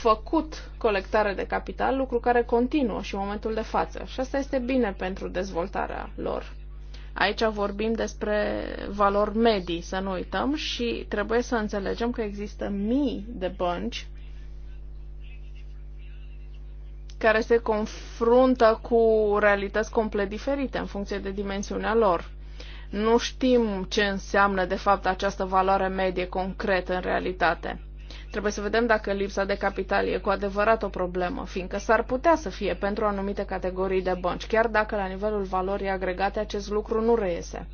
făcut colectare de capital, lucru care continuă și în momentul de față. Și asta este bine pentru dezvoltarea lor. Aici vorbim despre valori medii, să nu uităm, și trebuie să înțelegem că există mii de bănci care se confruntă cu realități complet diferite în funcție de dimensiunea lor. Nu știm ce înseamnă de fapt această valoare medie concretă în realitate. Trebuie să vedem dacă lipsa de capital e cu adevărat o problemă, fiindcă s-ar putea să fie pentru anumite categorii de bănci, chiar dacă la nivelul valorii agregate acest lucru nu reiese.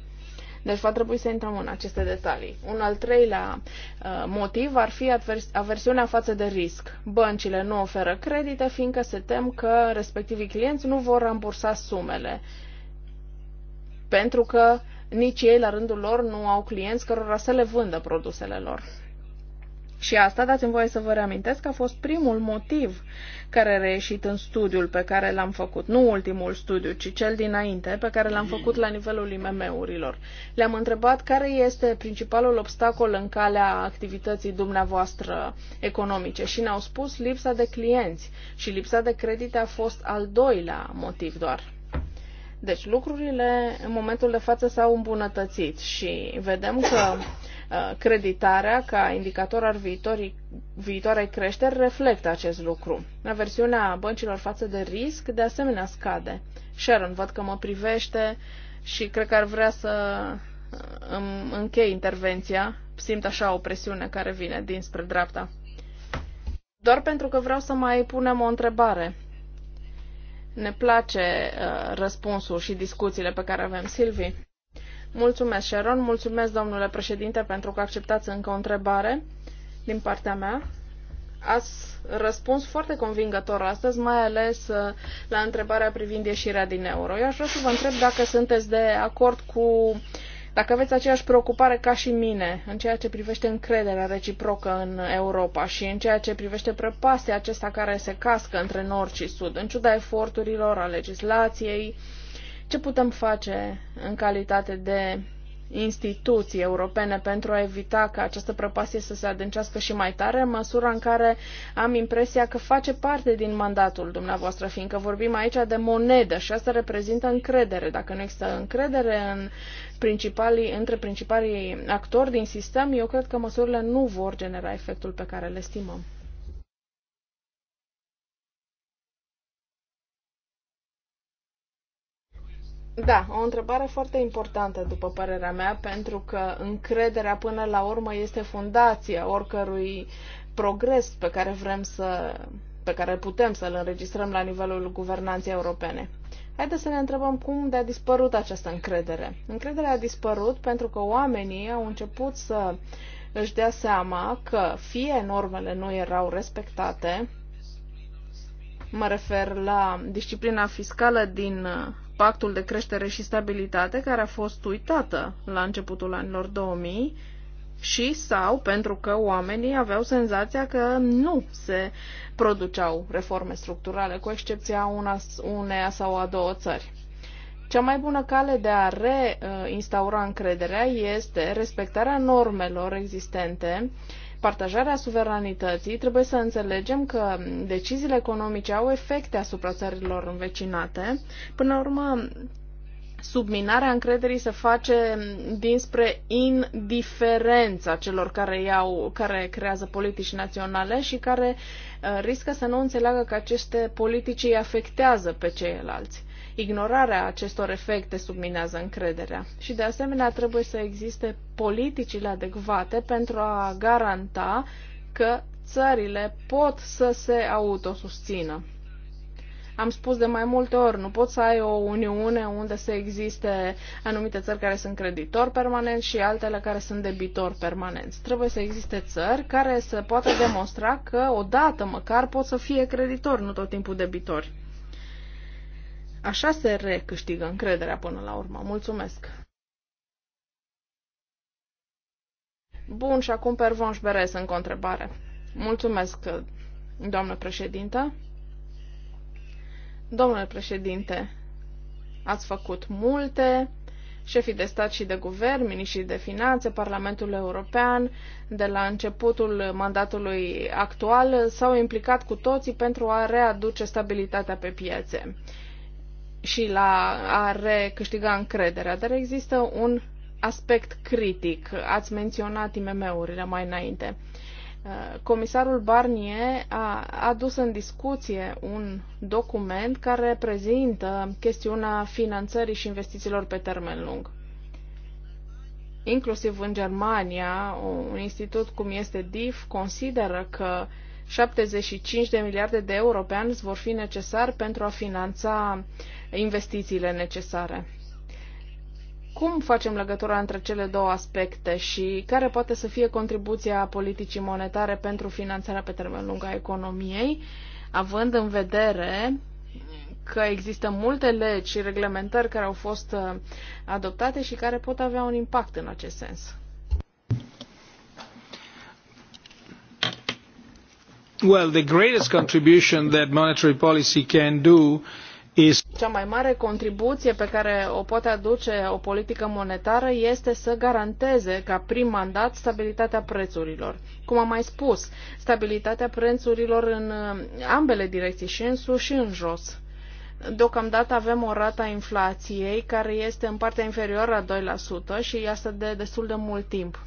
Deci va trebui să intrăm în aceste detalii. Un al treilea uh, motiv ar fi aversiunea față de risc. Băncile nu oferă credite fiindcă se tem că respectivii clienți nu vor rambursa sumele. Pentru că nici ei, la rândul lor, nu au clienți cărora să le vândă produsele lor. Și asta, dați-mi voie să vă reamintesc, că a fost primul motiv care a reieșit în studiul pe care l-am făcut, nu ultimul studiu, ci cel dinainte, pe care l-am făcut la nivelul IMM-urilor. Le-am întrebat care este principalul obstacol în calea activității dumneavoastră economice și ne-au spus lipsa de clienți și lipsa de credite a fost al doilea motiv doar. Deci lucrurile în momentul de față s-au îmbunătățit și vedem că Uh, creditarea ca indicator al viitorii, viitoarei creșteri reflectă acest lucru. Aversiunea băncilor față de risc de asemenea scade. Sharon, văd că mă privește și cred că ar vrea să uh, îmi închei intervenția. Simt așa o presiune care vine dinspre dreapta. Doar pentru că vreau să mai punem o întrebare. Ne place uh, răspunsul și discuțiile pe care avem, Silvi. Mulțumesc, Sharon. Mulțumesc, domnule președinte, pentru că acceptați încă o întrebare din partea mea. Ați răspuns foarte convingător astăzi, mai ales uh, la întrebarea privind ieșirea din euro. Eu aș vrea să vă întreb dacă sunteți de acord cu dacă aveți aceeași preocupare ca și mine în ceea ce privește încrederea reciprocă în Europa și în ceea ce privește prăpastia acesta care se cască între nord și sud, în ciuda eforturilor a legislației, ce putem face în calitate de instituții europene pentru a evita ca această prăpastie să se adâncească și mai tare, în măsura în care am impresia că face parte din mandatul dumneavoastră, fiindcă vorbim aici de monedă și asta reprezintă încredere. Dacă nu există încredere în principalii, între principalii actori din sistem, eu cred că măsurile nu vor genera efectul pe care le estimăm. Da, o întrebare foarte importantă, după părerea mea, pentru că încrederea până la urmă este fundația oricărui progres pe care vrem să pe care putem să-l înregistrăm la nivelul guvernanței europene. Haideți să ne întrebăm cum de-a dispărut această încredere. Încrederea a dispărut pentru că oamenii au început să își dea seama că fie normele nu erau respectate, mă refer la disciplina fiscală din pactul de creștere și stabilitate care a fost uitată la începutul anilor 2000 și sau pentru că oamenii aveau senzația că nu se produceau reforme structurale, cu excepția una, uneia sau a două țări. Cea mai bună cale de a reinstaura încrederea este respectarea normelor existente uh, partajarea suveranității, trebuie să înțelegem că deciziile economice au efecte asupra țărilor învecinate. Până la urmă, subminarea încrederii se face dinspre indiferența celor care, iau, care creează politici naționale și care uh, riscă să nu înțeleagă că aceste politici îi afectează pe ceilalți. Ignorarea acestor efecte subminează încrederea și, de asemenea, trebuie să existe politicile adecvate pentru a garanta că țările pot să se autosusțină. Am spus de mai multe ori, nu poți să ai o uniune unde să existe anumite țări care sunt creditori permanenți și altele care sunt debitori permanenți. Trebuie să existe țări care să poată demonstra că odată măcar pot să fie creditori, nu tot timpul debitori. Așa se recâștigă încrederea până la urmă. Mulțumesc! Bun, și acum Pervonș Berez încă o întrebare. Mulțumesc, doamnă președintă. Domnule președinte, ați făcut multe, șefii de stat și de guvern, miniștrii de finanțe, Parlamentul European, de la începutul mandatului actual, s-au implicat cu toții pentru a readuce stabilitatea pe piețe și la a recâștiga încrederea, dar există un aspect critic. Ați menționat IMM-urile mai înainte. Uh, comisarul Barnier a adus în discuție un document care prezintă chestiunea finanțării și investițiilor pe termen lung. Inclusiv în Germania, un institut cum este DIF consideră că uh, 75 de miliarde de euro pe an vor fi necesari pentru a finanța investițiile necesare. Cum facem legătura între cele două aspecte și care poate să fie contribuția politicii monetare pentru finanțarea pe termen lung a economiei, având în vedere că există multe legi și reglementări care au fost uh, adoptate și care pot avea un impact în acest sens? Well, the greatest contribution that monetary policy can do is Cea mai mare contribuție pe care o poate aduce o politică monetară este să garanteze ca prim mandat stabilitatea prețurilor. Cum am mai spus, stabilitatea prețurilor în uh, ambele direcții, și în sus și în jos. Deocamdată avem o rată a inflației care este în partea inferioară a 2% și asta de destul de mult timp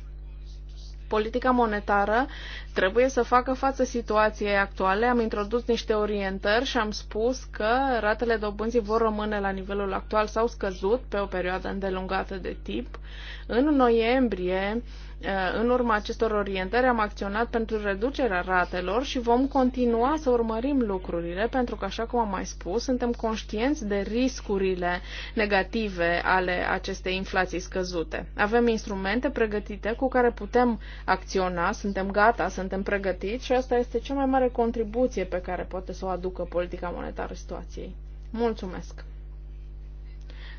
politica monetară trebuie să facă față situației actuale. Am introdus niște orientări și am spus că ratele dobânzii vor rămâne la nivelul actual sau scăzut pe o perioadă îndelungată de timp. În noiembrie, Eh, în urma acestor orientări am acționat pentru reducerea ratelor și vom continua să urmărim lucrurile, pentru că, așa cum am mai spus, suntem conștienți de riscurile negative ale acestei inflații scăzute. Avem instrumente pregătite cu care putem acționa, suntem gata, suntem pregătiți și asta este cea mai mare contribuție pe care poate să o aducă politica monetară situației. Mulțumesc!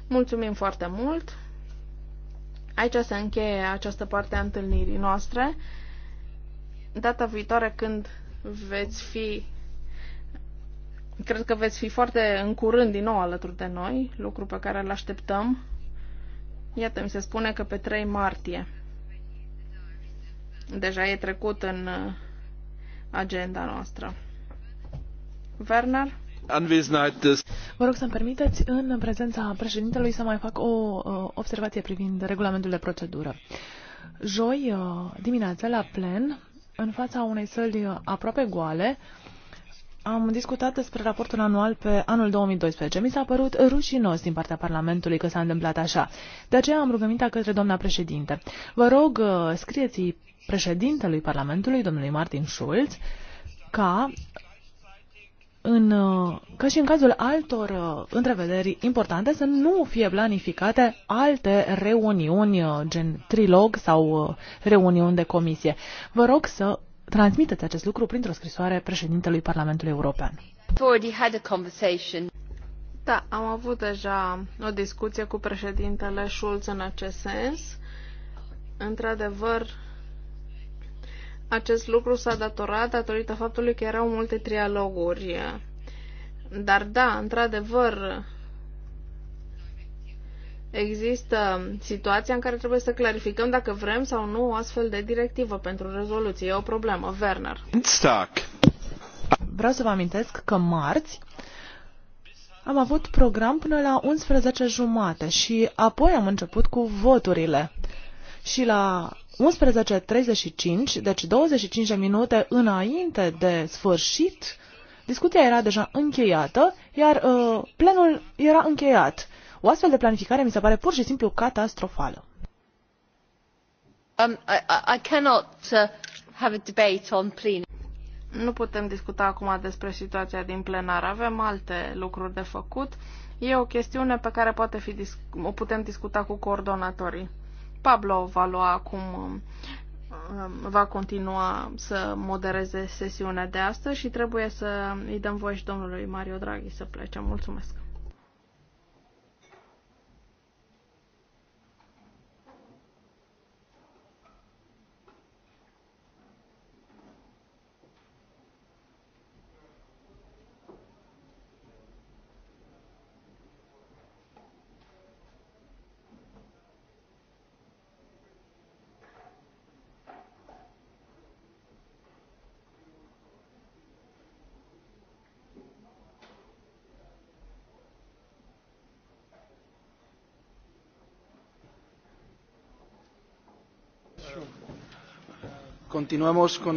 Mulțumim foarte mult! Aici se încheie această parte a întâlnirii noastre. Data viitoare când veți fi cred că veți fi foarte în curând din nou alături de noi, lucru pe care îl așteptăm. Iată, mi se spune că pe 3 martie. Deja e trecut în uh, agenda noastră. Werner? Vă rog să-mi permiteți, în prezența președintelui, să mai fac o observație privind regulamentul de procedură. Joi uh, dimineața, la plen, în fața unei săli uh, aproape goale, am discutat despre raportul anual pe anul 2012. Mi s-a părut rușinos din partea Parlamentului că s-a întâmplat așa. De aceea am rugămintea către doamna președinte. Vă rog, uh, scrieți președintelui Parlamentului, domnului Martin Schulz, ca în, uh, ca și în cazul altor uh, întrevederi importante, să nu fie planificate alte reuniuni, uh, gen trilog sau reuniuni de comisie. Vă rog să transmiteți acest lucru printr-o scrisoare președintelui Parlamentului European. Da, am avut deja o discuție cu președintele Schulz în acest sens. Într-adevăr, acest lucru s-a datorat datorită faptului că erau multe trialoguri. Dar da, într-adevăr, există situația în care trebuie să clarificăm dacă vrem sau nu o astfel de directivă pentru rezoluție. E o problemă. Werner. Vreau să vă amintesc că marți am avut program până la 11 jumate și apoi am început cu voturile. Și la 11.35, deci 25 de minute înainte de sfârșit, discuția era deja încheiată, iar uh, plenul era încheiat. O astfel de planificare mi se pare pur și simplu catastrofală. Um, I, I cannot uh, have a debate on plenary. Nu putem discuta acum despre situația din plenar. Avem alte lucruri de făcut. E o chestiune pe care poate fi, o putem discuta cu coordonatorii. Pablo va lua acum um, um, va continua să modereze sesiunea de astăzi și trebuie să îi dăm voie și domnului Mario Draghi să plece. Mulțumesc!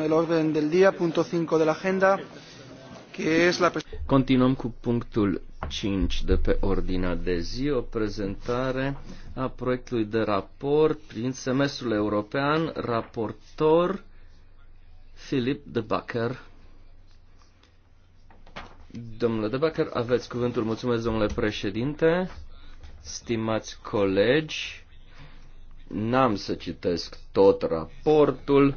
el orden del día, punto 5 de la agenda, que es la... Continuăm cu punctul 5 de pe ordinea de zi, o prezentare a proiectului de raport prin semestrul european, raportor Filip de Bacher. Domnule de Bacher, aveți cuvântul. Mulțumesc, domnule președinte, stimați colegi, n-am să citesc tot raportul,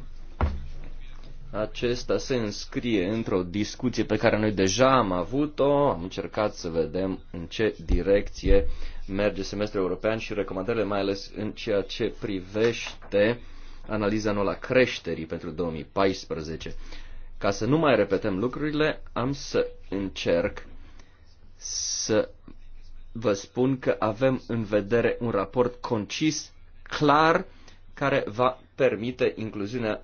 acesta se înscrie într-o discuție pe care noi deja am avut-o, am încercat să vedem în ce direcție merge semestrul european și recomandările mai ales în ceea ce privește analiza anuală la creșterii pentru 2014. Ca să nu mai repetăm lucrurile, am să încerc să vă spun că avem în vedere un raport concis, clar, care va permite incluziunea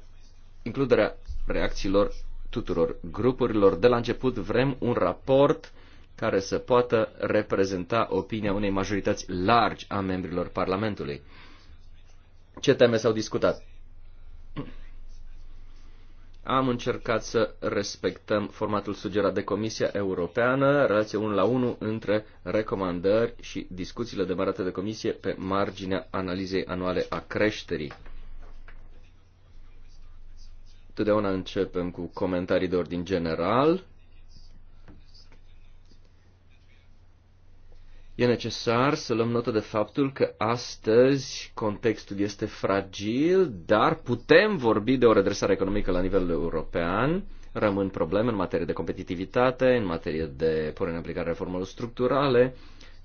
includerea reacțiilor tuturor grupurilor. De la început vrem un raport care să poată reprezenta opinia unei majorități largi a membrilor Parlamentului. Ce teme s-au discutat? Am încercat să respectăm formatul sugerat de Comisia Europeană, relație 1 la 1 între recomandări și discuțiile demarate de Comisie pe marginea analizei anuale a creșterii. Totdeauna începem cu comentarii de ordin general. E necesar să luăm notă de faptul că astăzi contextul este fragil, dar putem vorbi de o redresare economică la nivel european. Rămân probleme în materie de competitivitate, în materie de punere în aplicare reformelor structurale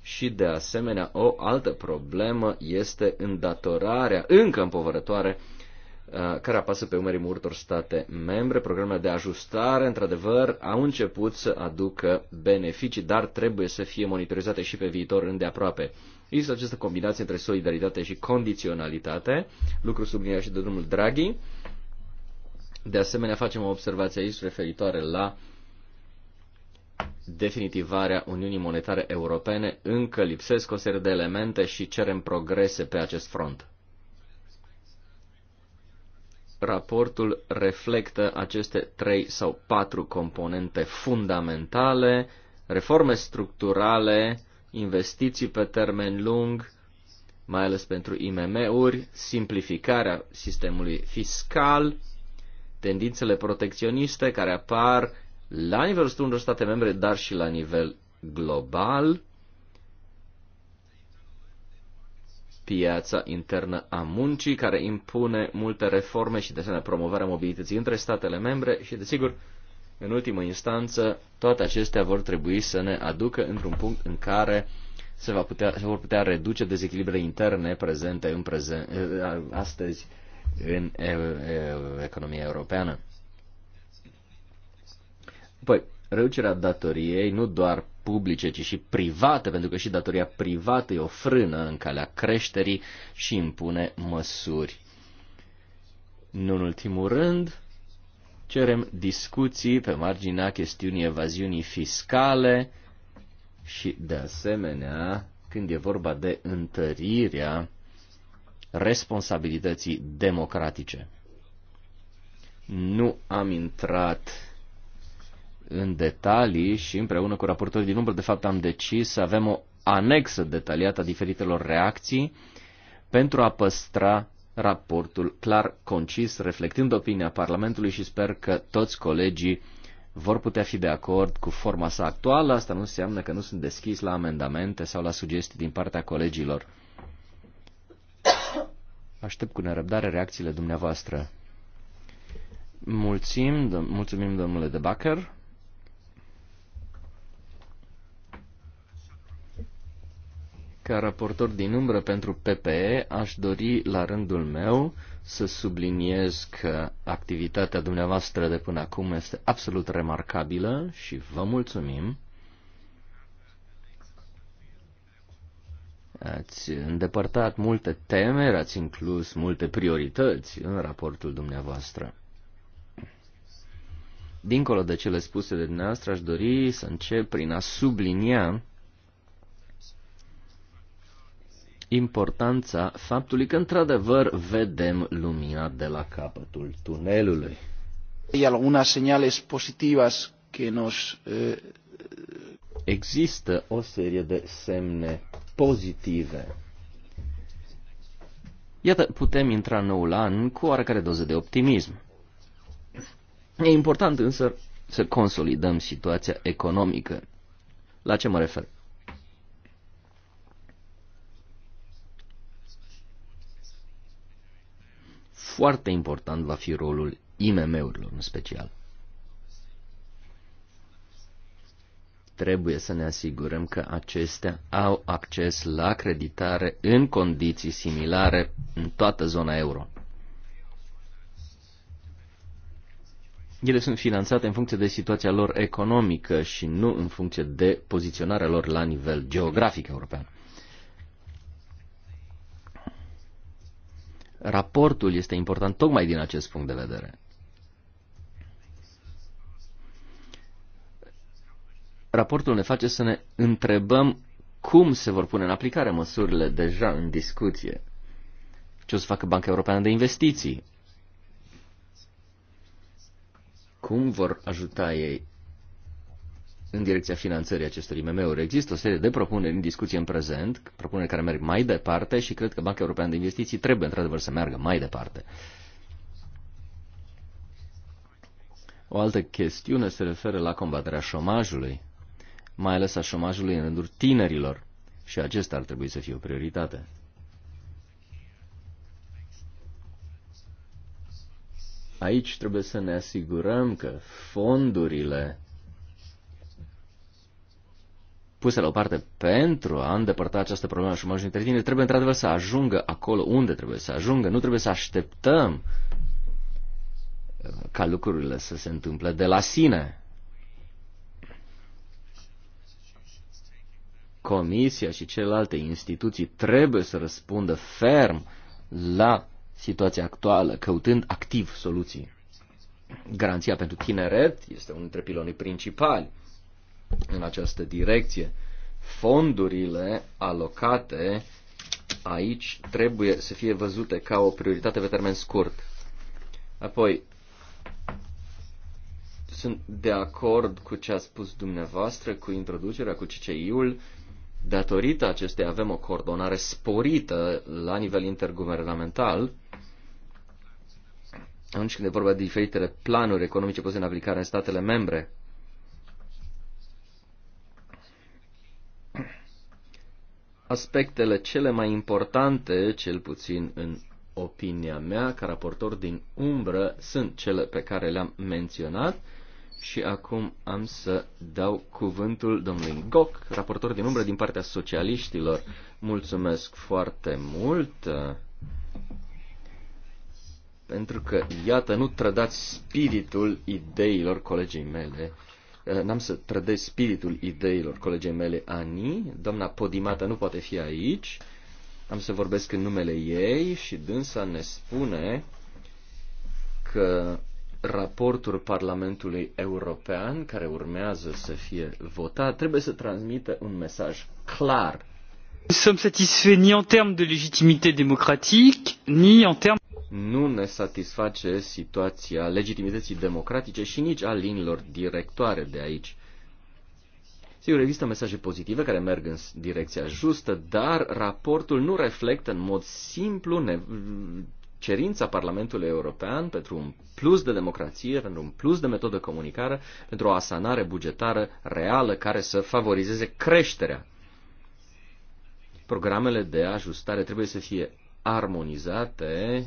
și, de asemenea, o altă problemă este îndatorarea încă împovărătoare Uh, care apasă pe umerii multor state membre. Programele de ajustare, într-adevăr, au început să aducă beneficii, dar trebuie să fie monitorizate și pe viitor îndeaproape. Există această combinație între solidaritate și condiționalitate, lucru subliniat și de drumul Draghi. De asemenea, facem o observație aici referitoare la definitivarea Uniunii Monetare Europene. Încă lipsesc o serie de elemente și cerem progrese pe acest front raportul reflectă aceste trei sau patru componente fundamentale, reforme structurale, investiții pe termen lung, mai ales pentru IMM-uri, simplificarea sistemului fiscal, tendințele protecționiste care apar la nivelul unor state membre, dar și la nivel global, piața internă a muncii, care impune multe reforme și, de asemenea, promovarea mobilității între statele membre și, desigur, în ultimă instanță, toate acestea vor trebui să ne aducă într-un punct în care se, va putea, se vor putea reduce dezechilibrele interne prezente în prezen, astăzi în economia europeană. Păi, reducerea datoriei nu doar publice, ci și private, pentru că și datoria privată e o frână în calea creșterii și impune măsuri. Nu în ultimul rând, cerem discuții pe marginea chestiunii evaziunii fiscale și, de asemenea, când e vorba de întărirea responsabilității democratice. Nu am intrat în detalii și împreună cu raportorii din număr de fapt, am decis să avem o anexă detaliată a diferitelor reacții pentru a păstra raportul clar, concis, reflectând opinia Parlamentului și sper că toți colegii vor putea fi de acord cu forma sa actuală. Asta nu înseamnă că nu sunt deschis la amendamente sau la sugestii din partea colegilor. Aștept cu nerăbdare reacțiile dumneavoastră. Mulțumim, mulțumim domnule de Bacher. Ca raportor din umbră pentru PPE, aș dori la rândul meu să subliniez că activitatea dumneavoastră de până acum este absolut remarcabilă și vă mulțumim. Ați îndepărtat multe teme, ați inclus multe priorități în raportul dumneavoastră. Dincolo de cele spuse de dumneavoastră, aș dori să încep prin a sublinia importanța faptului că într-adevăr vedem lumina de la capătul tunelului. Hay algunas señales positivas que nos eh... Există o serie de semne pozitive. Iată, putem intra în noul an cu oarecare doză de optimism. E important însă să consolidăm situația economică. La ce mă refer? foarte important va fi rolul IMM-urilor în special. Trebuie să ne asigurăm că acestea au acces la creditare în condiții similare în toată zona euro. Ele sunt finanțate în funcție de situația lor economică și nu în funcție de poziționarea lor la nivel geografic european. Raportul este important tocmai din acest punct de vedere. Raportul ne face să ne întrebăm cum se vor pune în aplicare măsurile deja în discuție. Ce o să facă Banca Europeană de Investiții? Cum vor ajuta ei în direcția finanțării acestor IMM-uri. Există o serie de propuneri în discuție în prezent, propuneri care merg mai departe și cred că Banca Europeană de Investiții trebuie într-adevăr să meargă mai departe. O altă chestiune se referă la combaterea șomajului, mai ales a șomajului în rândul tinerilor și acesta ar trebui să fie o prioritate. Aici trebuie să ne asigurăm că fondurile puse la o parte pentru a îndepărta această problemă a șomajului între trebuie într-adevăr să ajungă acolo unde trebuie să ajungă. Nu trebuie să așteptăm uh, ca lucrurile să se întâmple de la sine. Comisia și celelalte instituții trebuie să răspundă ferm la situația actuală, căutând activ soluții. Garanția pentru tineret este unul dintre pilonii principali în această direcție. Fondurile alocate aici trebuie să fie văzute ca o prioritate pe termen scurt. Apoi, sunt de acord cu ce a spus dumneavoastră, cu introducerea, cu CCI-ul. Datorită acestei avem o coordonare sporită la nivel interguvernamental. Atunci când e vorba de diferitele planuri economice puse în aplicare în statele membre, aspectele cele mai importante, cel puțin în opinia mea, ca raportor din umbră, sunt cele pe care le-am menționat. Și acum am să dau cuvântul domnului Goc, raportor din umbră din partea socialiștilor. Mulțumesc foarte mult uh, pentru că, iată, nu trădați spiritul ideilor colegii mele, Eh, n-am să trădez spiritul ideilor colegei mele Ani, doamna Podimata nu poate fi aici, am să vorbesc în numele ei și dânsa ne spune că raportul Parlamentului European, care urmează să fie votat, trebuie să transmită un mesaj clar. Nu suntem satisfaits ni en termes de legitimitate democratică, ni en termes nu ne satisface situația legitimității democratice și nici a linilor directoare de aici. Sigur, există mesaje pozitive care merg în direcția justă, dar raportul nu reflectă în mod simplu ne- cerința Parlamentului European pentru un plus de democrație, pentru un plus de metodă comunicare, pentru o asanare bugetară reală care să favorizeze creșterea. Programele de ajustare trebuie să fie armonizate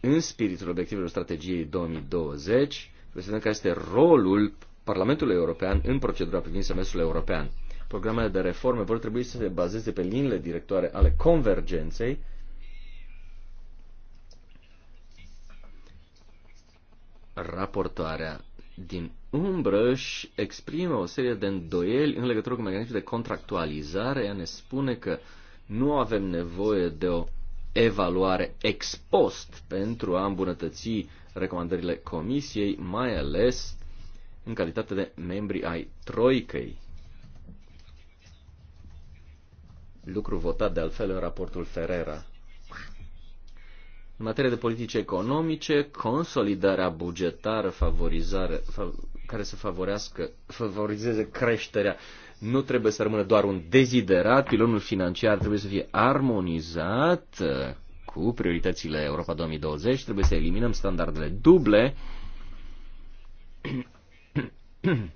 în spiritul obiectivelor strategiei 2020, vedem care este rolul Parlamentului European în procedura privind semestrul european. Programele de reforme vor trebui să se bazeze pe liniile directoare ale convergenței, raportoarea din umbră își exprimă o serie de îndoieli în legătură cu mecanismul de contractualizare. Ea ne spune că nu avem nevoie de o evaluare ex post pentru a îmbunătăți recomandările comisiei, mai ales în calitate de membri ai Troicăi. Lucru votat de altfel în raportul Ferrera. În materie de politici economice, consolidarea bugetară favorizare, fa, care să favorească, favorizeze creșterea nu trebuie să rămână doar un deziderat, pilonul financiar trebuie să fie armonizat uh, cu prioritățile Europa 2020, trebuie să eliminăm standardele duble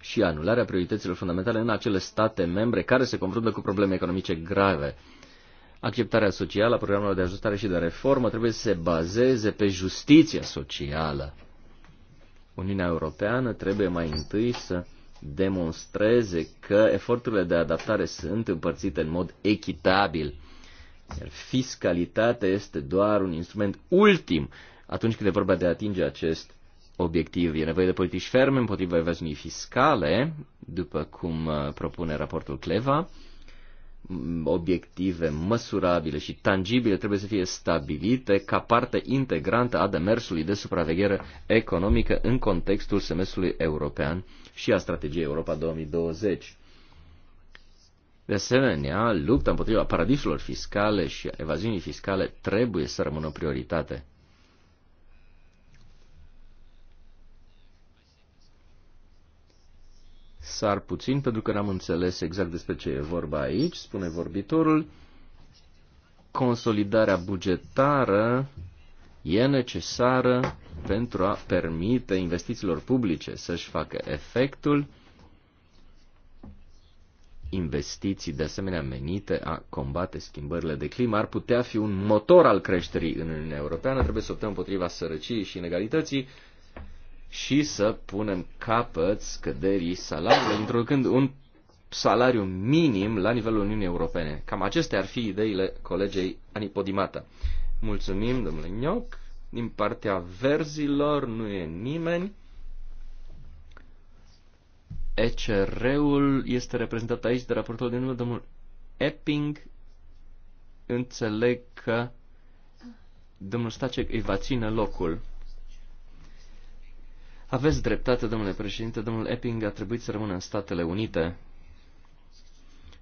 și anularea priorităților fundamentale în acele state membre care se confruntă cu probleme economice grave. Acceptarea socială a programelor de ajustare și de reformă trebuie să se bazeze pe justiția socială. Uniunea Europeană trebuie mai întâi să demonstreze că eforturile de adaptare sunt împărțite în mod echitabil. Iar fiscalitatea este doar un instrument ultim atunci când e vorba de a atinge acest obiectiv. E nevoie de politici ferme împotriva evaziunii fiscale, după cum uh, propune raportul Cleva. Obiective măsurabile și tangibile trebuie să fie stabilite ca parte integrantă a demersului de supraveghere economică în contextul semestrului european și a strategiei Europa 2020. De asemenea, lupta împotriva paradisurilor fiscale și evaziunii fiscale trebuie să rămână o prioritate. Sar puțin pentru că n-am înțeles exact despre ce e vorba aici, spune vorbitorul. Consolidarea bugetară e necesară pentru a permite investițiilor publice să-și facă efectul investiții de asemenea menite a combate schimbările de climă ar putea fi un motor al creșterii în Uniunea Europeană. Trebuie să optăm împotriva sărăciei și inegalității și să punem capăt scăderii salariului, introducând un salariu minim la nivelul Uniunii Europene. Cam acestea ar fi ideile colegei Anipodimata. Mulțumim, domnule Gnoc. Din partea verzilor nu e nimeni. ECR-ul este reprezentat aici de raportul din urmă, domnul Epping. Înțeleg că domnul Stacek îi va ține locul. Aveți dreptate, domnule președinte, domnul Epping a trebuit să rămână în Statele Unite.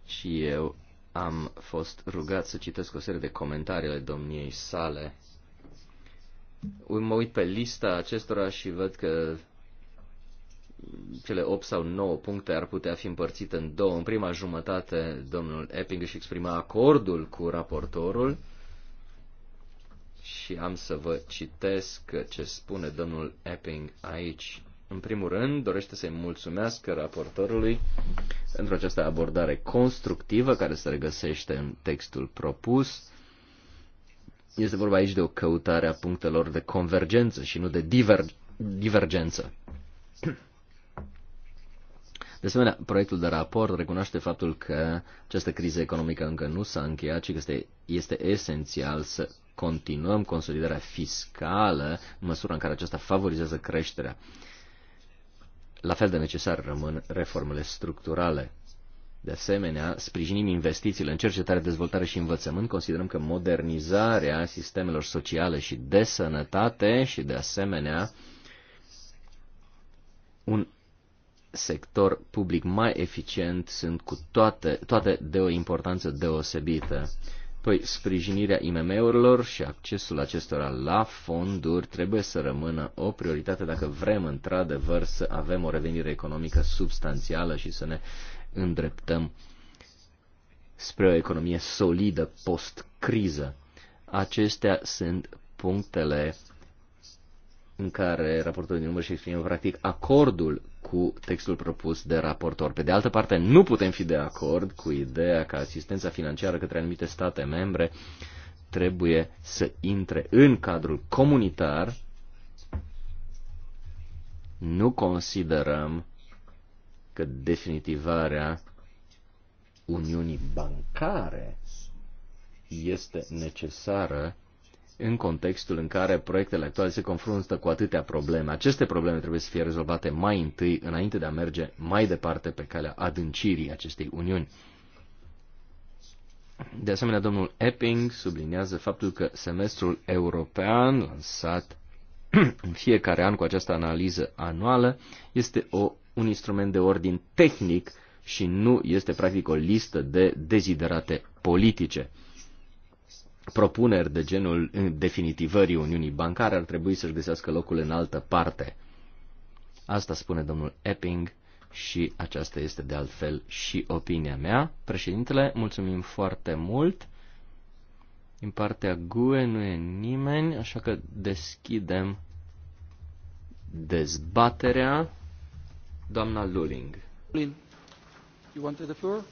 Și eu am fost rugat să citesc o serie de comentarii ale domniei sale. Mă uit pe lista acestora și văd că cele 8 sau 9 puncte ar putea fi împărțite în două. În prima jumătate, domnul Epping își exprima acordul cu raportorul și am să vă citesc ce spune domnul Epping aici. În primul rând, dorește să-i mulțumească raportorului pentru această abordare constructivă care se regăsește în textul propus. Este vorba aici de o căutare a punctelor de convergență și nu de diver- divergență. De asemenea, proiectul de raport recunoaște faptul că această criză economică încă nu s-a încheiat și că este, este esențial să continuăm consolidarea fiscală în măsura în care aceasta favorizează creșterea. La fel de necesar rămân reformele structurale. De asemenea, sprijinim investițiile în cercetare, dezvoltare și învățământ, considerăm că modernizarea sistemelor sociale și de sănătate și, de asemenea, un sector public mai eficient sunt cu toate, toate de o importanță deosebită. Păi, sprijinirea IMM-urilor și accesul acestora la fonduri trebuie să rămână o prioritate dacă vrem într-adevăr să avem o revenire economică substanțială și să ne îndreptăm spre o economie solidă post-criză. Acestea sunt punctele în care raportorul din urmă și exprimă practic acordul cu textul propus de raportor. Pe de altă parte, nu putem fi de acord cu ideea că asistența financiară către anumite state membre trebuie să intre în cadrul comunitar. Nu considerăm că definitivarea Uniunii Bancare este necesară în contextul în care proiectele actuale se confruntă cu atâtea probleme. Aceste probleme trebuie să fie rezolvate mai întâi, înainte de a merge mai departe pe calea adâncirii acestei uniuni. De asemenea, domnul Epping subliniază faptul că semestrul european, lansat în fiecare an cu această analiză anuală, este o, un instrument de ordin tehnic și nu este practic o listă de deziderate politice propuneri de genul definitivării Uniunii Bancare ar trebui să-și găsească locul în altă parte. Asta spune domnul Epping și aceasta este de altfel și opinia mea. Președintele, mulțumim foarte mult. Din partea GUE nu e nimeni, așa că deschidem dezbaterea. Doamna Luling. Luling, you wanted the floor?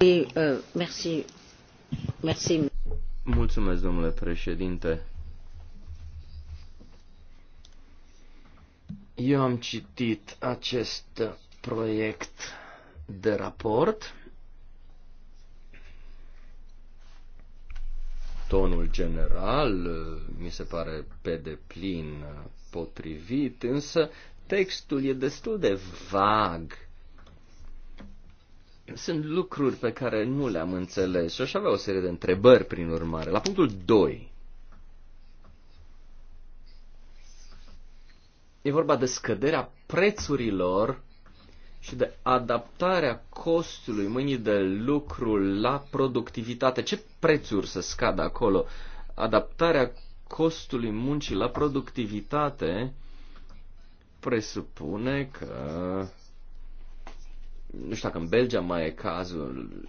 Oui, uh, merci. Merci. Mulțumesc, domnule președinte. Eu am citit acest proiect de raport. Tonul general mi se pare pe deplin potrivit, însă textul e destul de vag sunt lucruri pe care nu le-am înțeles și aș avea o serie de întrebări prin urmare. La punctul 2. E vorba de scăderea prețurilor și de adaptarea costului mâinii de lucru la productivitate. Ce prețuri să scadă acolo? Adaptarea costului muncii la productivitate presupune că nu știu dacă în Belgia mai e cazul,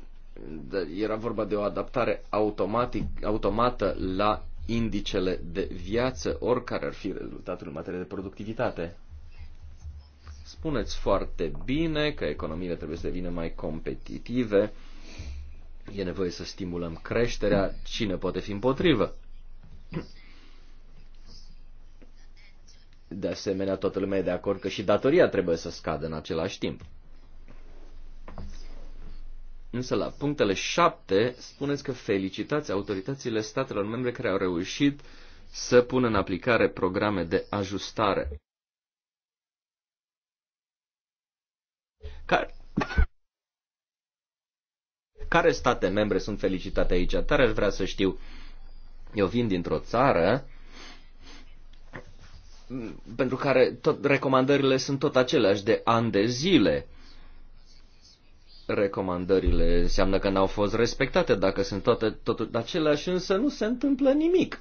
dar era vorba de o adaptare automatic, automată la indicele de viață, oricare ar fi rezultatul în materie de productivitate. Spuneți foarte bine că economiile trebuie să devină mai competitive, e nevoie să stimulăm creșterea, cine poate fi împotrivă? De asemenea, toată lumea e de acord că și datoria trebuie să scadă în același timp. Însă la punctele 7 spuneți că felicitați autoritățile statelor membre care au reușit să pună în aplicare programe de ajustare. Care, care state membre sunt felicitate aici? Tare aș vrea să știu. Eu vin dintr-o țară pentru care tot recomandările sunt tot aceleași de ani de zile recomandările înseamnă că n-au fost respectate, dacă sunt toate totul aceleași, însă nu se întâmplă nimic.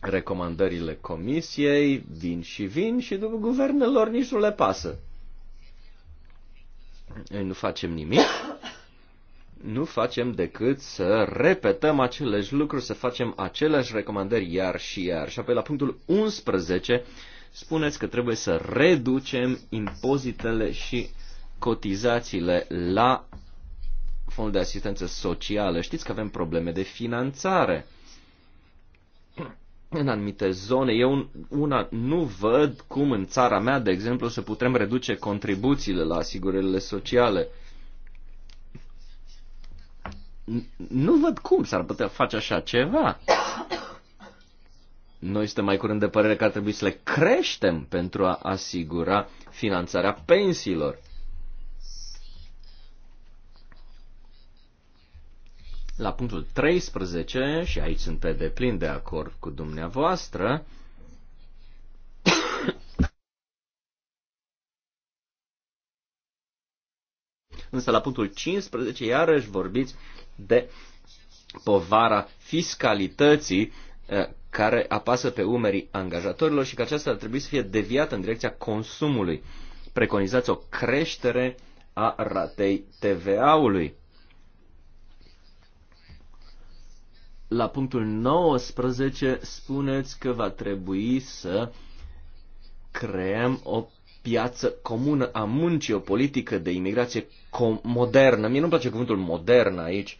Recomandările comisiei vin și vin și după guvernelor nici nu le pasă. Noi nu facem nimic, nu facem decât să repetăm aceleași lucruri, să facem aceleași recomandări iar și iar. Și apoi la punctul 11 spuneți că trebuie să reducem impozitele și cotizațiile la fondul de asistență socială. Știți că avem probleme de finanțare în anumite zone. Eu una nu văd cum în țara mea, de exemplu, să putem reduce contribuțiile la asigurările sociale. Nu văd cum s-ar putea face așa ceva. Noi suntem mai curând de părere că ar trebui să le creștem pentru a asigura finanțarea pensiilor. La punctul 13, și aici sunt pe deplin de acord cu dumneavoastră, Însă la punctul 15 iarăși vorbiți de povara fiscalității eh, care apasă pe umerii angajatorilor și că aceasta ar trebui să fie deviată în direcția consumului. Preconizați o creștere a ratei TVA-ului. la punctul 19 spuneți că va trebui să creăm o piață comună a muncii, o politică de imigrație modernă. Mie nu-mi place cuvântul modern aici.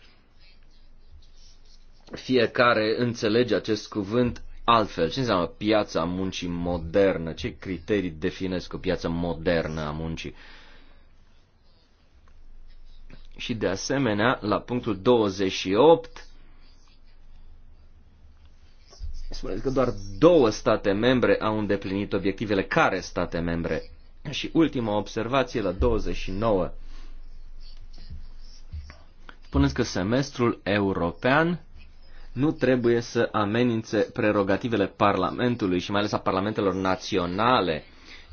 Fiecare înțelege acest cuvânt altfel. Ce înseamnă piața muncii modernă? Ce criterii definesc o piață modernă a muncii? Și de asemenea, la punctul 28, spuneți că doar două state membre au îndeplinit obiectivele. Care state membre? Și ultima observație la 29. Spuneți că semestrul european nu trebuie să amenințe prerogativele Parlamentului și mai ales a Parlamentelor naționale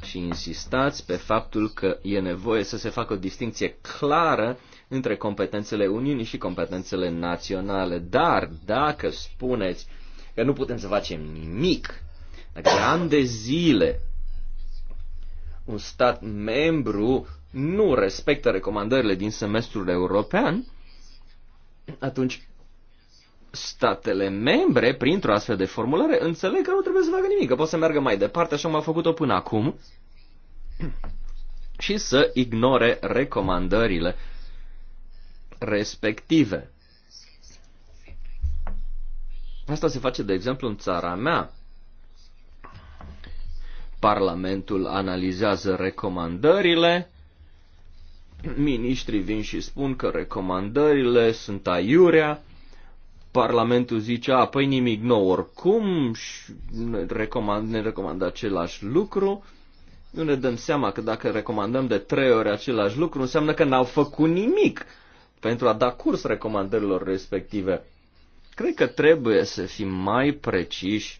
și insistați pe faptul că e nevoie să se facă o distinție clară între competențele Uniunii și competențele naționale. Dar dacă spuneți că nu putem să facem nimic. Dacă de ani de zile un stat membru nu respectă recomandările din semestrul european, atunci statele membre, printr-o astfel de formulare, înțeleg că nu trebuie să facă nimic, că pot să meargă mai departe, așa cum a făcut-o până acum, și să ignore recomandările respective. Asta se face, de exemplu, în țara mea. Parlamentul analizează recomandările, ministrii vin și spun că recomandările sunt aiurea, Parlamentul zice, a, păi nimic nou oricum, și ne recomand, ne recomandă același lucru, nu ne dăm seama că dacă recomandăm de trei ori același lucru, înseamnă că n-au făcut nimic pentru a da curs recomandărilor respective. Cred că trebuie să fim mai preciși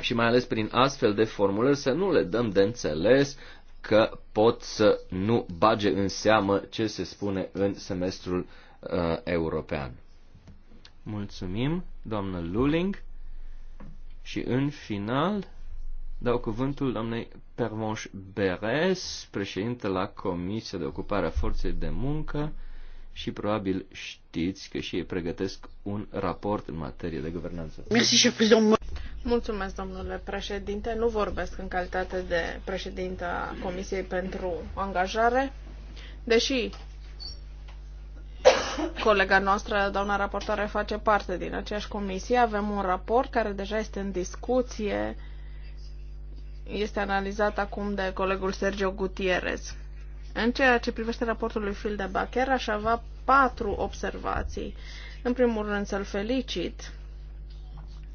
și mai ales prin astfel de formulări să nu le dăm de înțeles că pot să nu bage în seamă ce se spune în semestrul uh, european. Mulțumim, doamnă Luling. Și în final dau cuvântul doamnei Permonș Beres, președinte la Comisia de Ocupare a Forței de Muncă și probabil știți că și ei pregătesc un raport în materie de guvernanță. Mulțumesc, domnule președinte. Nu vorbesc în calitate de președinte a Comisiei pentru Angajare, deși colega noastră, doamna raportoare, face parte din aceeași comisie. Avem un raport care deja este în discuție, este analizat acum de colegul Sergio Gutierrez. În ceea ce privește raportul lui Filda Bacher, aș avea patru observații. În primul rând să-l felicit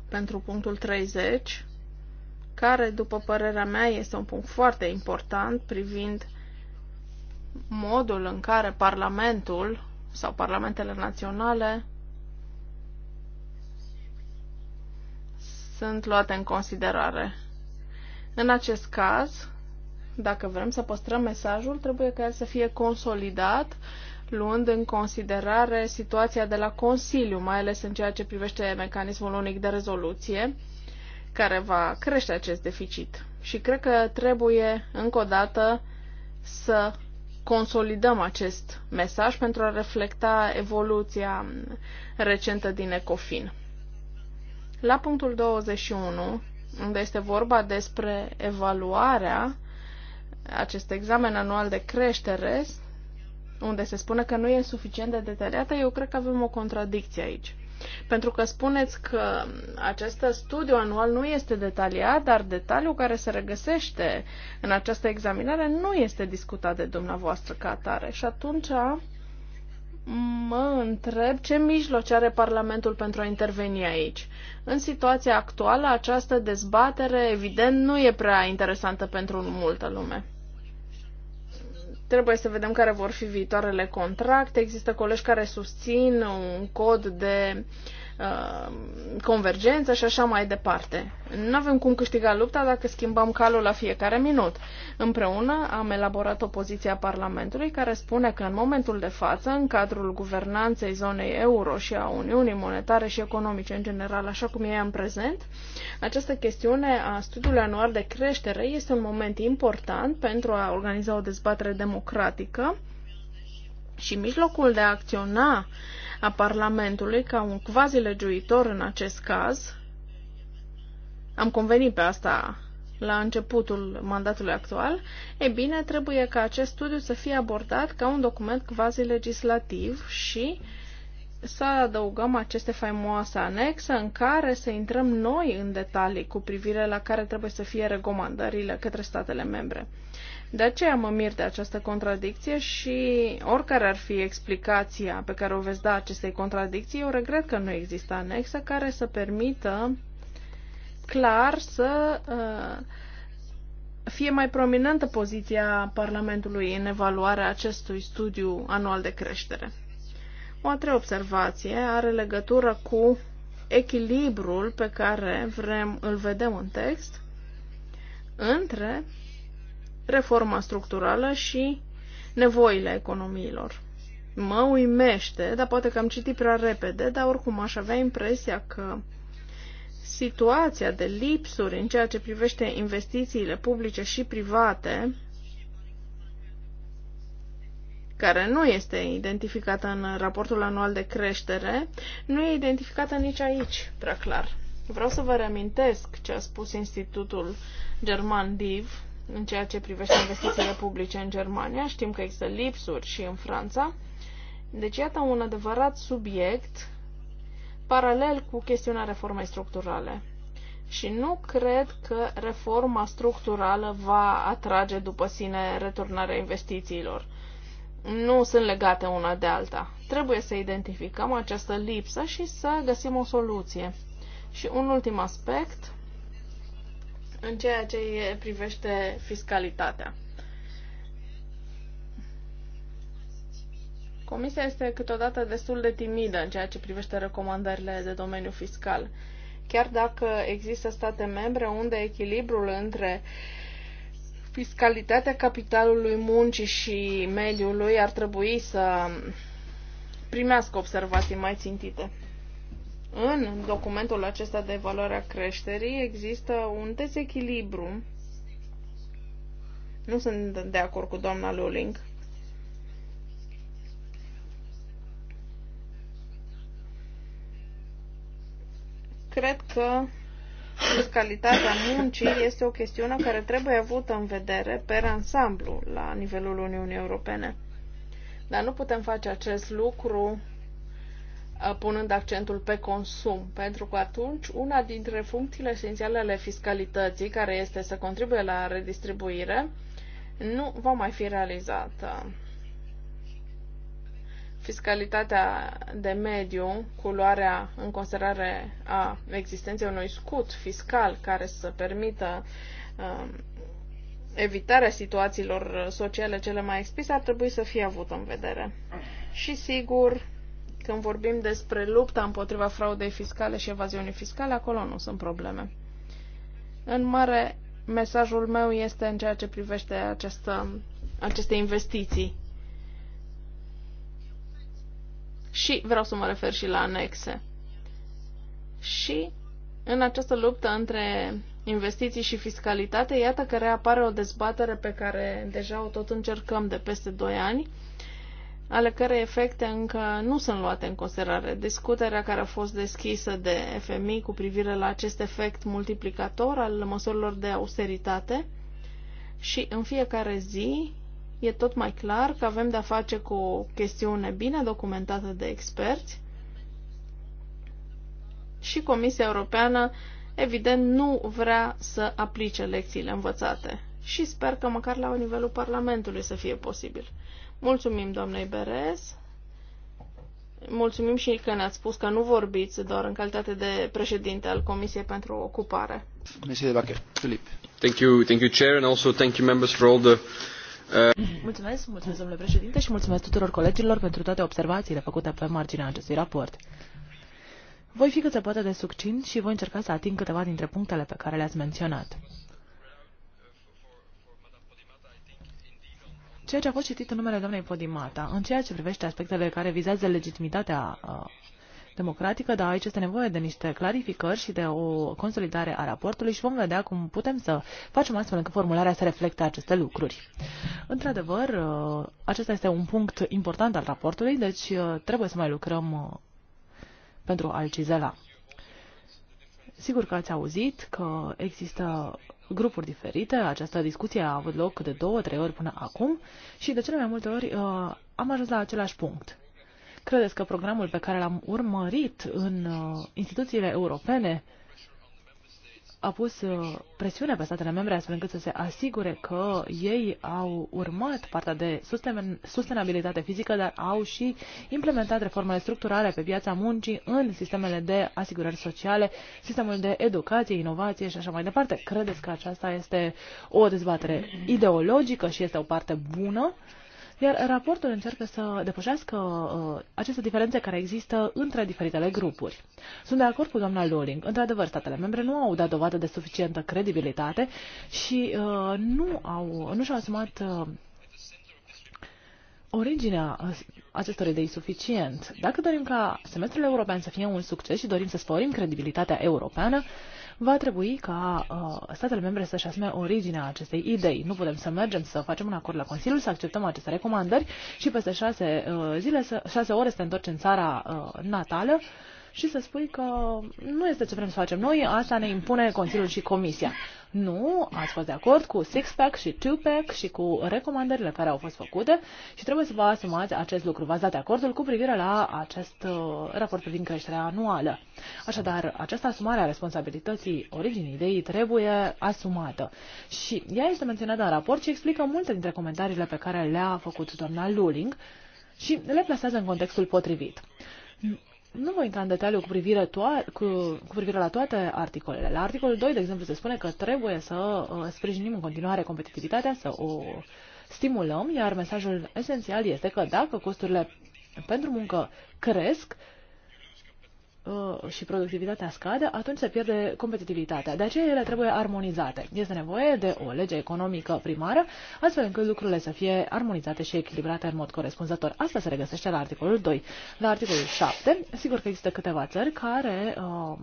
pentru punctul 30, care, după părerea mea, este un punct foarte important privind modul în care Parlamentul sau Parlamentele naționale sunt luate în considerare. În acest caz, dacă vrem să păstrăm mesajul, trebuie ca el să fie consolidat, luând în considerare situația de la Consiliu, mai ales în ceea ce privește mecanismul unic de rezoluție, care va crește acest deficit. Și cred că trebuie, încă o dată, să consolidăm acest mesaj pentru a reflecta evoluția recentă din ECOFIN. La punctul 21, unde este vorba despre evaluarea acest examen anual de creștere, unde se spune că nu e suficient de detaliată, eu cred că avem o contradicție aici. Pentru că spuneți că acest studiu anual nu este detaliat, dar detaliul care se regăsește în această examinare nu este discutat de dumneavoastră ca atare. Și atunci mă întreb ce mijloce are Parlamentul pentru a interveni aici. În situația actuală, această dezbatere, evident, nu e prea interesantă pentru multă lume. Trebuie să vedem care vor fi viitoarele contracte. Există colegi care susțin un cod de uh, Uh, convergență și așa mai departe. Nu avem cum câștiga lupta dacă schimbăm calul la fiecare minut. Împreună am elaborat o poziție a Parlamentului care spune că în momentul de față, în cadrul guvernanței zonei euro și a Uniunii Monetare și Economice în general, așa cum e în prezent, această chestiune a studiului anual de creștere este un moment important pentru a organiza o dezbatere democratică și mijlocul de a acționa a Parlamentului ca un quasi-legiuitor în acest caz, am convenit pe asta la începutul mandatului actual, e bine, trebuie ca acest studiu să fie abordat ca un document quasi-legislativ și să adăugăm aceste faimoase anexe în care să intrăm noi în detalii cu privire la care trebuie să fie recomandările către statele membre. De aceea mă mir de această contradicție și oricare ar fi explicația pe care o veți da acestei contradicții, eu regret că nu există anexă care să permită clar să uh, fie mai prominentă poziția Parlamentului în evaluarea acestui studiu anual de creștere. O a treia observație are legătură cu echilibrul pe care vrem îl vedem în text între reforma structurală și nevoile economiilor. Mă uimește, dar poate că am citit prea repede, dar oricum aș avea impresia că situația de lipsuri în ceea ce privește investițiile publice și private, care nu este identificată în raportul anual de creștere, nu e identificată nici aici, prea clar. Vreau să vă reamintesc ce a spus Institutul German DIV în ceea ce privește investițiile publice în Germania. Știm că există lipsuri și în Franța. Deci, iată un adevărat subiect paralel cu chestiunea reformei structurale. Și nu cred că reforma structurală va atrage după sine returnarea investițiilor. Nu sunt legate una de alta. Trebuie să identificăm această lipsă și să găsim o soluție. Și un ultim aspect, în ceea ce privește fiscalitatea. Comisia este câteodată destul de timidă în ceea ce privește recomandările de domeniu fiscal. Chiar dacă există state membre unde echilibrul între fiscalitatea capitalului muncii și mediului ar trebui să primească observații mai țintite. În documentul acesta de valoare a creșterii există un dezechilibru. Nu sunt de acord cu doamna Luling. Cred că fiscalitatea muncii este o chestiune care trebuie avută în vedere pe ansamblu la nivelul Uniunii Europene. Dar nu putem face acest lucru Uh, punând accentul pe consum, pentru că atunci una dintre funcțiile esențiale ale fiscalității, care este să contribuie la redistribuire, nu va mai fi realizată. Fiscalitatea de mediu, culoarea, în considerare a existenței unui scut fiscal care să permită uh, evitarea situațiilor sociale cele mai expuse, ar trebui să fie avută în vedere. Și sigur, când vorbim despre lupta împotriva fraudei fiscale și evaziunii fiscale, acolo nu sunt probleme. În mare, mesajul meu este în ceea ce privește această, aceste investiții. Și vreau să mă refer și la anexe. Și în această luptă între investiții și fiscalitate, iată că reapare o dezbatere pe care deja o tot încercăm de peste 2 ani ale cărei efecte încă nu sunt luate în considerare. Discuterea care a fost deschisă de FMI cu privire la acest efect multiplicator al măsurilor de austeritate și în fiecare zi e tot mai clar că avem de-a face cu o chestiune bine documentată de experți și Comisia Europeană evident nu vrea să aplice lecțiile învățate și sper că măcar la nivelul Parlamentului să fie posibil. Mulțumim, doamnei Berez. Mulțumim și că ne-ați spus că nu vorbiți doar în calitate de președinte al Comisiei pentru Ocupare. Thank you, thank you, Chair, and also thank you, members, for all the uh, Mulțumesc, mulțumesc, domnule președinte, și mulțumesc tuturor colegilor pentru toate observațiile făcute pe marginea acestui raport. Voi fi cât se poate de succint și voi încerca să ating câteva dintre punctele pe care le-ați menționat. ceea ce a fost citit în numele doamnei Podimata, în ceea ce privește aspectele care vizează legitimitatea uh, democratică, dar aici este nevoie de niște clarificări și de o consolidare a raportului și vom vedea cum putem să facem astfel încât formularea să reflecte aceste lucruri. Într-adevăr, uh, acesta este un punct important al raportului, deci uh, trebuie să mai lucrăm pentru a-l cizela. Sigur că ați auzit că există grupuri diferite. Această discuție a avut loc de două, trei ori până acum și de cele mai multe ori uh, am ajuns la același punct. Credeți că programul pe care l-am urmărit în uh, instituțiile europene uh, a pus uh, presiune pe statele membre astfel încât să se asigure că ei au urmat partea de sustenabilitate fizică, dar au și implementat reformele structurale pe piața muncii în sistemele de asigurări sociale, sistemul de educație, inovație și așa mai departe. Credeți că aceasta este o dezbatere ideologică și este o parte bună? Uh, iar raportul încearcă să depășească uh, aceste diferențe care există între diferitele grupuri. Sunt de acord cu doamna Luling. Într-adevăr, statele membre nu au dat dovadă de suficientă credibilitate și uh, nu, au, nu și-au asumat uh, originea acestor idei suficient. Dacă dorim ca semestrul european să fie un succes și dorim să sporim credibilitatea europeană, va trebui ca uh, statele membre să-și asume originea acestei idei. Nu putem să mergem să facem un acord la Consiliu, să acceptăm aceste recomandări și peste șase, uh, zile, șase ore să te în țara uh, natală și să spui că nu este ce vrem să facem noi, asta ne impune Consiliul și Comisia. Nu, ați fost de acord cu six-pack și two-pack și cu recomandările care au fost făcute și trebuie să vă asumați acest lucru. V-ați dat acordul cu privire la acest uh, raport privind creșterea anuală. Așadar, această asumare a responsabilității originii ideii trebuie asumată. Și ea este menționată în raport și explică multe dintre comentariile pe care le-a făcut doamna Luling și le plasează în contextul potrivit. Nu voi intra în detaliu cu privire, cu, cu privire la toate articolele. La articolul 2, de exemplu, se spune că trebuie să uh, sprijinim în continuare competitivitatea, să o stimulăm, iar mesajul esențial este că dacă costurile pentru muncă cresc, Uh, și productivitatea scade, atunci se pierde competitivitatea. De aceea ele trebuie armonizate. Este nevoie de o lege economică primară, astfel încât lucrurile să fie armonizate și echilibrate în mod corespunzător. Asta se regăsește la articolul 2. La articolul 7, sigur că există câteva țări care uh,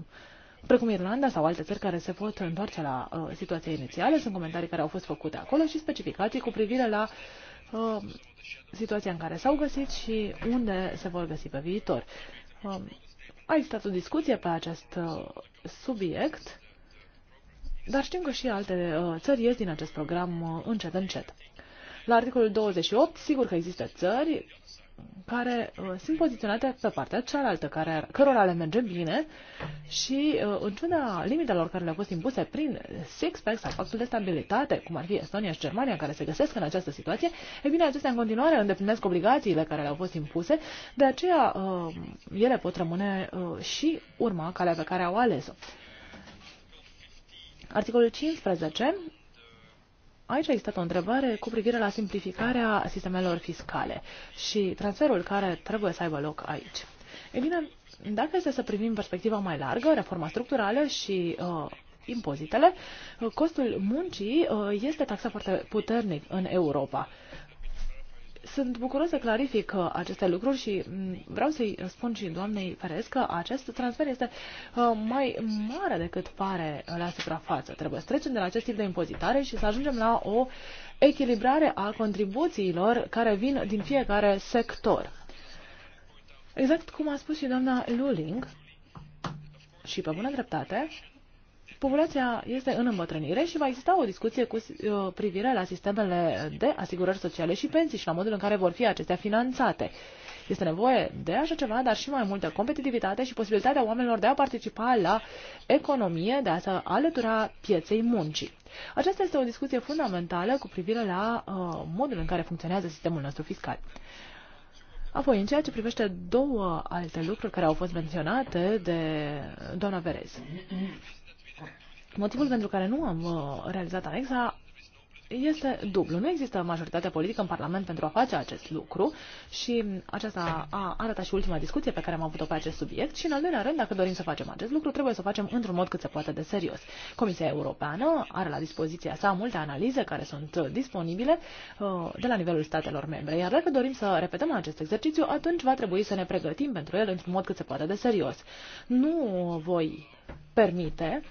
precum Irlanda sau alte țări care se pot întoarce la uh, situația inițială. Sunt comentarii care au fost făcute acolo și specificații cu privire la uh, situația în care s-au găsit și unde se vor găsi pe viitor. Uh, a existat o discuție pe acest uh, subiect, dar știm că și alte uh, țări ies din acest program uh, încet, încet. La articolul 28, sigur că există țări care uh, sunt poziționate pe partea cealaltă, care, cărora le merge bine și, uh, în ciuda limitelor care le-au fost impuse prin six-pack sau pactul de stabilitate, cum ar fi Estonia și Germania, care se găsesc în această situație, e bine, acestea în continuare îndeplinesc obligațiile care le-au fost impuse, de aceea uh, ele pot rămâne uh, și urma calea pe care au ales-o. Articolul 15 Aici a existat o întrebare cu privire la simplificarea sistemelor fiscale și transferul care trebuie să aibă loc aici. E bine, dacă este să privim perspectiva mai largă, reforma structurală și uh, impozitele, uh, costul muncii uh, este taxat foarte puternic în Europa. Sunt bucuros să clarific uh, aceste lucruri și mm, vreau să-i spun și doamnei Perez că acest transfer este uh, mai mare decât pare uh, la suprafață. Trebuie să trecem de la acest tip de impozitare și să ajungem la o echilibrare a contribuțiilor care vin din fiecare sector. Exact cum a spus și doamna Luling, și pe bună dreptate, populația este în îmbătrânire și va exista o discuție cu uh, privire la sistemele de asigurări sociale și pensii și la modul în care vor fi acestea finanțate. Este nevoie de așa ceva, dar și mai multă competitivitate și posibilitatea oamenilor de a participa la economie, de a se alătura pieței muncii. Aceasta este o discuție fundamentală cu privire la uh, modul în care funcționează sistemul nostru fiscal. Apoi, în ceea ce privește două alte lucruri care au fost menționate de doamna Verez. Motivul pentru care nu am uh, realizat anexa este dublu. Nu există majoritatea politică în Parlament pentru a face acest lucru și aceasta a arătat și ultima discuție pe care am avut-o pe acest subiect și, în al doilea rând, dacă dorim să facem acest lucru, trebuie să o facem într-un mod cât se poate de serios. Comisia Europeană are la dispoziția sa multe analize care sunt disponibile uh, de la nivelul statelor membre, iar dacă dorim să repetăm acest exercițiu, atunci va trebui să ne pregătim pentru el într-un mod cât se poate de serios. Nu voi permite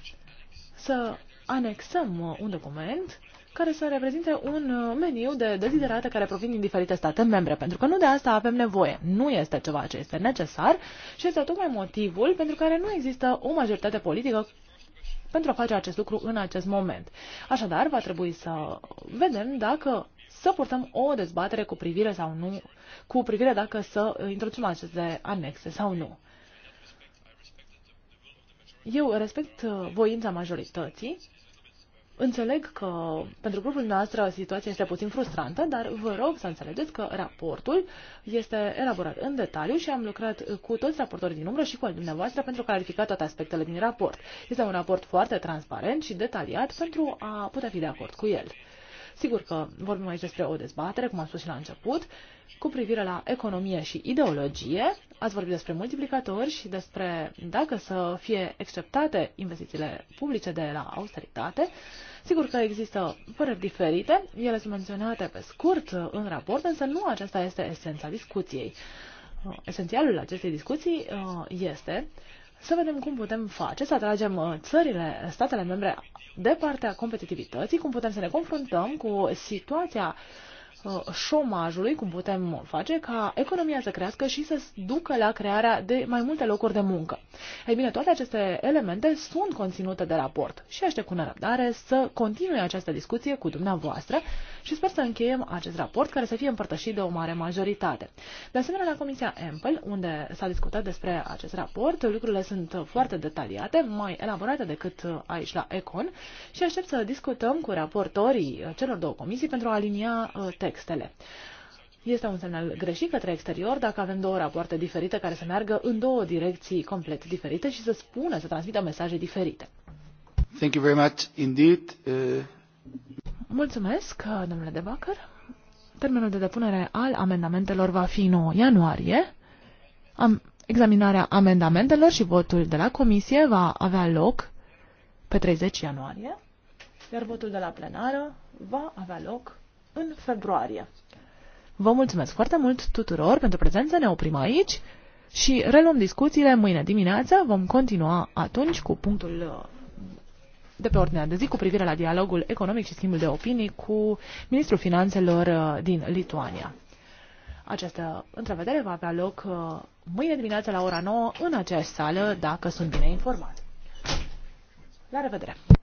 să anexăm uh, un document care să reprezinte un uh, meniu de deziderate care provin din diferite state membre, pentru că nu de asta avem nevoie. Nu este ceva ce este necesar și este tocmai motivul pentru care nu există o majoritate politică pentru a face acest lucru în acest moment. Așadar, va trebui să vedem dacă să purtăm o dezbatere cu privire sau nu, cu privire dacă să introducem aceste anexe sau nu. Eu respect uh, voința majorității, Înțeleg că pentru grupul noastră situația este puțin frustrantă, dar vă rog să înțelegeți că raportul este elaborat în detaliu și am lucrat cu toți raportorii din umbră și cu al dumneavoastră pentru a clarifica toate aspectele din raport. Este un raport foarte transparent și detaliat pentru a putea fi de acord cu el. Sigur că vorbim aici despre o dezbatere, cum am spus și la început, cu privire la economie și ideologie. Ați vorbit despre multiplicatori și despre dacă să fie acceptate investițiile publice de la austeritate. Sigur că există păreri diferite, ele sunt menționate pe scurt în raport, însă nu aceasta este esența discuției. Esențialul acestei discuții uh, este să vedem cum putem face, să atragem uh, țările, statele membre de partea competitivității, cum putem să ne confruntăm cu situația uh, șomajului, cum putem face ca economia să crească și să ducă la crearea de mai multe locuri de muncă. Ei bine, toate aceste elemente sunt conținute de raport și aștept cu nerăbdare să continui această discuție cu dumneavoastră și sper să încheiem acest raport care să fie împărtășit de o mare majoritate. De asemenea, la Comisia Ample, unde s-a discutat despre acest raport, lucrurile sunt foarte detaliate, mai elaborate decât aici la Econ și aștept să discutăm cu raportorii celor două comisii pentru a alinia uh, textele. Este un semnal greșit către exterior dacă avem două rapoarte diferite care să meargă în două direcții complet diferite și să spună, să transmită mesaje diferite. Thank you very much indeed, uh, Mulțumesc, domnule De Bacăr. Termenul de depunere al amendamentelor va fi 9 ianuarie. Am examinarea amendamentelor și votul de la comisie va avea loc pe 30 ianuarie, iar votul de la plenară va avea loc în februarie. Vă mulțumesc foarte mult tuturor pentru prezență, ne oprim aici și reluăm discuțiile mâine dimineață, vom continua atunci cu punctul uh, de pe ordinea de zi cu privire la dialogul economic și schimbul de opinii cu ministrul finanțelor uh, din Lituania. Această întrevedere va avea loc uh, mâine dimineață la ora 9 în aceeași sală, dacă sunt bine informat. La revedere!